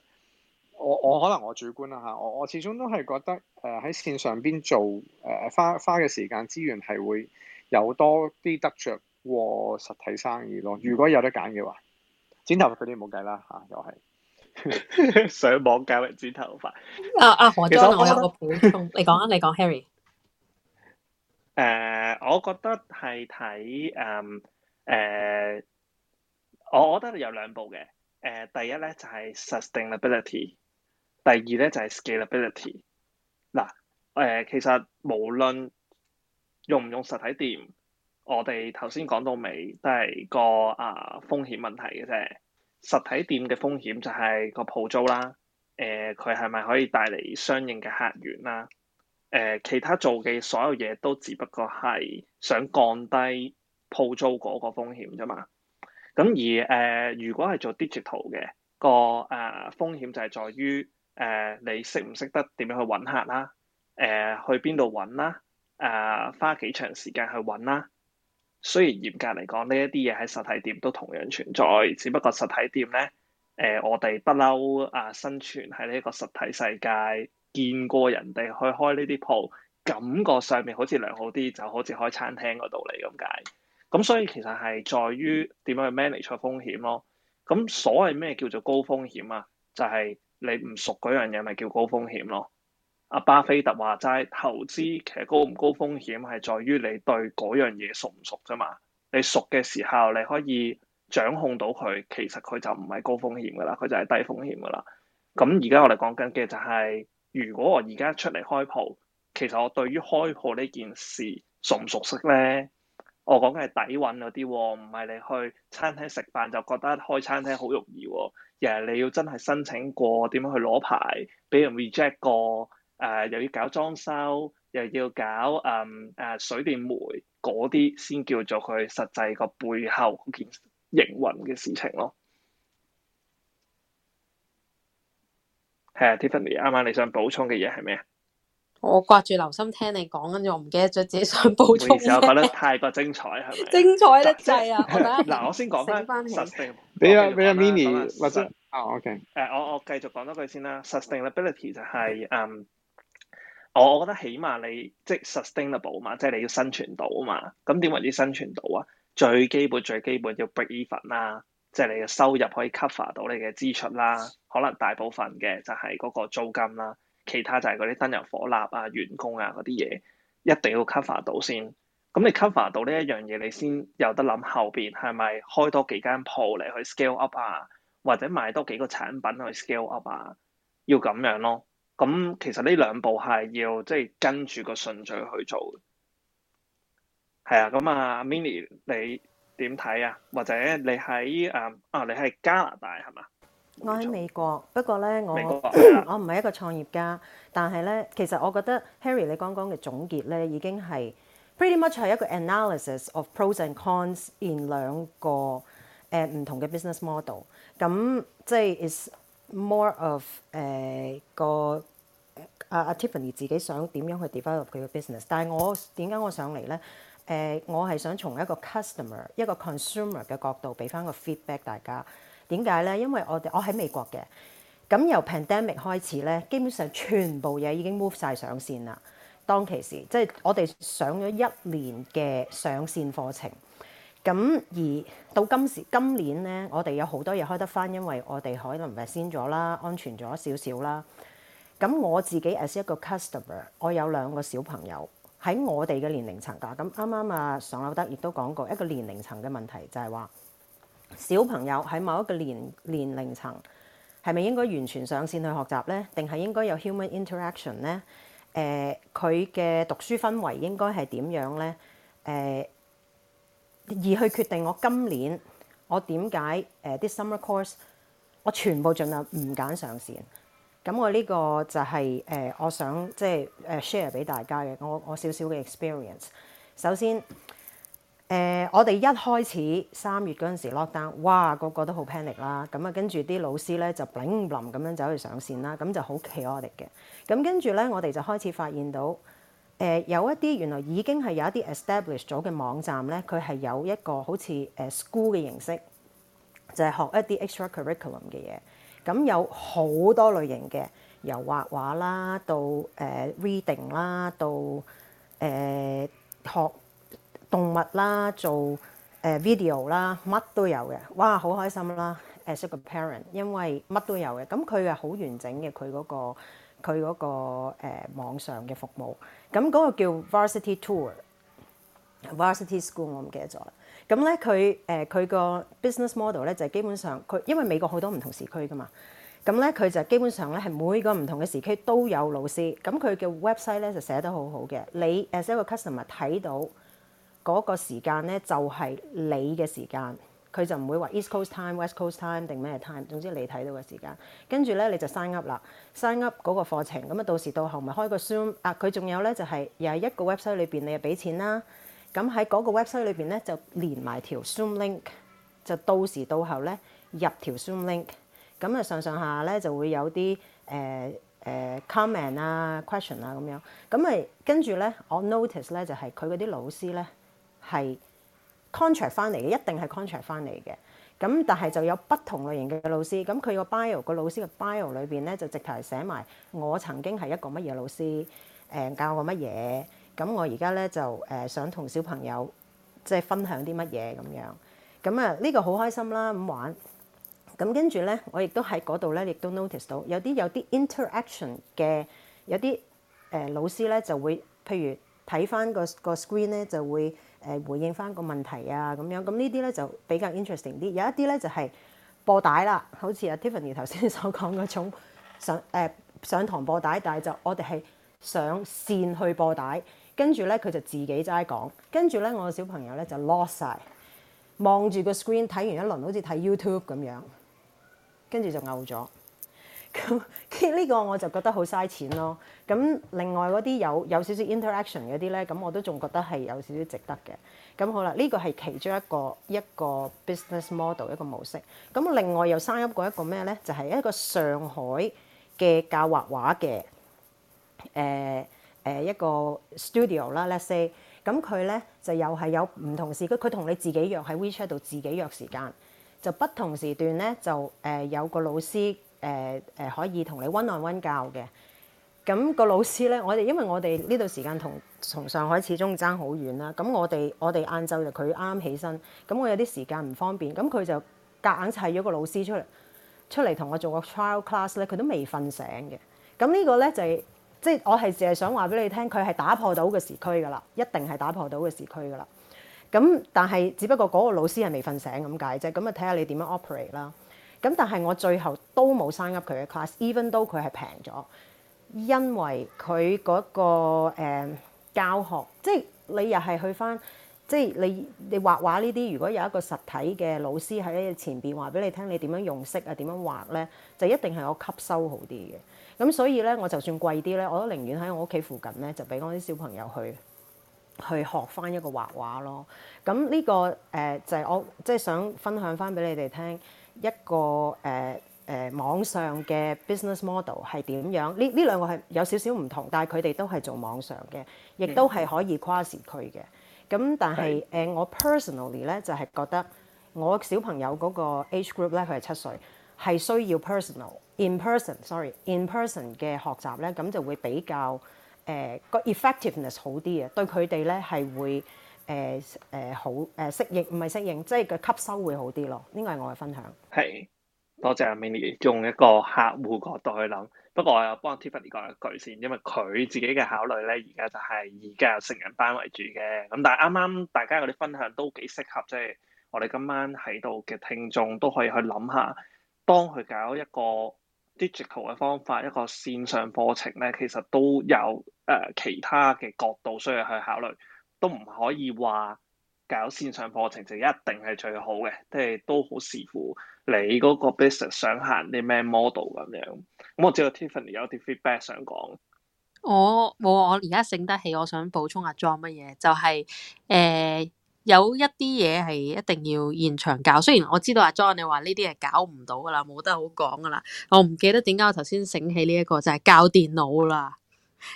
我我可能我主觀啦吓，我我始終都係覺得誒喺、呃、線上邊做誒、呃、花花嘅時間資源係會有多啲得着喎、哦、實體生意咯。如果有得揀嘅話，嗯、剪頭髮嗰啲冇計啦嚇，又係 (laughs) (laughs) 上網教人剪頭髮。啊啊何實我有個補充。 (laughs) 你講啊，你講 Harry。誒、呃，我覺得係睇誒誒，我覺得有兩步嘅。誒、呃，第一咧就係、是、sustainability，第二咧就係、是、scalability。嗱、呃，誒、呃、其實無論用唔用實體店？我哋頭先講到尾都係個啊風險問題嘅啫。實體店嘅風險就係個鋪租啦。誒、呃，佢係咪可以帶嚟相應嘅客源啦？誒、呃，其他做嘅所有嘢都只不過係想降低鋪租嗰個風險啫嘛。咁而誒、呃，如果係做 digital 嘅個誒、呃、風險就係在於誒、呃、你識唔識得點樣去搵客啦？誒、呃，去邊度搵啦？誒、啊、花幾長時間去揾啦。雖然嚴格嚟講，呢一啲嘢喺實體店都同樣存在，只不過實體店呢，誒、呃、我哋不嬲啊生存喺呢一個實體世界，見過人哋去開呢啲鋪，感覺上面好似良好啲，就好似開餐廳嗰度嚟咁解。咁所以其實係在於點樣去 manage 風險咯。咁所謂咩叫做高風險啊？就係、是、你唔熟嗰樣嘢，咪叫高風險咯。阿巴菲特話齋，投資其實高唔高風險係在於你對嗰樣嘢熟唔熟啫嘛。你熟嘅時候，你可以掌控到佢，其實佢就唔係高風險噶啦，佢就係低風險噶啦。咁而家我哋講緊嘅就係、是，如果我而家出嚟開鋪，其實我對於開鋪呢件事熟唔熟悉咧？我講緊係底蘊嗰啲，唔係你去餐廳食飯就覺得開餐廳好容易、喎，而係你要真係申請過，點樣去攞牌，俾人 reject 過。誒、uh, 又要搞裝修，又要搞誒誒、um, uh, 水電煤嗰啲，先叫做佢實際個背後件營運嘅事情咯。係、yeah, 啊，Tiffany，啱啱你想補充嘅嘢係咩啊？我掛住留心聽你講，跟住我唔記得咗自己想補充嘅。我覺得太過精彩係咪？是是精彩得滯啊！嗱，我先講翻，實體。比較比較 mini 或者 OK 誒，我我繼續講多句先啦。Sustainability 就係、是、誒。Um, okay. 我覺得起碼你即係 sustainable 嘛，即係你要生存到啊嘛。咁點為之生存到啊？最基本最基本要 breakeven 啦，即係你嘅收入可以 cover 到你嘅支出啦。可能大部分嘅就係嗰個租金啦，其他就係嗰啲燈油火蠟啊、員工啊嗰啲嘢，一定要 cover 到先。咁你 cover 到呢一樣嘢，你先有得諗後邊係咪開多幾間鋪嚟去 scale up 啊，或者賣多幾個產品去 scale up 啊，要咁樣咯。咁其實呢兩步係要即係跟住個順序去做，係啊，咁啊，Minnie 你點睇啊？或者你喺誒啊，你喺加拿大係嘛？我喺美國，不過咧我國 (coughs) (coughs) 我唔係一個創業家，但係咧其實我覺得 Harry 你剛剛嘅總結咧已經係 pretty much 係一個 analysis of pros and cons in 兩個誒、uh, 唔同嘅 business model，咁即係 is。More of 誒、uh, 個阿、uh, Tiffany 自己想點樣去 develop 佢嘅 business，但係我點解我上嚟咧？誒、uh，我係想從一個 customer、一個 consumer 嘅角度俾返個 feedback 大家。點解咧？因為我哋我喺美國嘅，咁由 pandemic 開始咧，基本上全部嘢已經 move 晒上線啦。當其時，即、就、係、是，我哋上咗一年嘅上線課程。咁而到今時今年呢，我哋有好多嘢開得返，因為我哋可能 vaccine 咗啦，安全咗少少啦。咁我自己 as 一個 customer，我有兩個小朋友喺我哋嘅年齡層㗎。咁啱啱啊，上立德亦都講過一個年齡層嘅問題，就係、係、話小朋友喺某一個年年齡層係咪應該完全上線去學習呢？定係應該有 human interaction 呢？誒、呃，佢嘅讀書氛圍應該係點樣呢？誒、呃？而去決定我今年我點解誒啲 summer course 我全部盡量唔揀上線，咁我呢個就係、是、誒、呃、我想即係誒 share 俾大家嘅，我我少少嘅 experience。首先誒、呃，我哋一開始三月嗰陣時 lock down，哇，個、那個都好 panic 啦，咁啊跟住啲老師咧就 bling bling 咁樣走去上線啦，咁、啊、就好 care 我哋嘅。咁、啊、跟住咧，我哋就開始發現到。誒、呃、有一啲原來已經係有一啲 establish 咗嘅網站咧，佢係有一個好似誒、呃、school 嘅形式，就係、是、學一啲 extra curriculum 嘅嘢。咁、嗯、有好多類型嘅，由畫畫啦，到誒 reading 啦，到誒、呃、學動物啦，做誒、呃、video 啦，乜都有嘅。哇，好開心啦！As a parent，因為乜都有嘅，咁佢係好完整嘅，佢嗰、那個。佢嗰個誒網上嘅服務，咁、那、嗰個叫 Varsity Tour Varsity School，我唔記得咗啦。咁咧佢誒佢個 business model 咧就係基本上，佢因為美國好多唔同時區噶嘛，咁咧佢就基本上咧係每個唔同嘅時區都有老師。咁佢嘅 website 咧就寫得好好嘅，你 as 一個 customer 睇到嗰個時間咧就係你嘅時間。佢就唔會話 East Coast Time、West Coast Time 定咩 time，總之你睇到嘅時間，跟住咧你就 sign up 啦，sign up 嗰個課程，咁啊到時到後咪開個 Zoom，啊佢仲有咧就係、是、又係一個 website 裏邊，你啊俾錢啦，咁喺嗰個 website 裏邊咧就連埋條 Zoom link，就到時到後咧入條 Zoom link，咁、嗯、啊上上下咧就會有啲誒誒 comment 啊、question 啊咁樣，咁咪跟住咧我 notice 咧就係佢嗰啲老師咧係。contract 翻嚟嘅一定係 contract 翻嚟嘅，咁但係就有不同類型嘅老師，咁佢個 bio 個老師嘅 bio 裏邊咧就直頭係寫埋我曾經係一個乜嘢老師，誒、呃、教過乜嘢，咁我而家咧就誒、呃、想同小朋友即係分享啲乜嘢咁樣，咁啊呢個好開心啦，咁玩，咁跟住咧我亦都喺嗰度咧亦都 notice 到有啲有啲 interaction 嘅有啲誒、呃、老師咧就會譬如睇翻個個 screen 咧就會。誒，回應翻個問題啊，咁樣，咁呢啲咧就比較 interesting 啲。有一啲咧就係播帶啦，好似阿 Tiffany 頭先所講嗰種、呃、上誒上堂播帶，但係就我哋係上線去播帶，跟住咧佢就自己齋講，跟住咧我個小朋友咧就 lost 曬，望住個 screen 睇完一輪好似睇 YouTube 咁樣，跟住就嘔咗。咁，呢 (laughs) 個我就覺得好嘥錢咯。咁另外嗰啲有有少少 interaction 嗰啲咧，咁我都仲覺得係有少少值得嘅。咁好啦，呢個係其中一個一個 business model 一個模式。咁另外又生音過一個咩咧？就係、是、一個上海嘅教畫畫嘅誒誒一個 studio 啦。Let's say 咁佢咧就又係有唔同時佢佢同你自己約喺 WeChat 度自己約時間，就不同時段咧就誒、呃、有個老師。誒誒、呃呃，可以同你 one on one 教嘅，咁、那個老師咧，我哋因為我哋呢度時間同同上海始終爭好遠啦，咁我哋我哋晏晝就佢啱起身，咁我有啲時間唔方便，咁佢就夾硬砌咗個老師出嚟，出嚟同我做個 trial class 咧，佢都未瞓醒嘅，咁呢個咧就係、是、即係我係淨係想話俾你聽，佢係打破到嘅時區噶啦，一定係打破到嘅時區噶啦，咁但係只不過嗰個老師係未瞓醒咁解啫，咁啊睇下你點樣 operate 啦。咁但係我最後都冇升級佢嘅 class，even though 佢係平咗，因為佢嗰、那個、嗯、教學，即係你又係去翻，即係你你畫畫呢啲。如果有一個實體嘅老師喺你前邊話俾你聽，你點樣用色啊？點樣畫咧，就一定係我吸收好啲嘅。咁所以咧，我就算貴啲咧，我都寧願喺我屋企附近咧，就俾我啲小朋友去去學翻一個畫畫咯。咁呢、這個誒、呃、就係、是、我即係、就是、想分享翻俾你哋聽。一個誒誒、呃呃、網上嘅 business model 係點樣？呢呢兩個係有少少唔同，但係佢哋都係做網上嘅，亦都係可以跨時區嘅。咁但係誒的、呃，我 personally 咧就係、是、覺得我小朋友嗰個 age group 咧佢係七歲，係需要 personal in person sorry in person 嘅學習咧，咁就會比較誒、呃、個 effectiveness 好啲呀，對佢哋咧係會。誒誒、呃呃、好誒、呃、適應，唔係適應，即係佢吸收會好啲咯。呢個係我嘅分享。係，hey, 多謝阿 Minnie 用一個客戶角度去諗，不過我又幫 Tiffany 講一句先，因為佢自己嘅考慮咧，而家就係而家成人班為主嘅。咁但係啱啱大家嗰啲分享都幾適合，即係我哋今晚喺度嘅聽眾都可以去諗下，當佢搞一個 digital 嘅方法，一個線上課程咧，其實都有誒、呃、其他嘅角度需要去考慮。都唔可以話搞線上課程就一定係最好嘅，即係都好視乎你嗰個 business 想行啲咩 model 咁樣。咁、嗯、我知道 Tiffany 有啲 feedback 想講。我冇，我而家醒得起，我想補充阿 John 乜嘢，就係、是、誒、呃、有一啲嘢係一定要現場教。雖然我知道阿 John 你話呢啲係搞唔到噶啦，冇得好講噶啦。我唔記得點解我頭先醒起呢、這、一個就係、是、教電腦啦。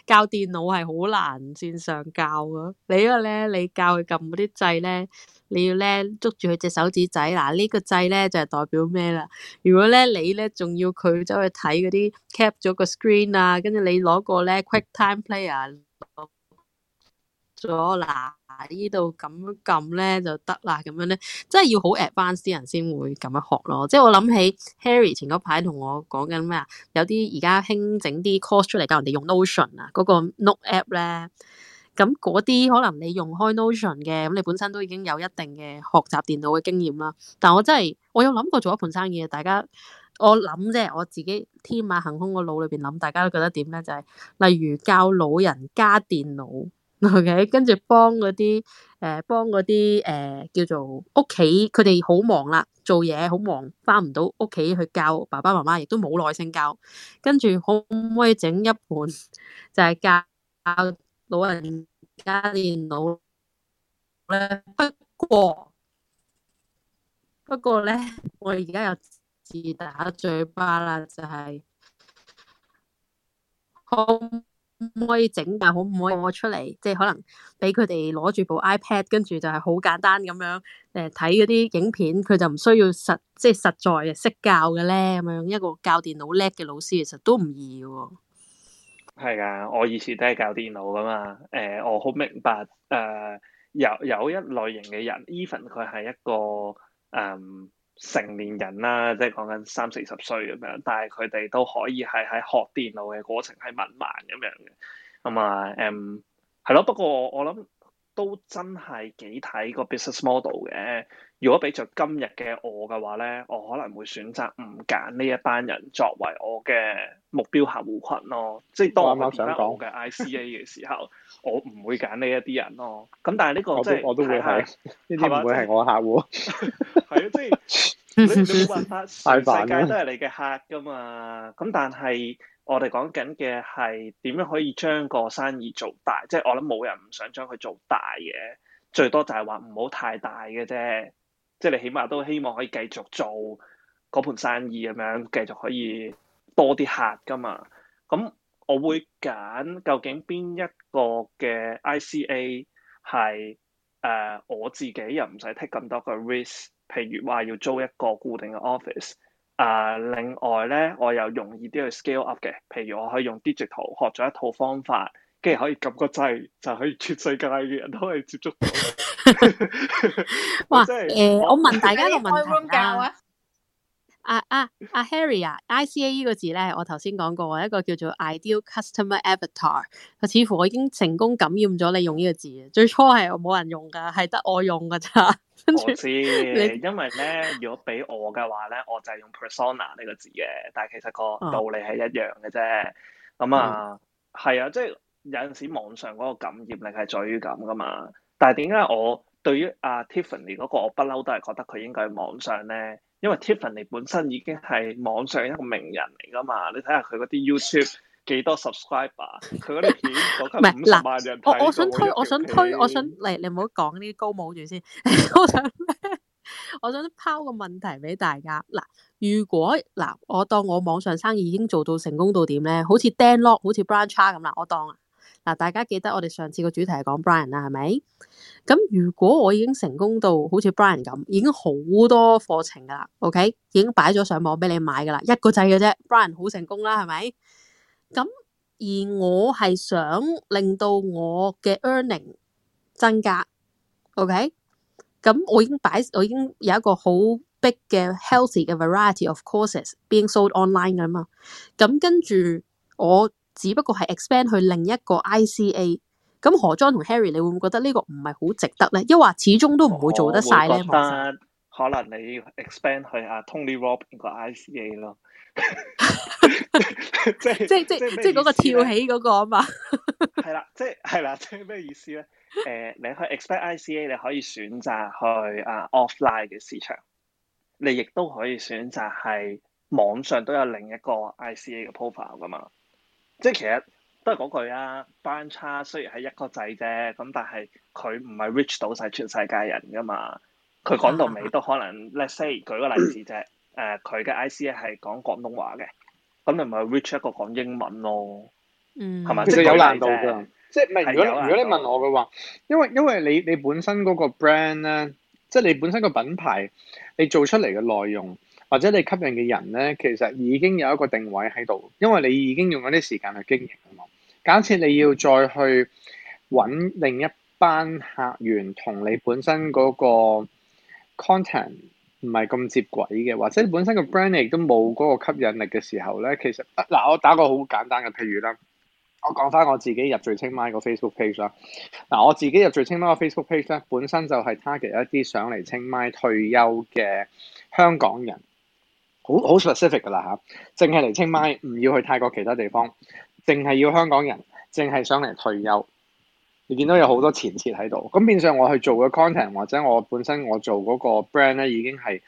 教電腦係好難線上教噶，你因為咧，你教佢撳嗰啲掣咧，你要咧捉住佢隻手指仔。嗱，這個、呢個掣咧就係、是、代表咩啦？如果咧你咧仲要佢走去睇嗰啲 cap 咗個 screen 啊，跟住你攞個咧 QuickTime Player。咗嗱、啊、呢度咁撳咧就得啦，咁樣咧真係要好 advanced 啲人先會咁樣學咯。即係我諗起 Harry 前嗰排同我講緊咩啊？有啲而家興整啲 course 出嚟教人哋用 Notion 啊，嗰個 Note App 咧。咁嗰啲可能你用開 Notion 嘅，咁你本身都已經有一定嘅學習電腦嘅經驗啦。但我真係我有諗過做一盤生意，大家我諗即係我自己天馬行空個腦裏邊諗，大家都覺得點咧？就係、是、例如教老人家電腦。OK，跟住幫嗰啲誒，幫嗰啲誒叫做屋企，佢哋好忙啦，做嘢好忙，翻唔到屋企去教爸爸媽媽，亦都冇耐性教。跟住可唔可以整一盤就係教老人家電腦咧？不過不過咧，我哋而家又自打嘴巴啦，就係空。唔可以整但可唔可以攞出嚟？即係可能俾佢哋攞住部 iPad，跟住就係好簡單咁樣誒，睇嗰啲影片，佢就唔需要實即係實在嘅識教嘅咧。咁樣一個教電腦叻嘅老師，其實都唔易嘅、哦。係啊，我以前都係教電腦噶嘛。誒、呃，我好明白誒、呃，有有一類型嘅人，even 佢係一個誒。嗯成年人啦，即係講緊三四十歲咁樣，但係佢哋都可以係喺學電腦嘅過程係文盲咁樣嘅。咁啊，嗯，係咯，不過我我諗都真係幾睇個 business model 嘅。如果畀着今日嘅我嘅話咧，我可能會選擇唔揀呢一班人作為我嘅目標客戶群咯。即係當我頭先講我嘅 ICA 嘅時候，我唔會揀呢一啲人咯。咁但係呢個即係睇下會唔吧會係我嘅客戶？ (laughs) 即係、啊就是、你冇辦法全世界都係你嘅客㗎嘛？咁但係我哋講緊嘅係點樣可以將個生意做大？即係我諗冇人唔想將佢做大嘅，最多就係話唔好太大嘅啫。即係你起碼都希望可以繼續做嗰盤生意咁樣，繼續可以多啲客㗎嘛。咁我會揀究竟邊一個嘅 ICA 係誒、呃、我自己又唔使 take 咁多個 risk。譬如話要租一個固定嘅 office 啊、呃，另外呢我又容易啲去 scale up 嘅。譬如我可以用 digital 學咗一套方法。即係可以撳個掣，就可以全世界嘅人都可以接觸到。 (laughs) (laughs) 哇！即係，我問大家一個問題啊。阿阿阿 Harry 啊，啊，ICA 呢個字咧，我頭先講過一個叫做 Ideal Customer Avatar。我似乎我已經成功感染咗你用呢個字。最初係冇人用噶，係得我用噶咋。 (laughs) 我知，因為咧，如果俾我嘅話咧，我就係用 Persona 呢個字嘅，但係其實個道理係一樣嘅啫。咁、哦嗯、啊，係啊，即係、啊。有陣時網上嗰個感染力係在於咁噶嘛，但係點解我對於阿 Tiffany 嗰、嗰個我不嬲都係覺得佢應該係網上咧？因為 Tiffany 本身已經係網上一個名人嚟噶嘛，你睇下佢嗰啲 YouTube 幾多 subscriber，佢嗰啲片嗰間五十萬人睇。我想推我想推我想，嚟、哎。你唔好講呢啲高帽住先， (laughs) 我想 (laughs) 我想拋個問題俾大家嗱、啊，如果嗱、啊、我當我網上生意已經做到成功到點咧，好似 Dan Lock 好似 Branch 咁嗱，我當啊～嗱，大家記得我哋上次個主題係講 Brian 啦，係咪？咁如果我已經成功到好似 Brian 咁，已經好多課程噶啦，OK，已經擺咗上網俾你買噶啦，一個掣嘅啫。Brian 好成功啦，係咪？咁而我係想令到我嘅 earning 增加，OK，咁我已經擺，我已經有一個好 big 嘅 healthy 嘅 variety of courses being sold online 噶嘛，咁跟住我。只不過係 expand 去另一個 ICA，咁何莊同 Harry，你會唔會覺得呢個唔係好值得咧？抑或始終都唔會做得晒咧。我覺得可能你要 expand 去啊 Tony Rob 一個 ICA 咯， (laughs) (laughs) 即係 (laughs) 即係即係即係嗰個跳起嗰個啊嘛。係 (laughs) 啦，啦，啦，即係係啦，即係咩意思咧？誒、呃，你去 expand ICA，你可以選擇去啊、uh, offline 嘅市場，你亦都可以選擇係網上都有另一個 ICA 嘅 profile 噶嘛。即係其實都係嗰句啊，班差雖然係一個仔啫，咁但係佢唔係 reach 到晒全世界人噶嘛。佢講到尾都可能 (laughs) ，let's say 舉個例子啫。誒、呃，佢嘅 IC 係講廣東話嘅，咁你唔係 reach 一個講英文咯？嗯，係咪其實有難度㗎？即係唔係？如果你問我嘅話，因為因為你你本身嗰個 brand 咧，即係你本身個品牌，你做出嚟嘅內容。或者你吸引嘅人咧，其實已經有一個定位喺度，因為你已經用咗啲時間去經營啊嘛。假設你要再去揾另一班客源，同你本身嗰個 content 唔係咁接軌嘅，或者你本身個 brand 亦都冇嗰個吸引力嘅時候咧，其實嗱、啊，我打個好簡單嘅譬如啦，我講翻我自己入最清邁個 Facebook page 啦。嗱、啊，我自己入最清邁個 Facebook page 咧，本身就係 target 一啲上嚟清邁退休嘅香港人。好好 specific 噶啦吓，淨係嚟清邁，唔要去泰國其他地方，淨係要香港人，淨係想嚟退休。你見到有好多前設喺度，咁變相我去做嘅 content 或者我本身我做嗰個 brand 咧，已經係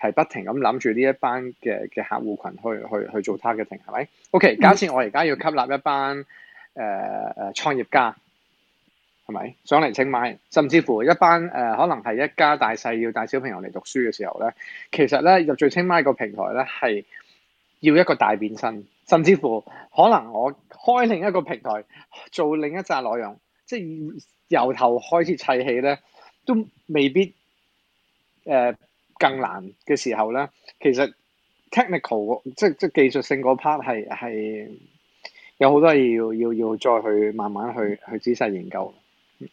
係不停咁諗住呢一班嘅嘅客戶群去去去做 targeting 係咪？OK，假設我而家要吸納一班誒誒、呃、創業家。咪上嚟清邁，甚至乎一班誒、呃、可能係一家大細要帶小朋友嚟讀書嘅時候咧，其實咧入最清邁個平台咧係要一個大變身，甚至乎可能我開另一個平台做另一紮內容，即係由頭開始砌起咧，都未必誒、呃、更難嘅時候咧，其實 technical 即係即係技術性嗰 part 係係有好多嘢要要要再去慢慢去去仔細研究。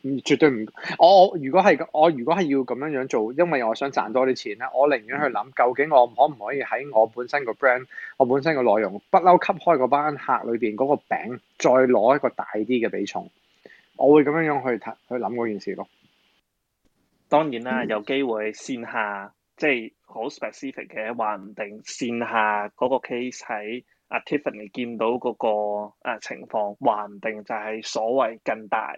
唔絕對唔，我如果係我如果係要咁樣樣做，因為我想賺多啲錢咧，我寧願去諗究竟我可唔可以喺我本身個 brand，我本身個內容不嬲吸開嗰班客裏邊嗰個餅，再攞一個大啲嘅比重，我會咁樣樣去睇去諗嗰件事咯。當然啦，有機會線下即係好 specific 嘅，話唔定線下嗰個 case 喺阿 Tiffany 見到嗰個誒情況，話唔定就係所謂更大。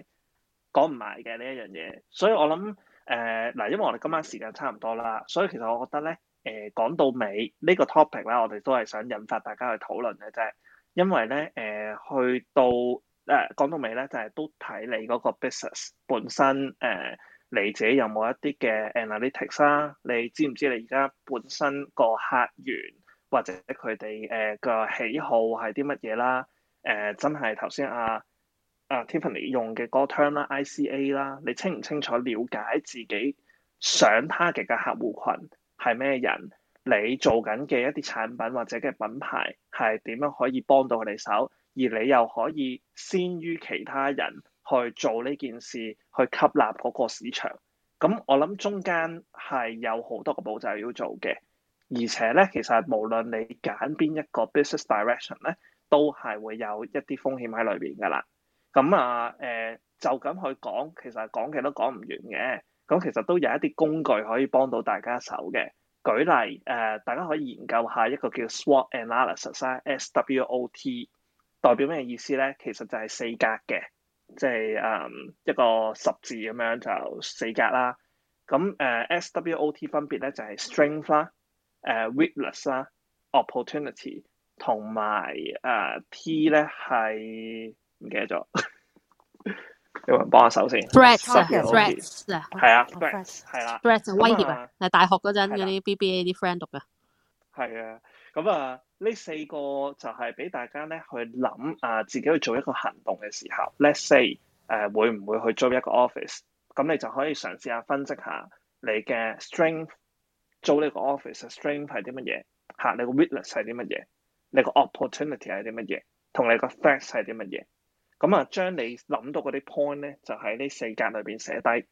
講唔埋嘅呢一樣嘢，所以我諗誒嗱，因為我哋今晚時間差唔多啦，所以其實我覺得咧誒、呃、講到尾呢、呢個 topic 咧，我哋都係想引發大家去討論嘅啫。因為咧誒、呃、去到誒、呃、講到尾咧，就係、是、都睇你嗰個 business 本身誒、呃，你自己有冇一啲嘅 analytics 啦、啊？你知唔知你而家本身個客源或者佢哋誒個喜好係啲乜嘢啦？誒、呃、真係頭先啊。啊、uh，Tiffany 用嘅嗰 turn 啦、ICA 啦，你清唔清楚了解自己想 target 嘅客戶群係咩人？你做緊嘅一啲產品或者嘅品牌係點樣可以幫到佢哋手，而你又可以先於其他人去做呢件事，去吸納嗰個市場，咁我諗中間係有好多個步驟要做嘅，而且咧其實無論你揀邊一個 business direction 咧，都係會有一啲風險喺裏邊噶啦。咁啊，誒、呃、就咁去講，其實講極都講唔完嘅。咁其實都有一啲工具可以幫到大家手嘅。舉例誒、呃，大家可以研究一下一個叫 SWOT analysis 啊，S W O T 代表咩意思咧？其實就係四格嘅，即係誒、嗯、一個十字咁樣就四格啦。咁誒、呃、S W O T 分別咧就係 strength 啦、誒 weakness 啦、opportunity 同埋誒 T 咧係。唔記得咗，有冇人幫下手先？Threats，啊，Threats 係啊，Threats 係啦，threat 就威脅啊。嚟、啊、大學嗰陣嗰啲 BBA 啲 friend 讀噶，係啊。咁、嗯、啊，呢四個就係俾大家咧去諗啊，自己去做一個行動嘅時候，let’s say 誒、啊、會唔會去租一個 office？咁你就可以嘗試下分析下你嘅 strength 租呢個 office，strength 係啲乜嘢？吓，你個 weakness 係啲乜嘢？你個 opportunity 係啲乜嘢？同你個 threat 係啲乜嘢？咁啊，將你諗到嗰啲 point 咧，就喺呢四格裏邊寫低。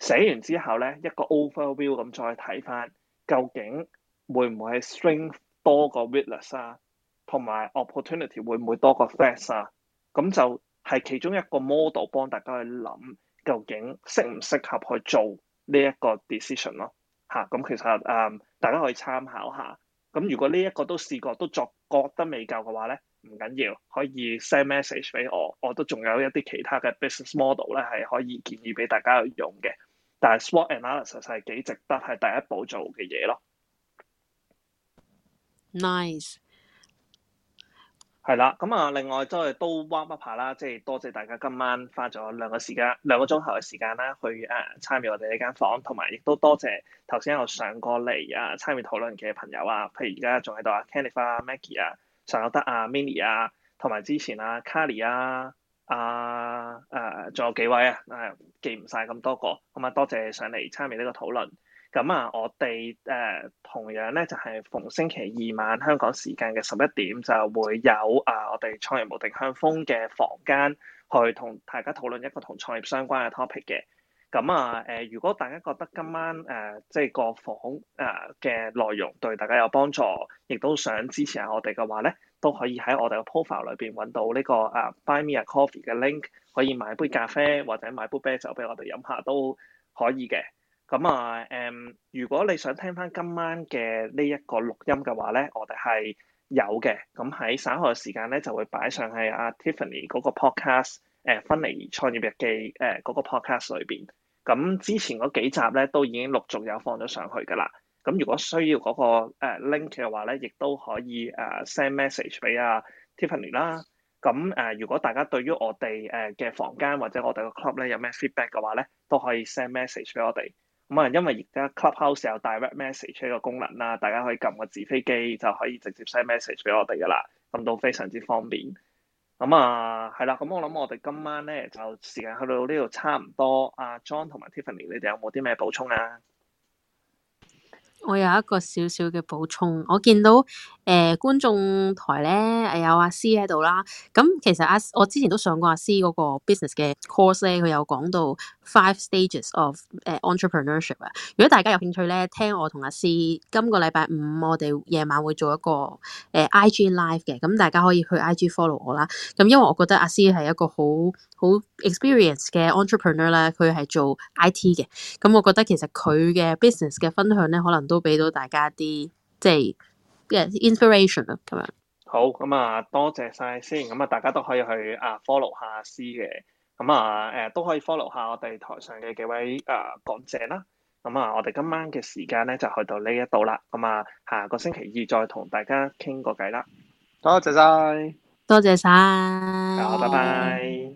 寫完之後咧，一個 overview 咁再睇翻，究竟會唔會係 strength 多過 weakness 啊？同埋 opportunity 會唔會多過 threat 啊？咁就係其中一個 model 幫大家去諗，究竟適唔適合去做呢一個 decision 咯？吓、啊，咁、嗯、其實誒、呃、大家可以參考下。咁、啊、如果呢一個都試過都作覺得未夠嘅話咧？唔緊要，可以 send message 俾我，我都仲有一啲其他嘅 business model 咧，係可以建議俾大家去用嘅。但係 SWOT analysis 係幾值得係第一步做嘅嘢咯。Nice，係啦，咁啊，另外周都係都 warm up 下啦，即係多謝大家今晚花咗兩個時間兩個鐘頭嘅時間啦，去、啊、誒參與我哋呢間房，同埋亦都多謝頭先我上過嚟啊參與討論嘅朋友啊，譬如而家仲喺度啊 Candice 啊，Maggie 啊。尚有得阿 Minnie 啊，同埋之前啊 Kali 啊，啊誒，仲有幾位啊，誒記唔晒咁多個，咁啊多謝上嚟參與呢個討論。咁啊，我哋誒同樣咧就係、是、逢星期二晚香港時間嘅十一點，就會有啊我哋創業無定向瘋嘅房間去同大家討論一個同創業相關嘅 topic 嘅。咁啊，誒，如果大家覺得今晚誒、呃，即係個房誒嘅內容對大家有幫助，亦都想支持下我哋嘅話咧，都可以喺我哋嘅 profile 裏邊揾到呢、呢個啊 Buy Me A Coffee 嘅 link，可以買杯咖啡或者買杯啤酒俾我哋飲下都可以嘅。咁啊，誒、呃，如果你想聽翻今晚嘅呢一個錄音嘅話咧，我哋係有嘅。咁喺稍後嘅時間咧就會擺上係阿 Tiffany 嗰個 podcast。誒、呃、芬尼創業日記誒嗰、呃嗰個 podcast 裏邊，咁之前嗰幾集咧都已經陸續有放咗上去㗎啦。咁如果需要嗰、嗰個 link 嘅、呃、話咧，亦都可以誒 send、呃、message 俾阿 Tiffany 啦。咁誒、呃、如果大家對於我哋誒嘅房間或者我哋個 club 咧有咩 feedback 嘅話咧，都可以 send message 俾我哋。咁啊，因為而家 clubhouse 有 direct message 呢個功能啦，大家可以撳個紙飛機就可以直接 send message 俾我哋㗎啦。咁都非常之方便。咁啊，係啦、嗯，咁我諗我哋今晚咧就時間去到呢度差唔多。阿 John 同埋 Tiffany，你哋有冇啲咩補充啊？我有一個小小嘅補充，我見到誒、呃、觀眾台咧誒有阿 C 喺度啦，咁、嗯、其實阿我之前都上過阿 C 個 business 嘅 course 咧，佢有講到 five stages of 誒 entrepreneurship 啊。如果大家有興趣咧，聽我同阿 C 今個禮拜五我哋夜晚會做一個誒、呃、IG live 嘅，咁、嗯、大家可以去 IG follow 我啦。咁、嗯、因為我覺得阿 C 係一個好好 experience 嘅 entrepreneur 咧，佢係做 IT 嘅，咁、嗯、我覺得其實佢嘅 business 嘅分享咧，可能都～俾到大家啲即係啲、yeah, inspiration 啊，咁樣好咁啊，多謝晒先咁啊，大家可、啊啊啊呃、都可以去啊 follow 下 C 嘅咁啊，誒都可以 follow 下我哋台上嘅幾位誒講者啦。咁啊，我哋今晚嘅時間咧就去到呢一度啦。咁啊，下個星期二再同大家傾個偈啦。多謝晒，多謝晒，好，拜拜。